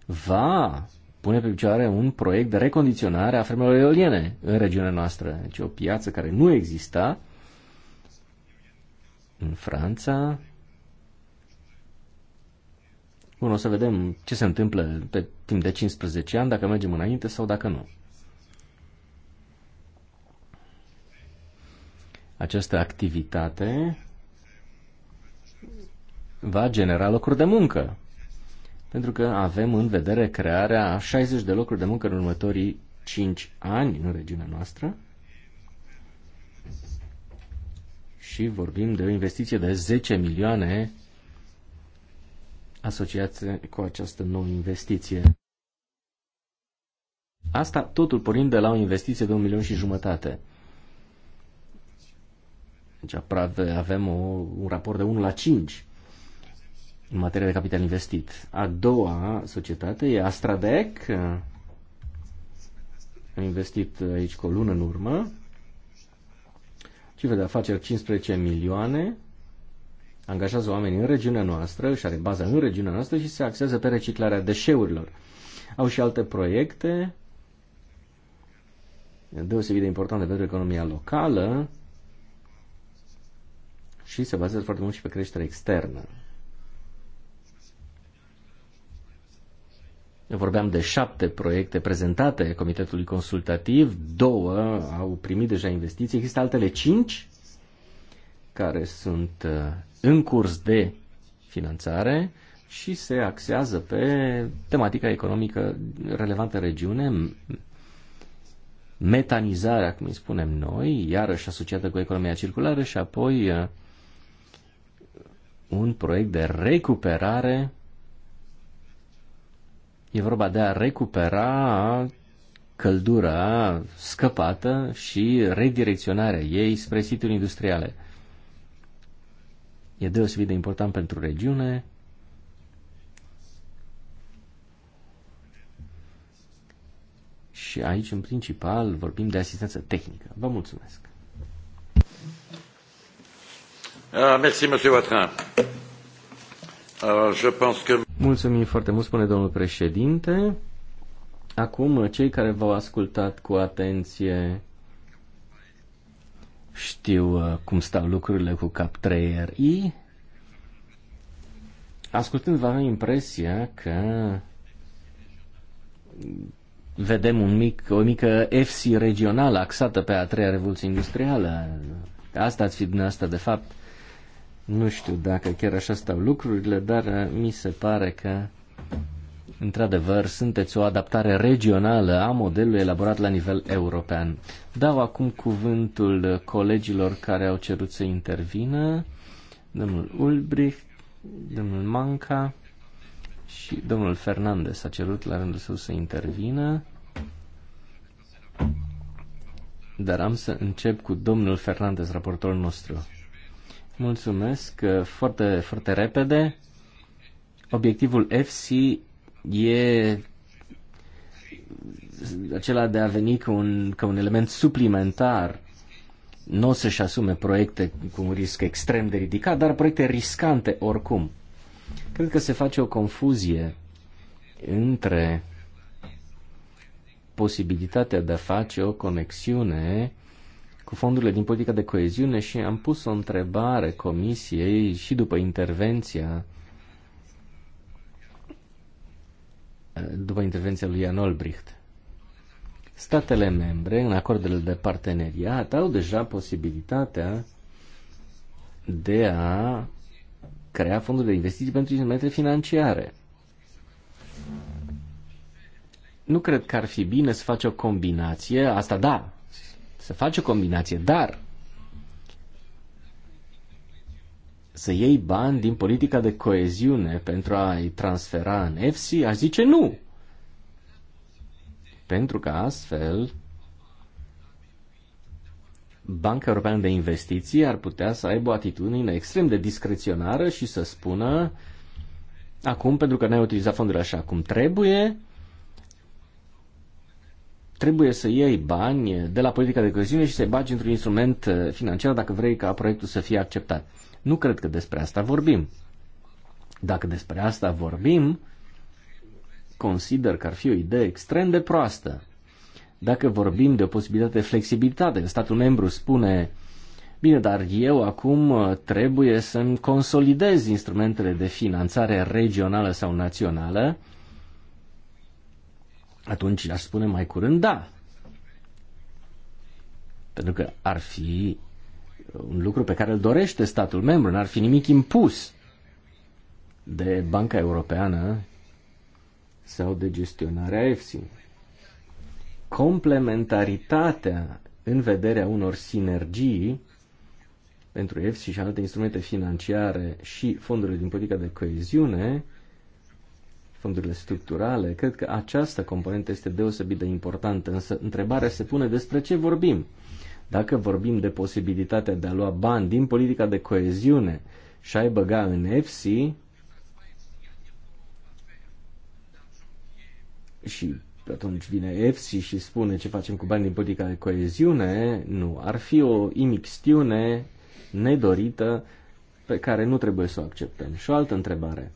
va pune pe picioare un proiect de recondiționare a fermelor eoliene în regiunea noastră. Deci o piață care nu exista în Franța. Bun, o să vedem ce se întâmplă pe timp de 15 ani, dacă mergem înainte sau dacă nu. Această activitate va genera locuri de muncă, pentru că avem în vedere crearea a 60 de locuri de muncă în următorii 5 ani în regiunea noastră și vorbim de o investiție de 10 milioane asociate cu această nouă investiție. Asta totul pornind de la o investiție de un milion și jumătate. Deci avem o, un raport de 1 la 5 în materie de capital investit. A doua societate e Astradec. Am investit aici cu o lună în urmă. Cifre de afaceri 15 milioane. Angajează oameni în regiunea noastră, și are baza în regiunea noastră și se axează pe reciclarea deșeurilor. Au și alte proiecte deosebit de importante pentru economia locală și se bazează foarte mult și pe creștere externă. vorbeam de șapte proiecte prezentate Comitetului Consultativ, două au primit deja investiții, există altele cinci care sunt uh, în curs de finanțare și se axează pe tematica economică relevantă în regiune, metanizarea, cum îi spunem noi, iarăși asociată cu economia circulară și apoi uh, un proiect de recuperare. E vorba de a recupera căldura scăpată și redirecționarea ei spre situri industriale. E deosebit de important pentru regiune. Și aici, în principal, vorbim de asistență tehnică. Vă mulțumesc! Ah, Mulțumim foarte mult, spune domnul președinte. Acum, cei care v-au ascultat cu atenție știu uh, cum stau lucrurile cu CAP3RI. Ascultând, vă avem impresia că vedem un mic, o mică EFSI regională axată pe a treia revoluție industrială. Asta ați fi dumneavoastră, de fapt. Nu știu dacă chiar așa stau lucrurile, dar uh, mi se pare că, într-adevăr, sunteți o adaptare regională a modelului elaborat la nivel european. Dau acum cuvântul colegilor care au cerut să intervină, domnul Ulbricht, domnul Manca și domnul Fernandez a cerut la rândul său să intervină. Dar am să încep cu domnul Fernandez, raportorul nostru. Mulțumesc uh, foarte, foarte repede. Obiectivul FC e acela de a veni ca un, ca un element suplimentar nu o să-și asume proiecte cu un risc extrem de ridicat, dar proiecte riscante oricum. Cred că se face o confuzie între posibilitatea de a face o conexiune cu fondurile din politica de coeziune și am pus o întrebare comisiei și după intervenția după intervenția lui Jan Olbricht. Statele membre, în acordele de parteneriat, au deja posibilitatea de a crea fonduri de investiții pentru instrumente financiare. Nu cred că ar fi bine să faci o combinație, asta da, să faci o combinație, dar să iei bani din politica de coeziune pentru a-i transfera în EFSI, aș zice nu. Pentru că astfel Banca Europeană de Investiții ar putea să aibă o atitudine extrem de discreționară și să spună acum, pentru că n-ai utilizat fondurile așa cum trebuie, trebuie să iei bani de la politica de coeziune și să-i bagi într-un instrument uh, financiar dacă vrei ca proiectul să fie acceptat. Nu cred că despre asta vorbim. Dacă despre asta vorbim, consider că ar fi o idee extrem de proastă. Dacă vorbim de o posibilitate de flexibilitate, statul membru spune, bine, dar eu acum uh, trebuie să-mi consolidez instrumentele de finanțare regională sau națională, atunci aș spune mai curând da. Pentru că ar fi uh, un lucru pe care îl dorește statul membru, n-ar fi nimic impus de Banca Europeană sau de gestionarea EFSI. Complementaritatea în vederea unor sinergii pentru EFSI și alte instrumente financiare și fondurile din politica de coeziune fondurile structurale, cred că această componentă este deosebit de importantă, însă întrebarea se pune despre ce vorbim. Dacă vorbim de posibilitatea de a lua bani din politica de coeziune și a-i băga în EFSI și atunci vine EFSI și spune ce facem cu bani din politica de coeziune, nu, ar fi o imixtiune nedorită pe care nu trebuie să o acceptăm. Și o altă întrebare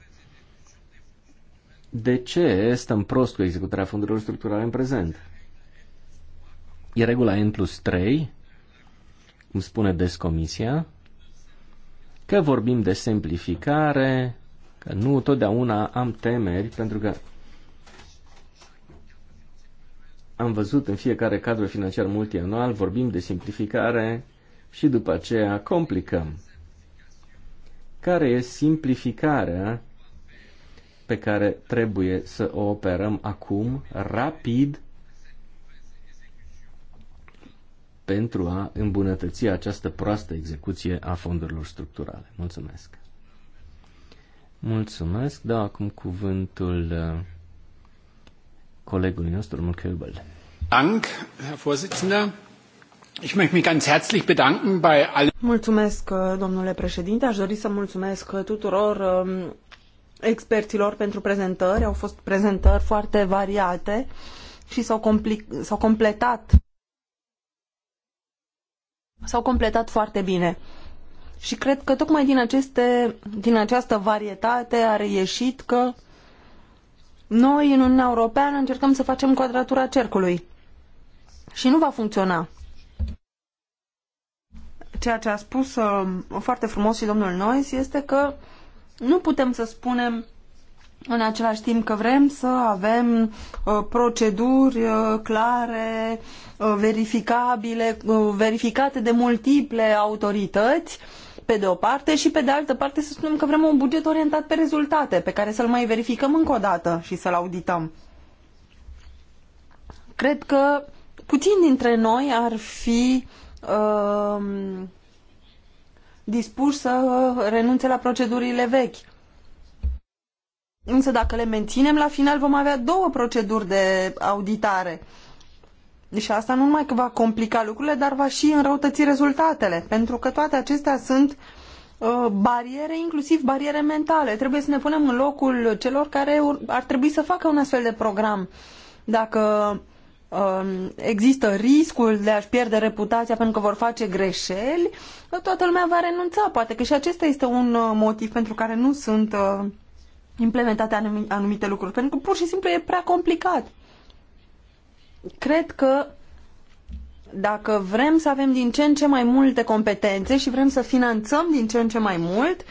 de ce stăm prost cu executarea fondurilor structurale în prezent? E regula N plus 3, cum spune descomisia. că vorbim de simplificare, că nu totdeauna am temeri, pentru că am văzut în fiecare cadru financiar multianual, vorbim de simplificare și după aceea complicăm. Care e simplificarea pe care trebuie să o operăm acum, rapid, pentru a îmbunătăți această proastă execuție a fondurilor structurale. Mulțumesc! Mulțumesc! Dau acum cuvântul uh, colegului nostru, domnul Köbel. Dank, Herr Vorsitzender. Ich möchte mich ganz herzlich bedanken bei allen. Mulțumesc, uh, domnule președinte. Aș dori să mulțumesc tuturor um, experților pentru prezentări. Au fost prezentări foarte variate și s-au, completat s-au completat foarte bine. Și cred că tocmai din, aceste, din această varietate a ieșit că noi în Uniunea Europeană încercăm să facem quadratura cercului. Și nu va funcționa. Ceea ce a spus uh, foarte frumos și domnul Nois este că nu putem să spunem în același timp că vrem să avem uh, proceduri uh, clare, uh, verificabile, uh, verificate de multiple autorități, pe de o parte, și pe de altă parte să spunem că vrem un buget orientat pe rezultate, pe care să-l mai verificăm încă o dată și să-l audităm. Cred că puțin dintre noi ar fi uh, dispuși să uh, renunțe la procedurile vechi. Însă dacă le menținem, la final vom avea două proceduri de auditare. Și asta nu numai că va complica lucrurile, dar va și înrăutăți rezultatele, pentru că toate acestea sunt uh, bariere, inclusiv bariere mentale. Trebuie să ne punem în locul celor care ar trebui să facă un astfel de program. Dacă Um, există riscul de a-și pierde reputația pentru că vor face greșeli, toată lumea va renunța. Poate că și acesta este un uh, motiv pentru care nu sunt uh, implementate anumite lucruri, pentru că pur și simplu e prea complicat. Cred că dacă vrem să avem din ce în ce mai multe competențe și vrem să finanțăm din ce în ce mai mult,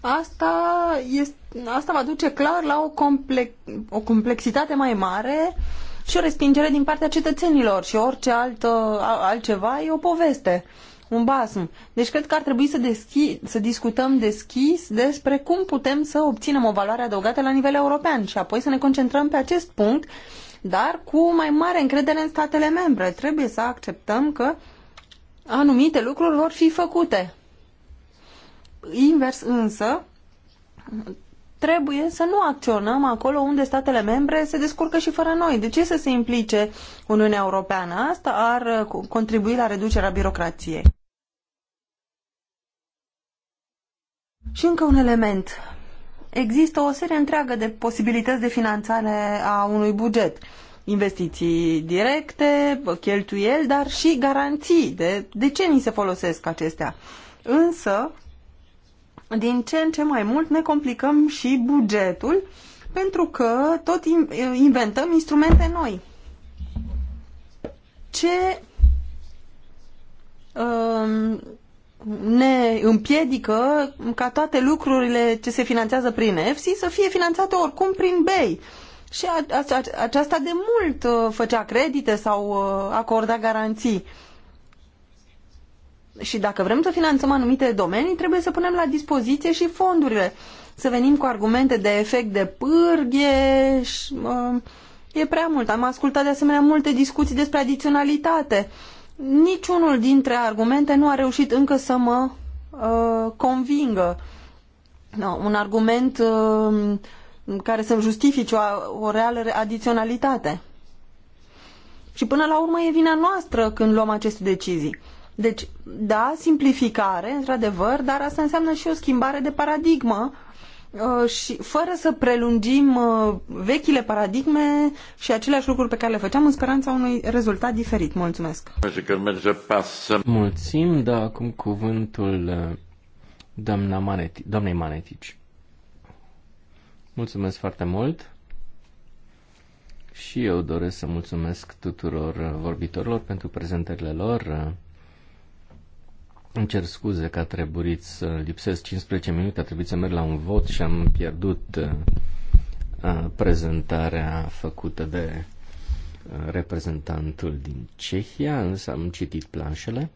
asta, este, asta va duce clar la o, comple- o complexitate mai mare uh, și o respingere din partea cetățenilor și orice alt, uh, altceva e o poveste, un basm. Deci cred că ar trebui să, deschi, să discutăm deschis despre cum putem să obținem o valoare adăugată la nivel european și apoi să ne concentrăm pe acest punct, dar cu mai mare încredere în statele membre. Trebuie să acceptăm că anumite lucruri vor fi făcute. Invers însă, trebuie să nu acționăm acolo unde statele membre se descurcă și fără noi. De ce să se implice Uniunea Europeană? Asta ar uh, contribui la reducerea birocrației. Și încă un element. Există o serie întreagă de posibilități de finanțare a unui buget. Investiții directe, cheltuieli, dar și garanții de, de ce ni se folosesc acestea. Însă, din ce în ce mai mult ne complicăm și bugetul pentru că tot inventăm instrumente noi. Ce um, ne împiedică ca toate lucrurile ce se finanțează prin EFSI să fie finanțate oricum prin BEI. Și aceasta de mult uh, făcea credite sau uh, acorda garanții și dacă vrem să finanțăm anumite domenii, trebuie să punem la dispoziție și fondurile. Să venim cu argumente de efect de pârghie și, uh, e prea mult. Am ascultat de asemenea multe discuții despre adiționalitate. Niciunul dintre argumente nu a reușit încă să mă uh, convingă. No, un argument uh, care să justifice o, o reală adiționalitate. Și până la urmă e vina noastră când luăm aceste decizii. Deci, da, simplificare, într-adevăr, dar asta înseamnă și o schimbare de paradigmă uh, și fără să prelungim uh, vechile paradigme și aceleași lucruri pe care le făceam în speranța unui rezultat diferit. Mulțumesc! Mulțumim, da, acum cuvântul uh, doamna Maneti, doamnei Manetici. Mulțumesc foarte mult! Și eu doresc să mulțumesc tuturor vorbitorilor pentru prezentările lor. Îmi cer scuze că a trebuit să lipsesc 15 minute, a trebuit să merg la un vot și am pierdut uh, uh, prezentarea făcută de uh, reprezentantul din Cehia, însă am citit planșele.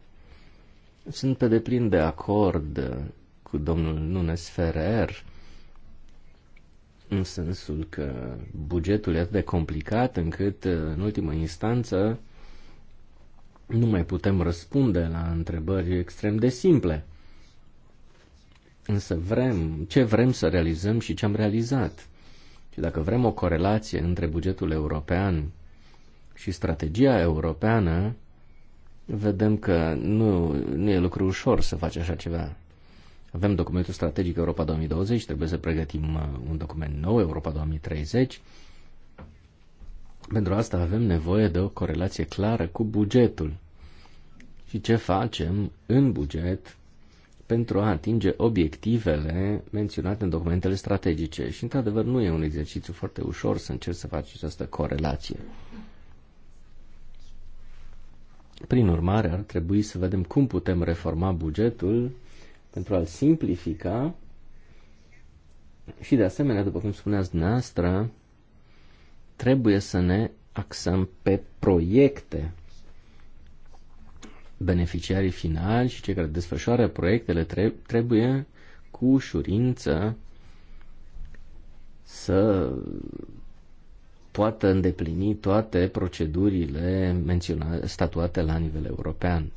Sunt pe deplin de acord cu domnul Nunes Ferrer în sensul că bugetul e atât de complicat încât, în ultimă instanță, nu mai putem răspunde la întrebări extrem de simple. Însă vrem, ce vrem să realizăm și ce am realizat. Și dacă vrem o corelație între bugetul european și strategia europeană, vedem că nu, nu e lucru ușor să faci așa ceva. Avem documentul strategic Europa 2020, trebuie să pregătim uh, un document nou, Europa 2030, pentru asta avem nevoie de o corelație clară cu bugetul și ce facem în buget pentru a atinge obiectivele menționate în documentele strategice. Și, într-adevăr, nu e un exercițiu foarte ușor să încerci să faci această corelație. Prin urmare, ar trebui să vedem cum putem reforma bugetul pentru a-l simplifica și, de asemenea, după cum spuneați dumneavoastră, trebuie să ne axăm pe proiecte. Beneficiarii finali și cei care desfășoară proiectele trebuie cu ușurință să poată îndeplini toate procedurile menționate, statuate la nivel european.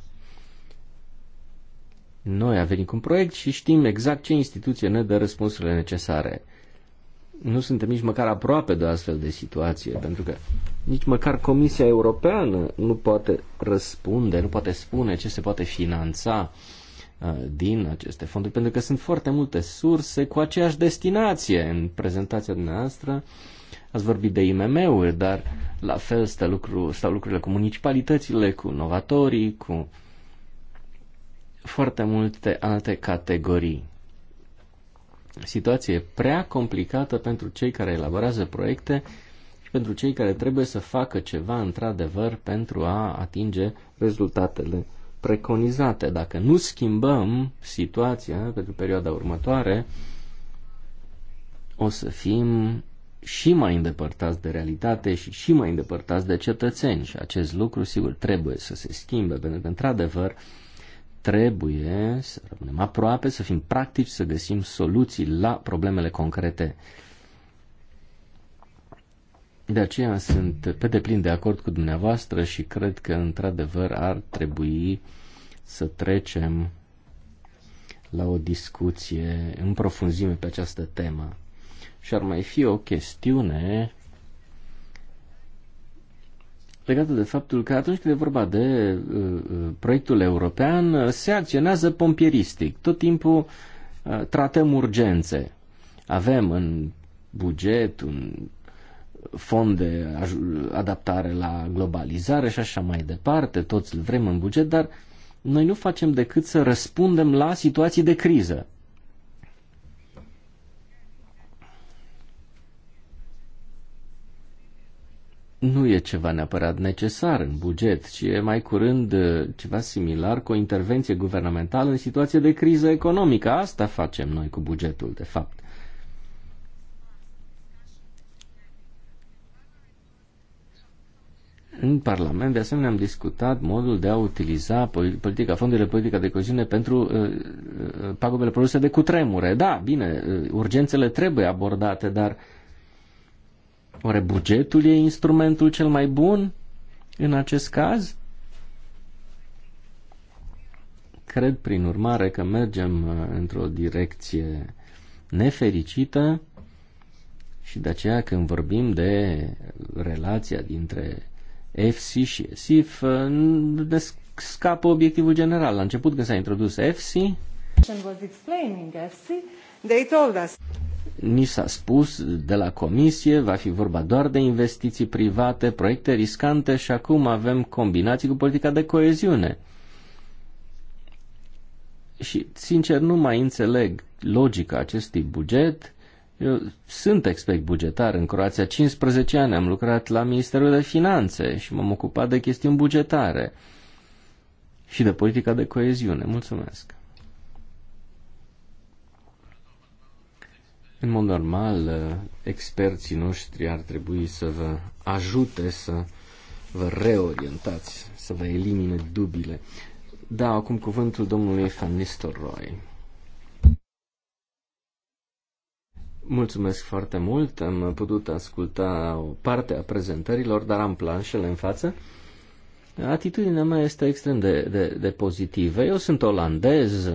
Noi avem venit cu un proiect și știm exact ce instituție ne dă răspunsurile necesare nu suntem nici măcar aproape de astfel de situație, pentru că nici măcar Comisia Europeană nu poate răspunde, nu poate spune ce se poate finanța uh, din aceste fonduri, pentru că sunt foarte multe surse cu aceeași destinație. În prezentația dumneavoastră ați vorbit de IMM-uri, dar la fel stă lucru, stau lucrurile cu municipalitățile, cu novatorii, cu foarte multe alte categorii situație prea complicată pentru cei care elaborează proiecte și pentru cei care trebuie să facă ceva într-adevăr pentru a atinge rezultatele preconizate. Dacă nu schimbăm situația pentru perioada următoare, o să fim și mai îndepărtați de realitate și și mai îndepărtați de cetățeni și acest lucru, sigur, trebuie să se schimbe, pentru că, într-adevăr, trebuie să rămânem aproape, să fim practici, să găsim soluții la problemele concrete. De aceea sunt pe deplin de acord cu dumneavoastră și cred că, într-adevăr, ar trebui să trecem la o discuție în profunzime pe această temă. Și ar mai fi o chestiune legată de faptul că atunci când e vorba de uh, uh proiectul european, uh, se acționează pompieristic. Tot timpul uh, tratăm urgențe. Avem în buget un fond de adaptare la globalizare și așa mai departe, toți îl vrem în buget, dar noi nu facem decât să răspundem la situații de criză. nu e ceva neapărat necesar în buget, ci e mai curând uh, ceva similar cu o intervenție guvernamentală în situație de criză economică. Asta facem noi cu bugetul, de fapt. În Parlament, de asemenea, am discutat modul de a utiliza politica, fondurile politica de coziune pentru uh, uh, pagubele produse de cutremure. Da, bine, uh, urgențele trebuie abordate, dar uh, Oare bugetul e instrumentul cel mai bun în acest caz? Cred, prin urmare, că mergem uh, într-o direcție nefericită și de aceea când vorbim de relația dintre FC și SIF, uh, ne scapă obiectivul general. La început, când s-a introdus FC, Ni s-a spus de la comisie, va fi vorba doar de investiții private, proiecte riscante și acum avem combinații cu politica de coeziune. Și, sincer, nu mai înțeleg logica acestui buget. Eu sunt expert bugetar în Croația. 15 ani am lucrat la Ministerul de Finanțe și m-am ocupat de chestiuni bugetare și de politica de coeziune. Mulțumesc! În mod normal, ă, experții noștri ar trebui să vă ajute să vă reorientați, să vă elimine dubile. Da, acum cuvântul domnului Van Nistelrooy. Mulțumesc foarte mult, am putut asculta o parte a prezentărilor, dar am planșele în față. Atitudinea mea este extrem de, de, de pozitivă. Eu sunt olandez,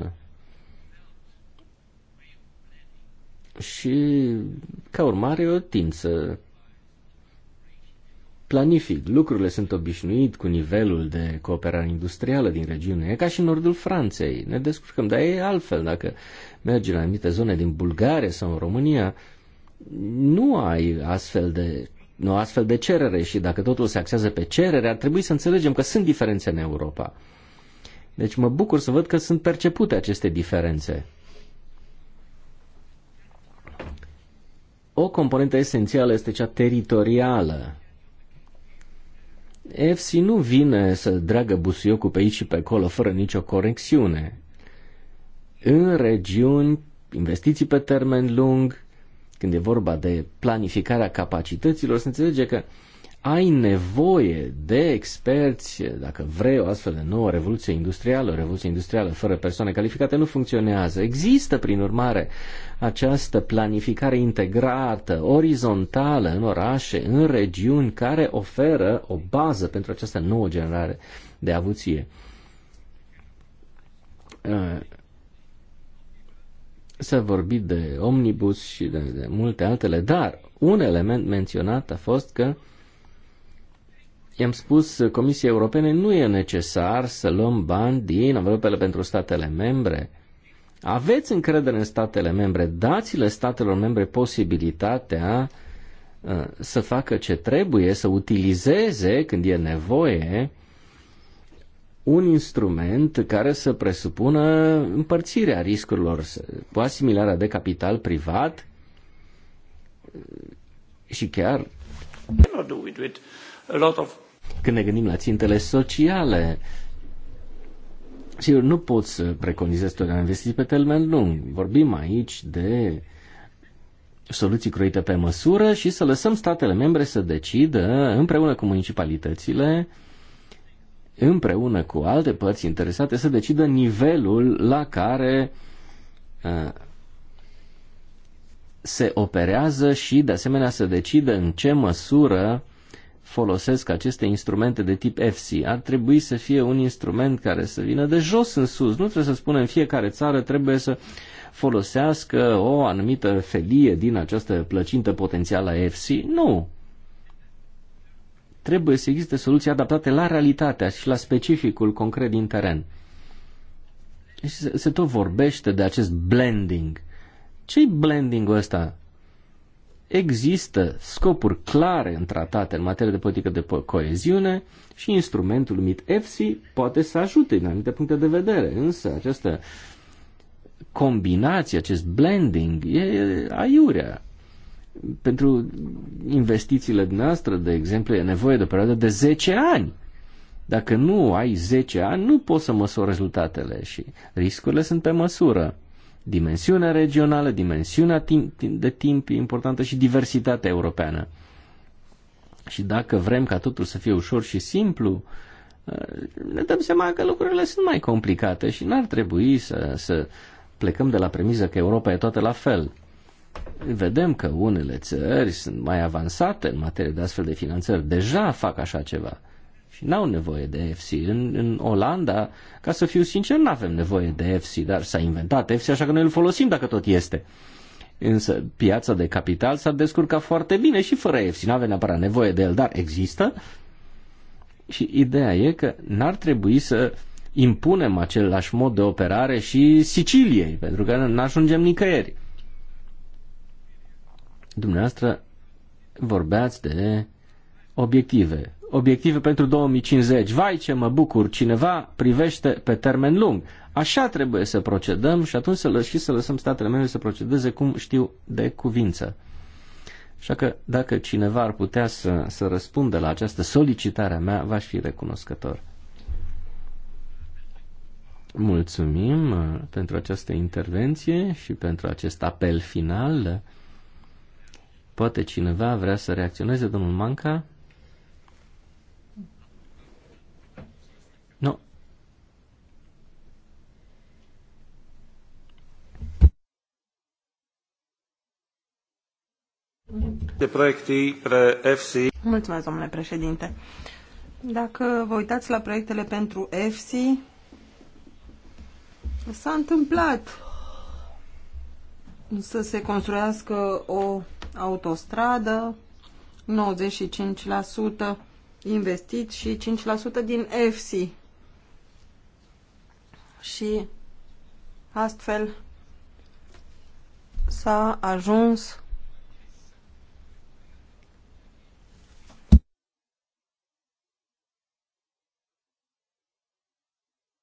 și, ca urmare, eu tind să planific. Lucrurile sunt obișnuit cu nivelul de cooperare industrială din regiune. E ca și în nordul Franței. Ne descurcăm, dar e altfel. Dacă mergi la anumite zone din Bulgaria sau în România, nu ai astfel de nu astfel de cerere și dacă totul se axează pe cerere, ar trebui să înțelegem că sunt diferențe în Europa. Deci mă bucur să văd că sunt percepute aceste diferențe. O componentă esențială este cea teritorială. EFSI nu vine să dragă busuiocul pe aici și pe acolo fără nicio corecțiune. În regiuni, investiții pe termen lung, când e vorba de planificarea capacităților, se înțelege că uh, ai nevoie de experți, dacă vrei o astfel de nouă revoluție industrială, o revoluție industrială fără persoane calificate nu funcționează. Există, prin urmare, această planificare integrată, orizontală în orașe, în regiuni, care oferă o bază pentru această nouă generare de avuție. Uh, s-a vorbit de omnibus și de, de multe altele, dar un element menționat a fost că uh, i-am spus Comisiei Europene, nu e necesar să luăm bani din învelopele pentru statele membre. Aveți încredere în statele membre, dați-le statelor membre posibilitatea uh, să facă ce trebuie, să utilizeze când e nevoie un instrument care să presupună împărțirea riscurilor, cu asimilarea de capital privat uh, și chiar când ne gândim la țintele sociale. eu nu pot să preconizez totdeauna investiții pe termen lung. Vorbim aici de soluții croite pe măsură și să lăsăm statele membre să decidă împreună cu municipalitățile împreună cu alte părți interesate să decidă nivelul la care uh, se operează și de asemenea să decidă în ce măsură folosesc aceste instrumente de tip FC. Ar trebui să fie un instrument care să vină de jos în sus. Nu trebuie să spunem fiecare țară trebuie să folosească o anumită felie din această plăcintă potențială a FC. Nu! Trebuie să existe soluții adaptate la realitatea și la specificul concret din teren. Și se, se tot vorbește de acest blending. Ce-i blending-ul ăsta? Există scopuri clare în tratate în materie de politică de coeziune și instrumentul numit EFSI poate să ajute din anumite puncte de vedere, însă această combinație, acest blending e aiurea. Pentru investițiile noastre, de exemplu, e nevoie de o perioadă de 10 ani. Dacă nu ai 10 ani, nu poți să măsori rezultatele și riscurile sunt pe măsură dimensiunea regională, dimensiunea de timp importantă și diversitatea europeană. Și dacă vrem ca totul să fie ușor și simplu, uh, ne dăm seama că lucrurile sunt mai complicate și n-ar trebui să, să plecăm de la premiză că Europa e toată la fel. Vedem că unele țări sunt mai avansate în materie de astfel de finanțări, deja fac așa ceva și n-au nevoie de FC. În, în Olanda, ca să fiu sincer, nu avem nevoie de FC, dar s-a inventat FC, așa că noi îl folosim dacă tot este. Însă piața de capital s-a descurcat foarte bine și fără FC, nu avem neapărat nevoie de el, dar există. Și ideea e că n-ar trebui să impunem același mod de operare și Siciliei, pentru că nu ajungem nicăieri. Dumneavoastră vorbeați de obiective obiective pentru 2050. Vai ce mă bucur, cineva privește pe termen lung. Așa trebuie să procedăm și atunci să, și să lăsăm statele membre să procedeze cum știu de cuvință. Așa că dacă cineva ar putea să, să răspundă la această solicitare a mea, v-aș fi recunoscător. Mulțumim uh, pentru această intervenție și pentru acest apel final. Poate cineva vrea să reacționeze, domnul Manca? proiectii pre Mulțumesc, domnule președinte. Dacă vă uitați la proiectele pentru EFSI, s-a întâmplat să se construiască o autostradă, 95% investit și 5% din EFSI. Și astfel s-a ajuns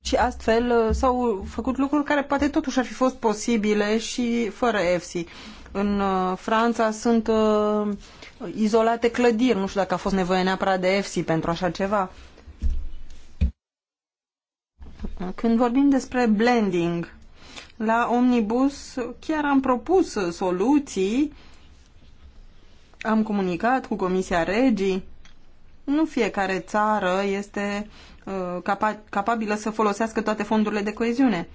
și astfel uh, s-au făcut lucruri care poate totuși ar fi fost posibile și fără EFSI. În uh, Franța sunt uh, izolate clădiri, nu știu dacă a fost nevoie neapărat de EFSI pentru așa ceva. Când vorbim despre blending, la Omnibus chiar am propus soluții, am comunicat cu Comisia Regii. Nu fiecare țară este Uh, capa capabilă să folosească toate fondurile de coeziune.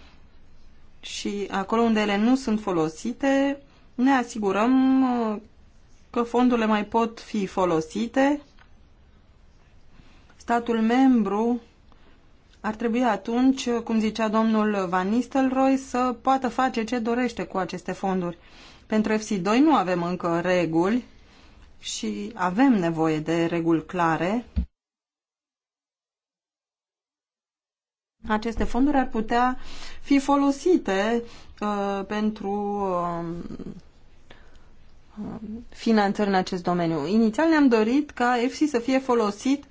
Și acolo unde ele nu sunt folosite, ne asigurăm uh, că fondurile mai pot fi folosite. Statul membru ar trebui atunci, uh, cum zicea domnul Van Nistelrooy, să poată face ce dorește cu aceste fonduri. Pentru FC2 nu avem încă reguli și avem nevoie de reguli clare aceste fonduri ar putea fi folosite uh, pentru uh, finanțări în acest domeniu. Inițial ne-am dorit ca EFSI să fie folosit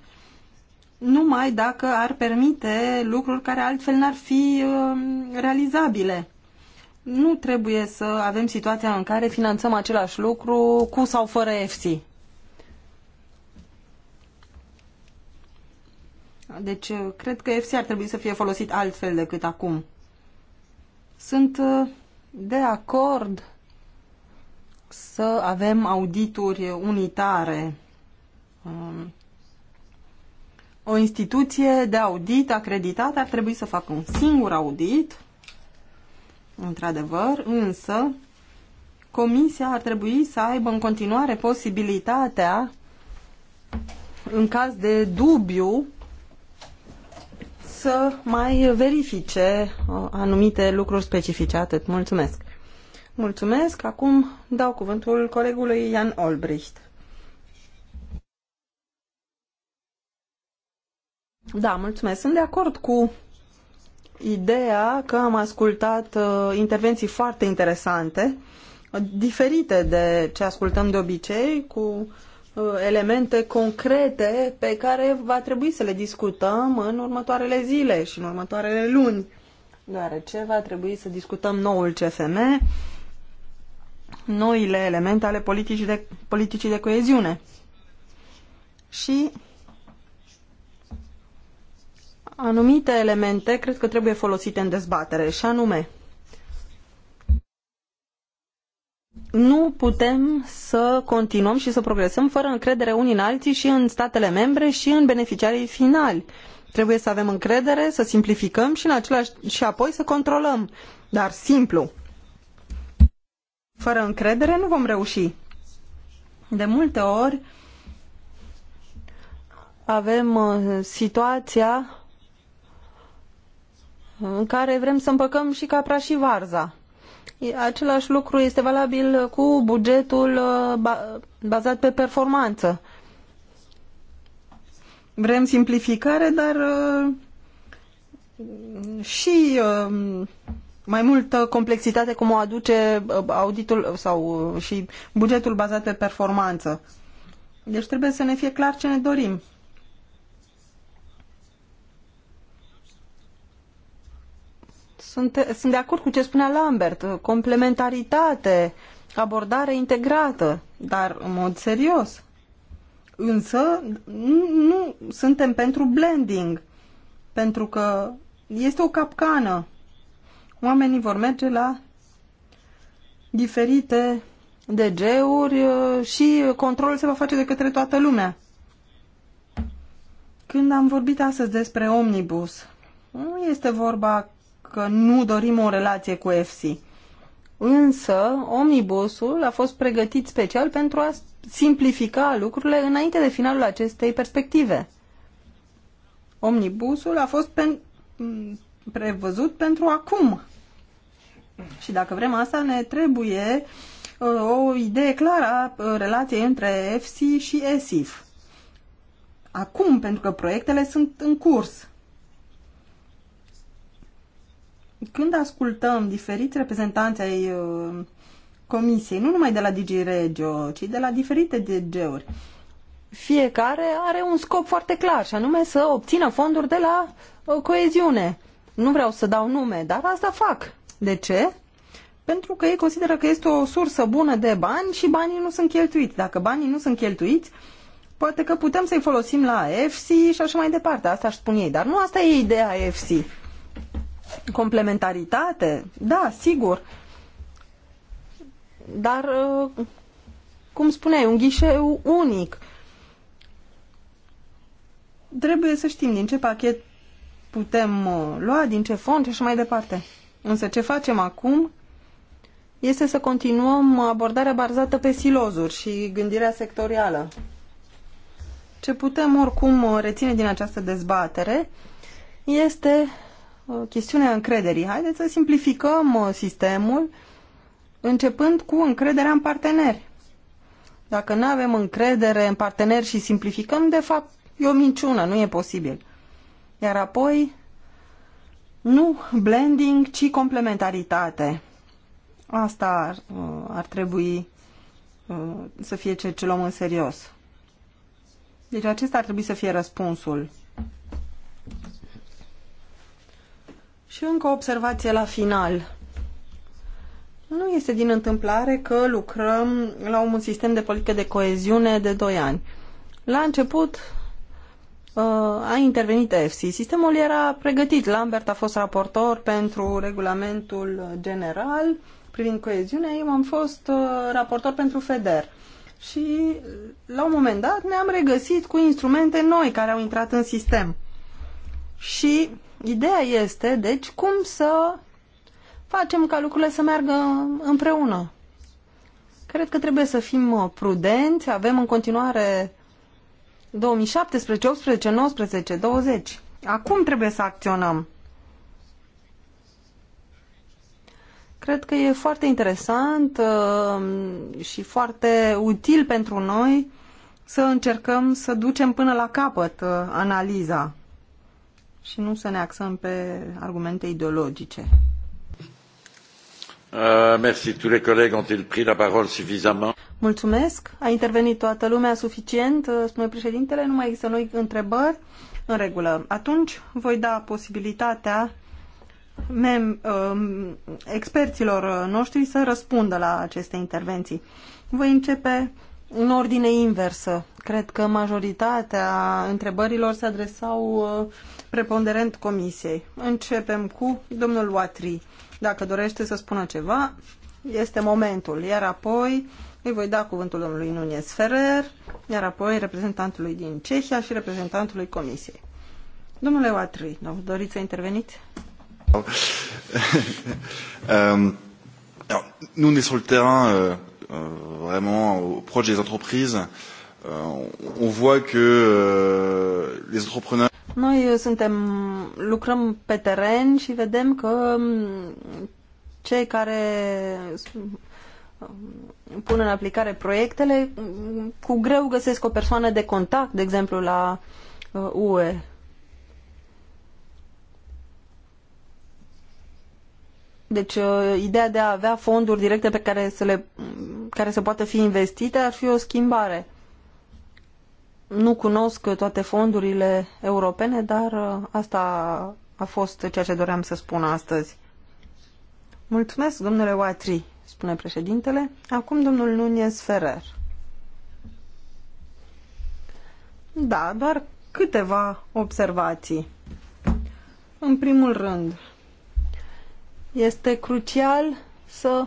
numai dacă ar permite lucruri care altfel n-ar fi uh, realizabile. Nu trebuie să avem situația în care finanțăm același lucru cu sau fără EFSI. Deci, uh, cred că FC ar trebui să fie folosit altfel decât acum. Sunt uh, de acord să avem audituri unitare. Um, o instituție de audit acreditată ar trebui să facă un singur audit, într-adevăr, însă Comisia ar trebui să aibă în continuare posibilitatea, în caz de dubiu, să mai verifice uh, anumite lucruri specifice. Atât. Mulțumesc. Mulțumesc. Acum dau cuvântul colegului Ian Olbricht. Da, mulțumesc. Sunt de acord cu ideea că am ascultat uh, intervenții foarte interesante, diferite de ce ascultăm de obicei, cu Uh, elemente concrete pe care va trebui să le discutăm în următoarele zile și în următoarele luni, deoarece va trebui să discutăm noul CFM, noile elemente ale politicii de, politicii de coeziune. Și anumite elemente cred că trebuie folosite în dezbatere, și anume nu putem să continuăm și să progresăm fără încredere unii în alții și în statele membre și în beneficiarii finali. Trebuie să avem încredere, să simplificăm și, în același, și apoi să controlăm, dar simplu. Fără încredere nu vom reuși. De multe ori avem uh, situația în care vrem să împăcăm și capra și varza Același lucru este valabil cu bugetul uh, bazat pe performanță. Vrem simplificare, dar uh, și uh, mai multă complexitate cum o aduce auditul sau și bugetul bazat pe performanță. Deci trebuie să ne fie clar ce ne dorim. sunt, sunt de acord cu ce spunea Lambert, complementaritate, abordare integrată, dar în mod serios. Însă nu suntem pentru blending, pentru că este o capcană. Oamenii vor merge la diferite DG-uri uh, și controlul se va face de către toată lumea. Când am vorbit astăzi despre omnibus, nu este vorba că nu dorim o relație cu FC, Însă, omnibusul a fost pregătit special pentru a simplifica lucrurile înainte de finalul acestei perspective. Omnibusul a fost pen prevăzut pentru acum. Și dacă vrem asta, ne trebuie uh, o idee clară a uh, relației între FC și ESIF. Acum, pentru că proiectele sunt în curs. Când ascultăm diferiți reprezentanți ai uh, comisiei, nu numai de la Digi Regio, ci de la diferite DG-uri, fiecare are un scop foarte clar și anume să obțină fonduri de la uh, coeziune. Nu vreau să dau nume, dar asta fac. De ce? Pentru că ei consideră că este o sursă bună de bani și banii nu sunt cheltuiți. Dacă banii nu sunt cheltuiți, poate că putem să-i folosim la EFSI și așa mai departe. Asta aș spun ei. Dar nu asta e ideea EFSI. Complementaritate? Da, sigur. Dar, uh, cum spuneai, un ghișeu unic. Trebuie să știm din ce pachet putem uh, lua, din ce fond și așa mai departe. Însă ce facem acum este să continuăm abordarea barzată pe silozuri și gândirea sectorială. Ce putem oricum uh, reține din această dezbatere este chestiunea încrederii. Haideți să simplificăm uh, sistemul începând cu încrederea în parteneri. Dacă nu avem încredere în parteneri și simplificăm, de fapt, e o minciună, nu e posibil. Iar apoi, nu blending, ci complementaritate. Asta ar, uh, ar trebui uh, să fie ce, ce luăm în serios. Deci acesta ar trebui să fie răspunsul. Și încă o observație la final. Nu este din întâmplare că lucrăm la un sistem de politică de coeziune de 2 ani. La început uh, a intervenit EFSI. Sistemul era pregătit. Lambert a fost raportor pentru regulamentul general privind coeziunea. Eu am fost uh, raportor pentru FEDER. Și uh, la un moment dat ne-am regăsit cu instrumente noi care au intrat în sistem. Și Ideea este, deci, cum să facem ca lucrurile să meargă împreună. Cred că trebuie să fim uh, prudenți, avem în continuare 2017, 18, 19, 20. Acum trebuie să acționăm. Cred că e foarte interesant uh, și foarte util pentru noi să încercăm să ducem până la capăt uh, analiza și nu să ne axăm pe argumente ideologice. Uh, Mulțumesc. A intervenit toată lumea suficient, uh, spune președintele. Nu mai există noi întrebări. În regulă. Atunci voi da posibilitatea mem, um, experților uh, noștri să răspundă la aceste intervenții. Voi începe în ordine inversă. Cred că majoritatea întrebărilor se adresau preponderent comisiei. Începem cu domnul Watri. Dacă dorește să spună ceva, este momentul. Iar apoi îi voi da cuvântul domnului Nunez Ferrer, iar apoi reprezentantului din Cehia și reprezentantului comisiei. Domnule Watri, doriți să interveniți? um, nu, ne sur uh... Euh, vraiment au, proche des entreprises. Euh, on voit que euh, les entrepreneurs noi euh, suntem, lucrăm pe teren și vedem că mm, cei care mm, pun în aplicare proiectele, mm, cu greu găsesc o persoană de contact, de exemplu, la uh, UE. Deci, uh, ideea de a avea fonduri directe pe care să, le, care să poată fi investite ar fi o schimbare. Nu cunosc toate fondurile europene, dar uh, asta a fost ceea ce doream să spun astăzi. Mulțumesc, domnule Watri, spune președintele. Acum domnul Nunez Ferrer. Da, doar câteva observații. În primul rând, este crucial să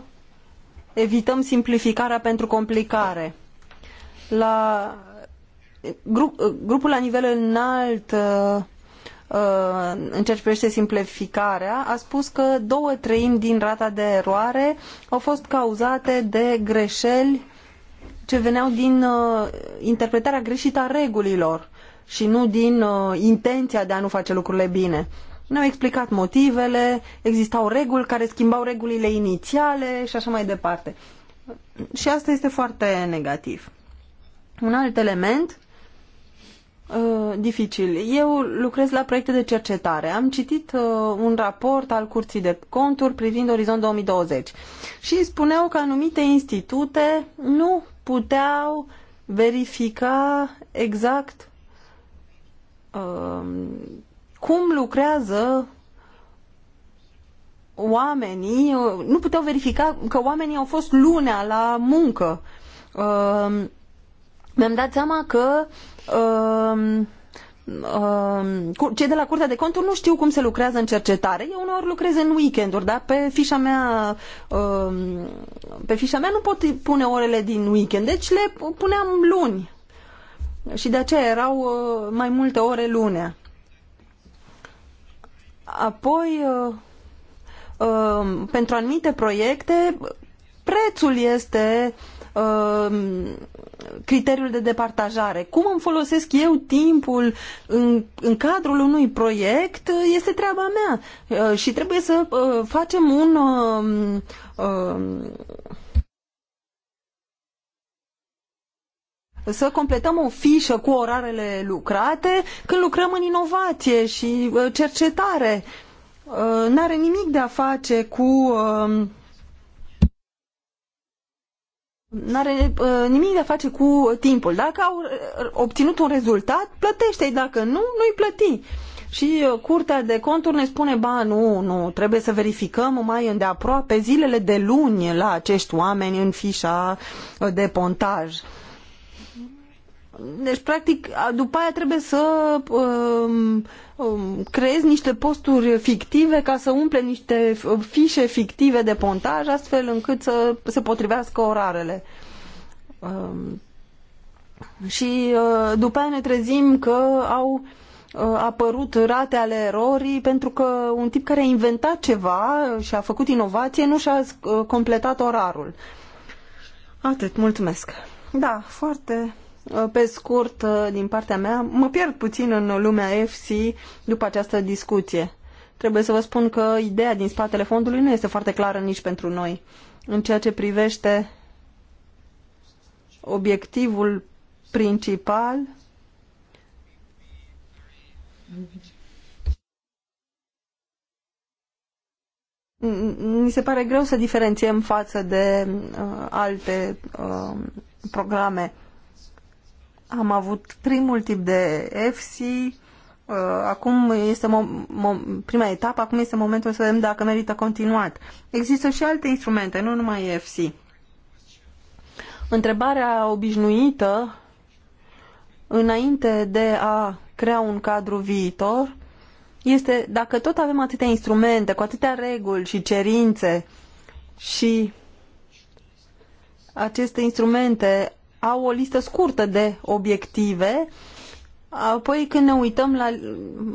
evităm simplificarea pentru complicare. La grup, grupul la nivel înalt uh, uh, în ceea ce privește simplificarea, a spus că două treimi din rata de eroare au fost cauzate de greșeli ce veneau din uh, interpretarea greșită a regulilor și nu din intenția de a nu face lucrurile bine. Ne-au explicat motivele, existau reguli care schimbau regulile inițiale și așa mai departe. Și asta este foarte negativ. Un alt element uh, dificil. Eu lucrez la proiecte de cercetare. Am citit uh, un raport al Curții de Conturi privind Orizont 2020 și spuneau că anumite institute nu puteau verifica exact uh, cum lucrează oamenii, nu puteau verifica că oamenii au fost lunea la muncă. Uh, mi-am dat seama că uh, uh, cei de la Curtea de Conturi nu știu cum se lucrează în cercetare. Eu uneori lucrez în weekenduri, dar pe fișa mea uh, pe fișa mea nu pot pune orele din weekend, deci le puneam luni. Și de aceea erau uh, mai multe ore lunea. Apoi, uh, uh, pentru anumite proiecte, prețul este uh, criteriul de departajare. Cum îmi folosesc eu timpul în, în cadrul unui proiect este treaba mea și trebuie să facem un să completăm o fișă cu orarele lucrate când lucrăm în inovație și uh, cercetare. Uh, n-are nimic de a face cu uh, n-are uh, nimic de a face cu timpul. Dacă au obținut un rezultat, plătește-i. Dacă nu, nu-i plăti. Și uh, curtea de conturi ne spune, ba, nu, nu, trebuie să verificăm mai îndeaproape zilele de luni la acești oameni în fișa de pontaj. Deci, practic, după aia trebuie să um, um, creezi niște posturi fictive ca să umple niște fișe fictive de pontaj, astfel încât să se potrivească orarele. Um, și uh, după aia ne trezim că au uh, apărut rate ale erorii pentru că un tip care a inventat ceva și a făcut inovație nu și-a uh, completat orarul. Atât, mulțumesc. Da, foarte Uh, pe scurt, uh, din partea mea, mă pierd puțin în lumea FC după această discuție. Trebuie să vă spun că ideea din spatele fondului nu este foarte clară nici pentru noi. În ceea ce privește obiectivul principal, Mi se pare greu să diferențiem față de uh, alte uh, programe am avut primul tip de FC. Uh, acum este prima etapă, acum este momentul să vedem dacă merită continuat. Există și alte instrumente, nu numai FC. Întrebarea obișnuită înainte de a crea un cadru viitor este dacă tot avem atâtea instrumente, cu atâtea reguli și cerințe și aceste instrumente au o listă scurtă de obiective. Apoi când ne uităm la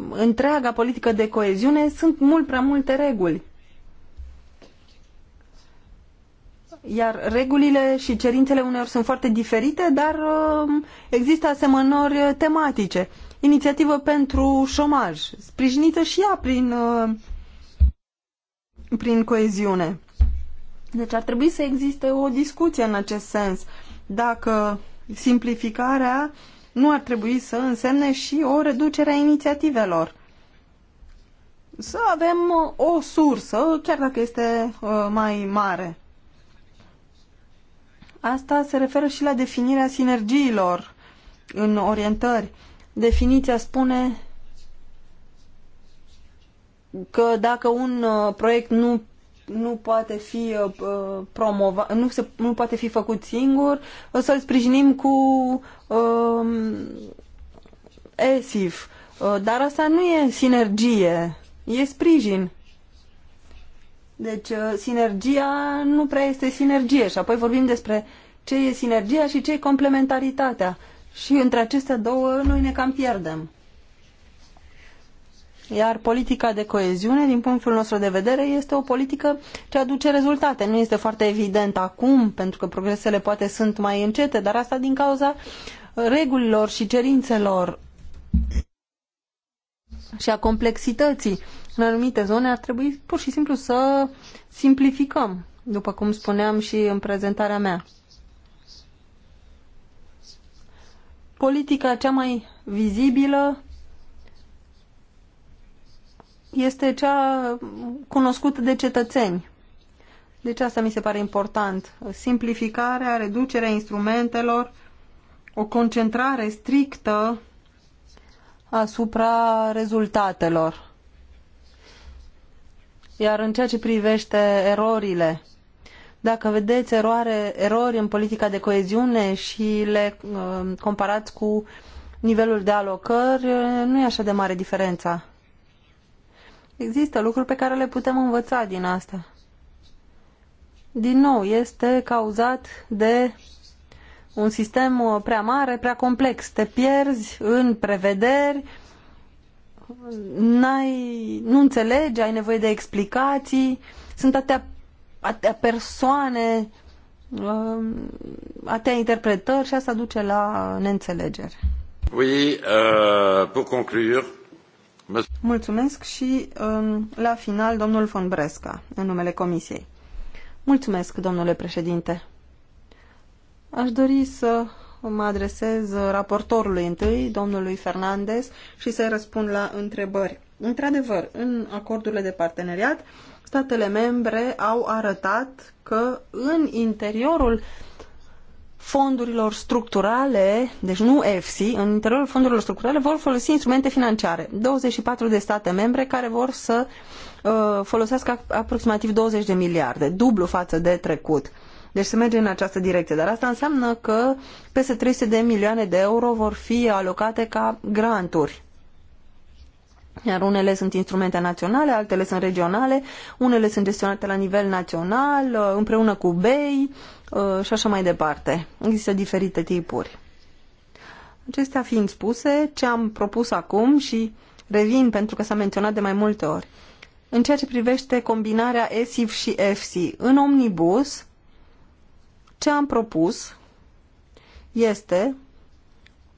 întreaga politică de coeziune, sunt mult prea multe reguli. Iar regulile și cerințele uneori sunt foarte diferite, dar uh, există asemănări tematice. Inițiativă pentru șomaj, sprijinită și ea prin, uh, prin coeziune. Deci ar trebui să existe o discuție în acest sens dacă simplificarea nu ar trebui să însemne și o reducere a inițiativelor. Să avem uh, o sursă, chiar dacă este uh, mai mare. Asta se referă și la definirea sinergiilor în orientări. Definiția spune că dacă un uh, proiect nu nu poate fi uh, promovat, nu, se, nu poate fi făcut singur, o să-l sprijinim cu uh, um, ESIF. Uh, dar asta nu e sinergie, e sprijin. Deci uh, sinergia nu prea este sinergie și apoi vorbim despre ce e sinergia și ce e complementaritatea. Și între acestea două noi ne cam pierdem. Iar politica de coeziune, din punctul nostru de vedere, este o politică ce aduce rezultate. Nu este foarte evident acum, pentru că progresele poate sunt mai încete, dar asta din cauza regulilor și cerințelor și a complexității. În anumite zone ar trebui pur și simplu să simplificăm, după cum spuneam și în prezentarea mea. Politica cea mai vizibilă este cea cunoscută de cetățeni. Deci asta mi se pare important. Simplificarea, reducerea instrumentelor, o concentrare strictă asupra rezultatelor. Iar în ceea ce privește erorile, dacă vedeți eroare, erori în politica de coeziune și le uh, comparați cu nivelul de alocări, uh, nu e așa de mare diferența. Există lucruri pe care le putem învăța din asta. Din nou, este cauzat de un sistem uh, prea mare, prea complex. Te pierzi în prevederi, ai nu înțelegi, ai nevoie de explicații, sunt atâtea, atâtea persoane, um, atâtea interpretări și asta duce la neînțelegere. Oui, uh, pour conclure, Mulțumesc și um, la final domnul von Bresca, în numele Comisiei. Mulțumesc, domnule președinte. Aș dori să mă adresez raportorului întâi, domnului Fernandez, și să-i răspund la întrebări. Într-adevăr, în acordurile de parteneriat, statele membre au arătat că în interiorul uh, fondurilor structurale, deci nu EFSI, în interiorul fondurilor structurale vor folosi instrumente financiare. 24 de state membre care vor să uh, folosească aproximativ 20 de miliarde, dublu față de trecut. Deci se merge în această direcție, dar asta înseamnă că peste 300 de milioane de euro vor fi alocate ca granturi iar unele sunt instrumente naționale, altele sunt regionale, unele sunt gestionate la nivel național, uh, împreună cu BEI uh, și așa mai departe. Există diferite tipuri. Acestea fiind spuse, ce am propus acum și revin pentru că s-a menționat de mai multe ori. În ceea ce privește combinarea ESIF și EFSI, în omnibus, ce am propus este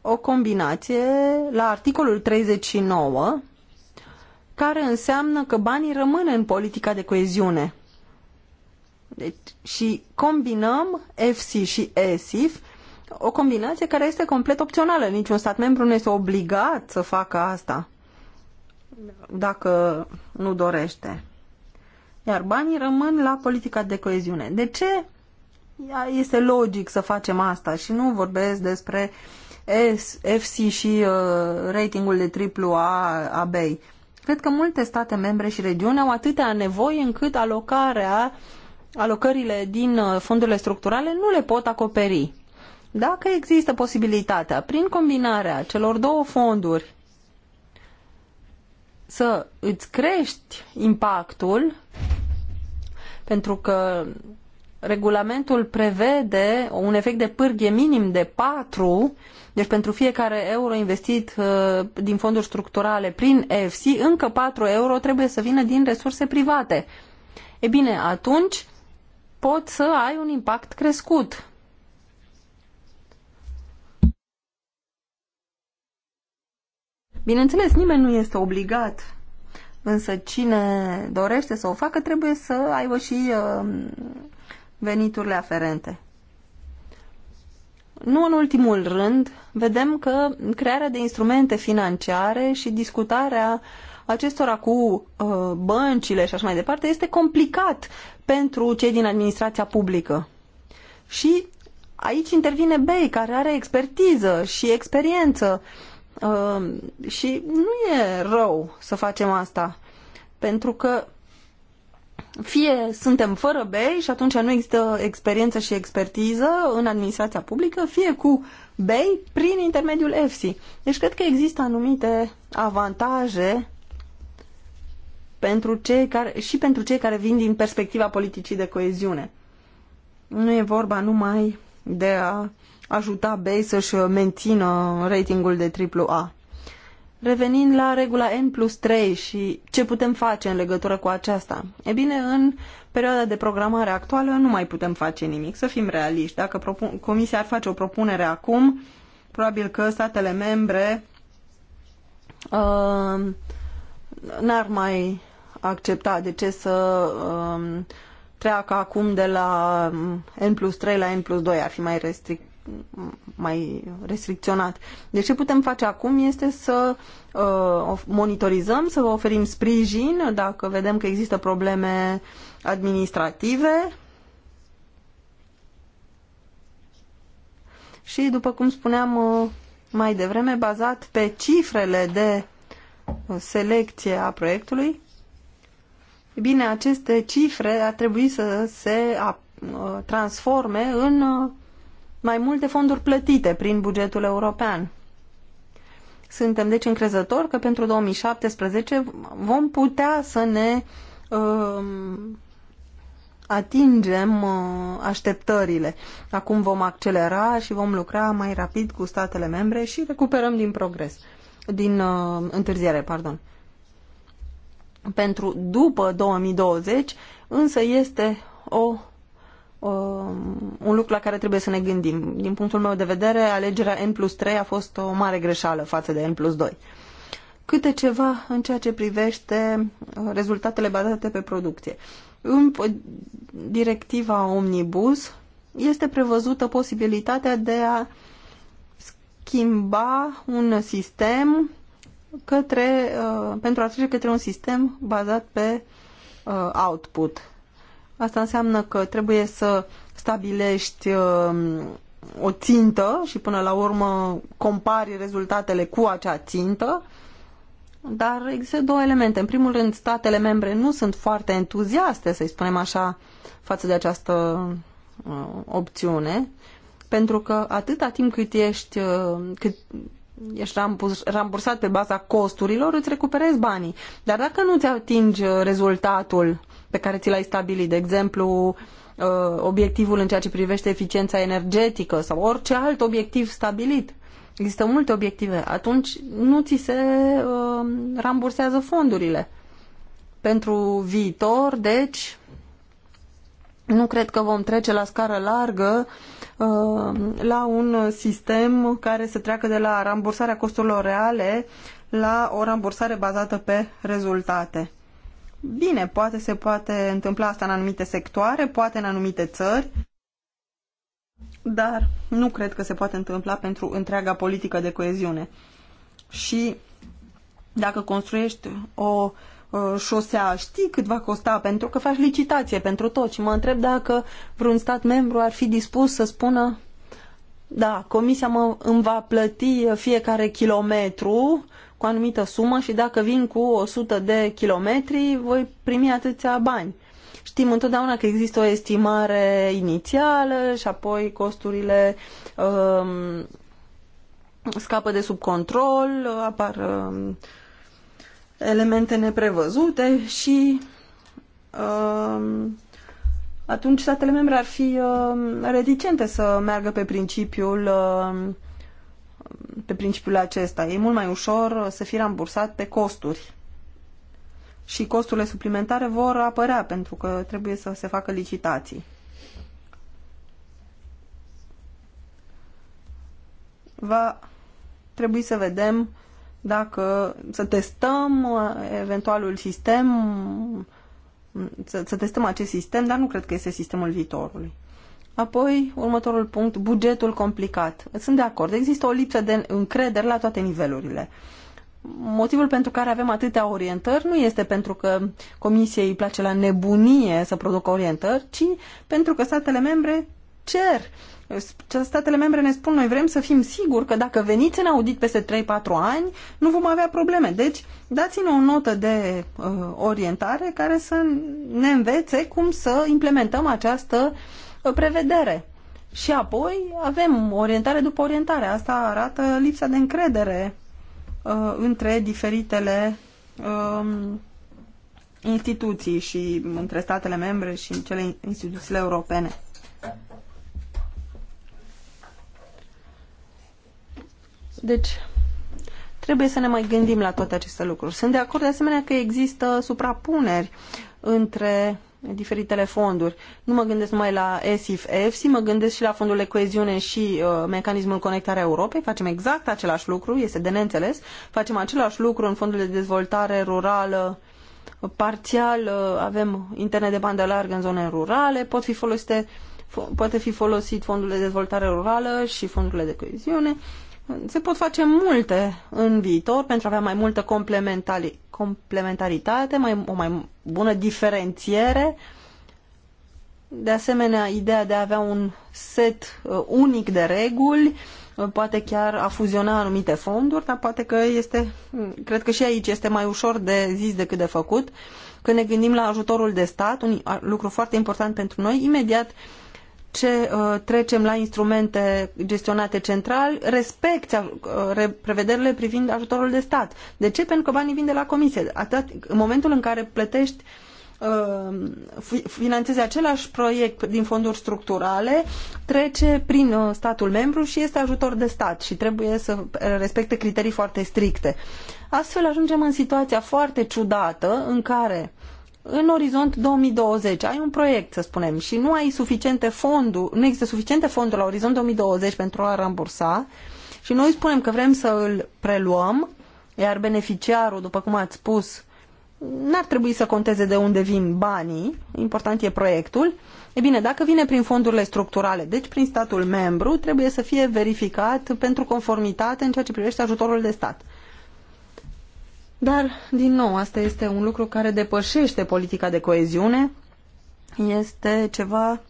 o combinație la articolul 39 care înseamnă că banii rămân în politica de coeziune. Deci, și combinăm FC și ESIF, o combinație care este complet opțională. Niciun stat membru nu este obligat să facă asta dacă nu dorește. Iar banii rămân la politica de coeziune. De ce este logic să facem asta și nu vorbesc despre FC și uh, ratingul de triplu A a Cred că multe state membre și regiuni au atâtea nevoi încât alocarea, alocările din uh, fondurile structurale nu le pot acoperi. Dacă există posibilitatea, prin combinarea celor două fonduri, să îți crești impactul, pentru că regulamentul prevede un efect de pârghie minim de 4 deci pentru fiecare euro investit uh, din fonduri structurale prin EFC, încă 4 euro trebuie să vină din resurse private. E bine, atunci pot să ai un impact crescut. Bineînțeles, nimeni nu este obligat, însă cine dorește să o facă trebuie să aibă și uh, veniturile aferente. Nu în ultimul rând, vedem că crearea de instrumente financiare și discutarea acestora cu uh, băncile și așa mai departe este complicat pentru cei din administrația publică. Și aici intervine BEI, care are expertiză și experiență uh, și nu e rău să facem asta, pentru că fie suntem fără BEI și atunci nu există experiență și expertiză în administrația publică, fie cu BEI prin intermediul EFSI. Deci cred că există anumite avantaje pentru cei care, și pentru cei care vin din perspectiva politicii de coeziune. Nu e vorba numai de a ajuta BEI să-și mențină ratingul de AAA. Revenind la regula N plus 3 și ce putem face în legătură cu aceasta? E bine, în perioada de programare actuală nu mai putem face nimic, să fim realiști. Dacă Comisia ar face o propunere acum, probabil că statele membre uh, n-ar mai accepta. De ce să uh, treacă acum de la um, N plus 3 la N plus 2? Ar fi mai restrict mai restricționat. Deci ce putem face acum este să uh, monitorizăm, să vă oferim sprijin dacă vedem că există probleme administrative și, după cum spuneam uh, mai devreme, bazat pe cifrele de uh, selecție a proiectului, bine, aceste cifre ar trebui să se uh, transforme în uh, mai multe fonduri plătite prin bugetul european. Suntem deci încrezători că pentru 2017 vom putea să ne uh, atingem uh, așteptările. Acum vom accelera și vom lucra mai rapid cu statele membre și recuperăm din progres, din uh, întârziere, pardon. Pentru după 2020, însă este o Um, un lucru la care trebuie să ne gândim. Din punctul meu de vedere, alegerea N plus 3 a fost o mare greșeală față de N plus 2. Câte ceva în ceea ce privește uh, rezultatele bazate pe producție. În directiva Omnibus este prevăzută posibilitatea de a schimba un sistem către, uh, pentru a trece către un sistem bazat pe uh, output, Asta înseamnă că trebuie să stabilești um, o țintă și până la urmă compari rezultatele cu acea țintă. Dar există două elemente. În primul rând, statele membre nu sunt foarte entuziaste, să-i spunem așa, față de această uh, opțiune, pentru că atâta timp cât ești, uh, cât ești rambursat pe baza costurilor, îți recuperezi banii. Dar dacă nu-ți atingi uh, rezultatul pe care ți l-ai stabilit, de exemplu, uh, obiectivul în ceea ce privește eficiența energetică sau orice alt obiectiv stabilit. Există multe obiective. Atunci nu ți se uh, rambursează fondurile. Pentru viitor, deci, nu cred că vom trece la scară largă uh, la un sistem care să treacă de la rambursarea costurilor reale la o rambursare bazată pe rezultate. Bine, poate se poate întâmpla asta în anumite sectoare, poate în anumite țări, dar nu cred că se poate întâmpla pentru întreaga politică de coeziune. Și dacă construiești o șosea, știi cât va costa, pentru că faci licitație pentru tot și mă întreb dacă vreun stat membru ar fi dispus să spună da, comisia mă, îmi va plăti fiecare kilometru cu anumită sumă și dacă vin cu 100 de kilometri, voi primi atâția bani. Știm întotdeauna că există o estimare inițială și apoi costurile um, scapă de sub control, apar um, elemente neprevăzute și um, atunci statele membre ar fi um, reticente să meargă pe principiul um, pe principiul acesta. E mult mai ușor să fie rambursat pe costuri. Și costurile suplimentare vor apărea pentru că trebuie să se facă licitații. Va trebui să vedem dacă să testăm eventualul sistem, să, să testăm acest sistem, dar nu cred că este sistemul viitorului. Apoi, următorul punct, bugetul complicat. Sunt de acord, există o lipsă de încredere la toate nivelurile. Motivul pentru care avem atâtea orientări nu este pentru că Comisiei îi place la nebunie să producă orientări, ci pentru că statele membre cer. Statele membre ne spun, noi vrem să fim siguri că dacă veniți în audit peste 3-4 ani, nu vom avea probleme. Deci, dați-ne o notă de uh, orientare care să ne învețe cum să implementăm această uh, Uh, prevedere. Și apoi avem orientare după orientare. Asta arată lipsa de încredere uh, între diferitele uh, instituții și între statele membre și cele instituțiile europene. Deci, trebuie să ne mai gândim la toate aceste lucruri. Sunt de acord de asemenea că există suprapuneri între diferitele fonduri. Nu mă gândesc numai la ESIF, EFSI, mă gândesc și la fondul de coeziune și uh, mecanismul conectarea Europei. Facem exact același lucru, este de neînțeles. Facem același lucru în fondul de dezvoltare rurală, parțial uh, avem internet de bandă largă în zone rurale, pot fi folosite poate fi folosit fondul de dezvoltare rurală și fondurile de coeziune se pot face multe în viitor pentru a avea mai multă complementari complementaritate, mai, o mai bună diferențiere. De asemenea, ideea de a avea un set uh, unic de reguli, uh, poate chiar a fuziona anumite fonduri, dar poate că este, mm, cred că și aici este mai ușor de zis decât de făcut. Când ne gândim la ajutorul de stat, un lucru foarte important pentru noi, imediat ce uh, trecem la instrumente gestionate central, respecti uh, prevederile privind ajutorul de stat. De ce? Pentru că banii vin de la comisie. Atât, în momentul în care plătești uh, finanțezi același proiect din fonduri structurale, trece prin uh, statul membru și este ajutor de stat și trebuie să respecte criterii foarte stricte. Astfel ajungem în situația foarte ciudată în care în orizont 2020 ai un proiect, să spunem, și nu ai suficiente fonduri, nu există suficiente fonduri la orizont 2020 pentru a rambursa și noi spunem că vrem să îl preluăm, iar beneficiarul, după cum ați spus, n-ar trebui să conteze de unde vin banii, important e proiectul. E bine, dacă vine prin fondurile structurale, deci prin statul membru, trebuie să fie verificat pentru conformitate în ceea ce privește ajutorul de stat. Dar, din nou, asta este un lucru care depășește politica de coeziune, este ceva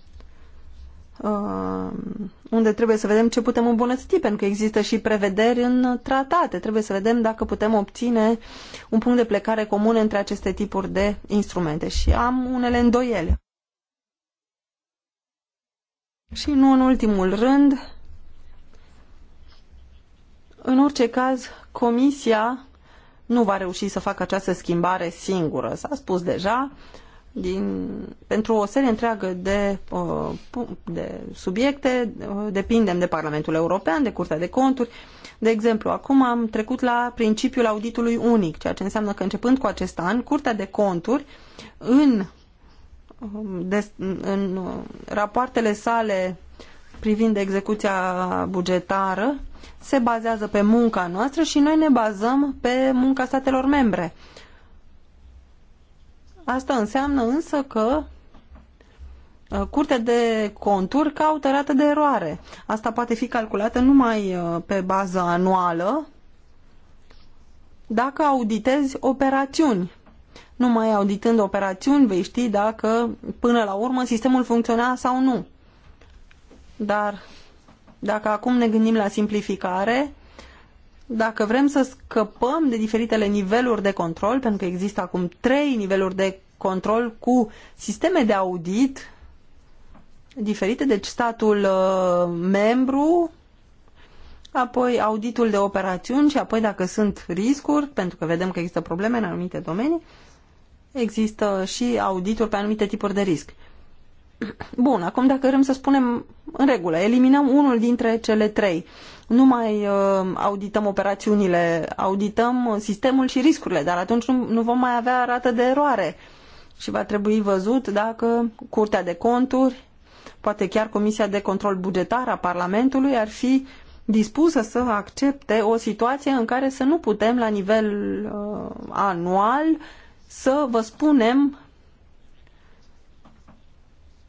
uh, unde trebuie să vedem ce putem îmbunătăți, pentru că există și prevederi în tratate. Trebuie să vedem dacă putem obține un punct de plecare comun între aceste tipuri de instrumente. Și am unele îndoiele. Și nu în ultimul rând, în orice caz, Comisia nu va reuși să facă această schimbare singură. S-a spus deja, din, pentru o serie întreagă de, uh, de subiecte uh, depindem de Parlamentul European, de Curtea de Conturi. De exemplu, acum am trecut la principiul auditului unic, ceea ce înseamnă că începând cu acest an, Curtea de Conturi în, um, de, în uh, rapoartele sale privind execuția bugetară se bazează pe munca noastră și noi ne bazăm pe munca statelor membre. Asta înseamnă însă că uh, Curtea de conturi caută rată de eroare. Asta poate fi calculată numai uh, pe bază anuală dacă auditezi operațiuni. Numai auditând operațiuni vei ști dacă până la urmă sistemul funcționa sau nu. Dar dacă acum ne gândim la simplificare, dacă vrem să scăpăm de diferitele niveluri de control, pentru că există acum trei niveluri de control cu sisteme de audit diferite, deci statul uh, membru, apoi auditul de operațiuni și apoi dacă sunt riscuri, pentru că vedem că există probleme în anumite domenii, există și auditul pe anumite tipuri de risc. Bun, acum dacă vrem să spunem în regulă, eliminăm unul dintre cele trei. Nu mai uh, audităm operațiunile, audităm sistemul și riscurile, dar atunci nu, nu vom mai avea rată de eroare. Și va trebui văzut dacă Curtea de Conturi, poate chiar Comisia de Control Bugetar a Parlamentului ar fi dispusă să accepte o situație în care să nu putem la nivel uh, anual să vă spunem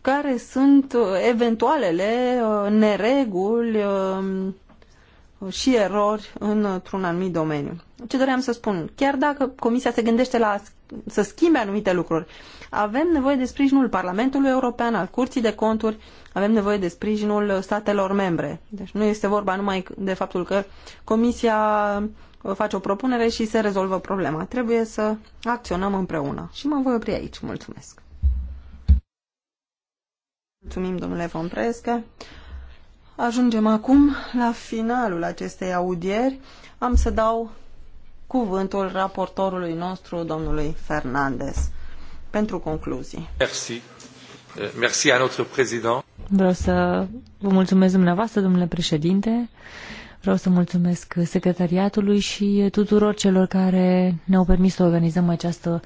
care sunt uh, eventualele uh, nereguli uh, și erori într-un anumit domeniu. Ce doream să spun? Chiar dacă Comisia se gândește la să schimbe anumite lucruri, avem nevoie de sprijinul Parlamentului European, al Curții de Conturi, avem nevoie de sprijinul statelor membre. Deci nu este vorba numai de faptul că Comisia face o propunere și se rezolvă problema. Trebuie să acționăm împreună. Și mă voi opri aici. Mulțumesc! Mulțumim, domnule Von Ajungem acum la finalul acestei audieri. Am să dau cuvântul raportorului nostru, domnului Fernandez, pentru concluzii. Merci. Euh, merci notre président. Vreau să vă mulțumesc dumneavoastră, domnule președinte. Vreau să mulțumesc secretariatului și tuturor celor care ne-au permis să organizăm această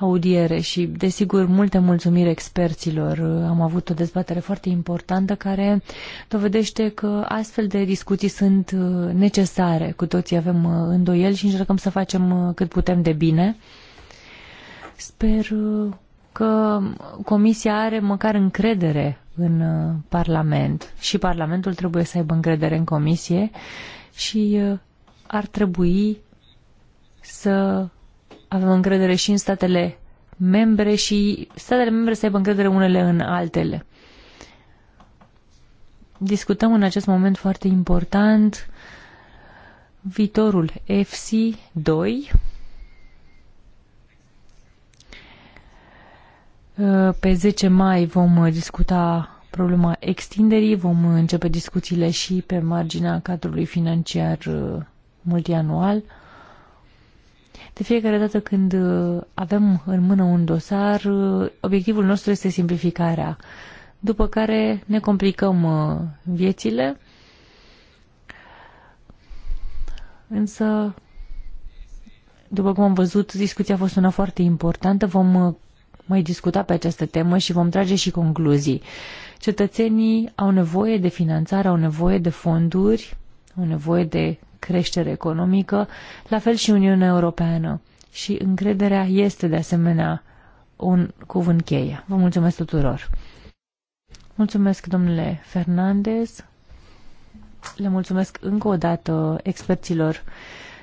audiere și, desigur, multe mulțumiri experților. Am avut o dezbatere foarte importantă care dovedește că astfel de discuții sunt uh, necesare. Cu toții avem uh, îndoieli și încercăm să facem uh, cât putem de bine. Sper că Comisia are măcar încredere în Parlament și Parlamentul trebuie să aibă încredere în Comisie și ar trebui să avem încredere și în statele membre și statele membre să aibă încredere unele în altele. Discutăm în acest moment foarte important viitorul FC2 uh, Pe 10 mai vom discuta problema extinderii, vom începe discuțiile și pe marginea cadrului financiar uh, multianual. De fiecare dată când uh, avem în mână un dosar, uh, obiectivul nostru este simplificarea, după care ne complicăm uh, viețile, însă, după cum am văzut, discuția a fost una foarte importantă, vom mai discuta pe această temă și vom trage și concluzii. Cetățenii au nevoie de finanțare, au nevoie de fonduri, au nevoie de creștere economică, la fel și Uniunea Europeană. Și încrederea este de asemenea un cuvânt cheie. Vă mulțumesc tuturor! Mulțumesc, domnule Fernandez. Le mulțumesc încă o dată experților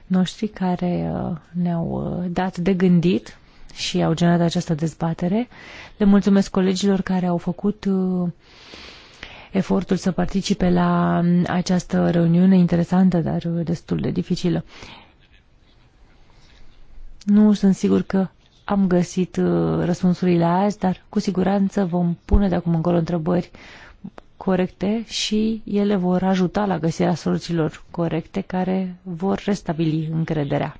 noștri care uh, ne-au uh, dat de gândit și au generat această dezbatere. Le mulțumesc colegilor care au făcut uh, efortul să participe la um, această reuniune interesantă, dar destul de dificilă. Nu sunt sigur că am găsit uh, răspunsurile azi, dar cu siguranță vom pune de acum încolo întrebări corecte și ele vor ajuta la găsirea soluțiilor corecte care vor restabili încrederea.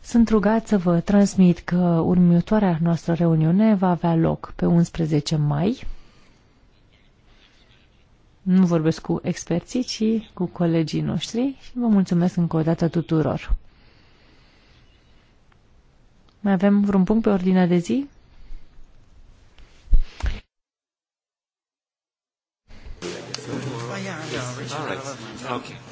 Sunt rugat să vă transmit că următoarea noastră reuniune va avea loc pe 11 mai nu vorbesc cu experții, ci cu colegii noștri și vă mulțumesc încă o dată tuturor. Mai avem vreun punct pe ordinea de zi? Okay.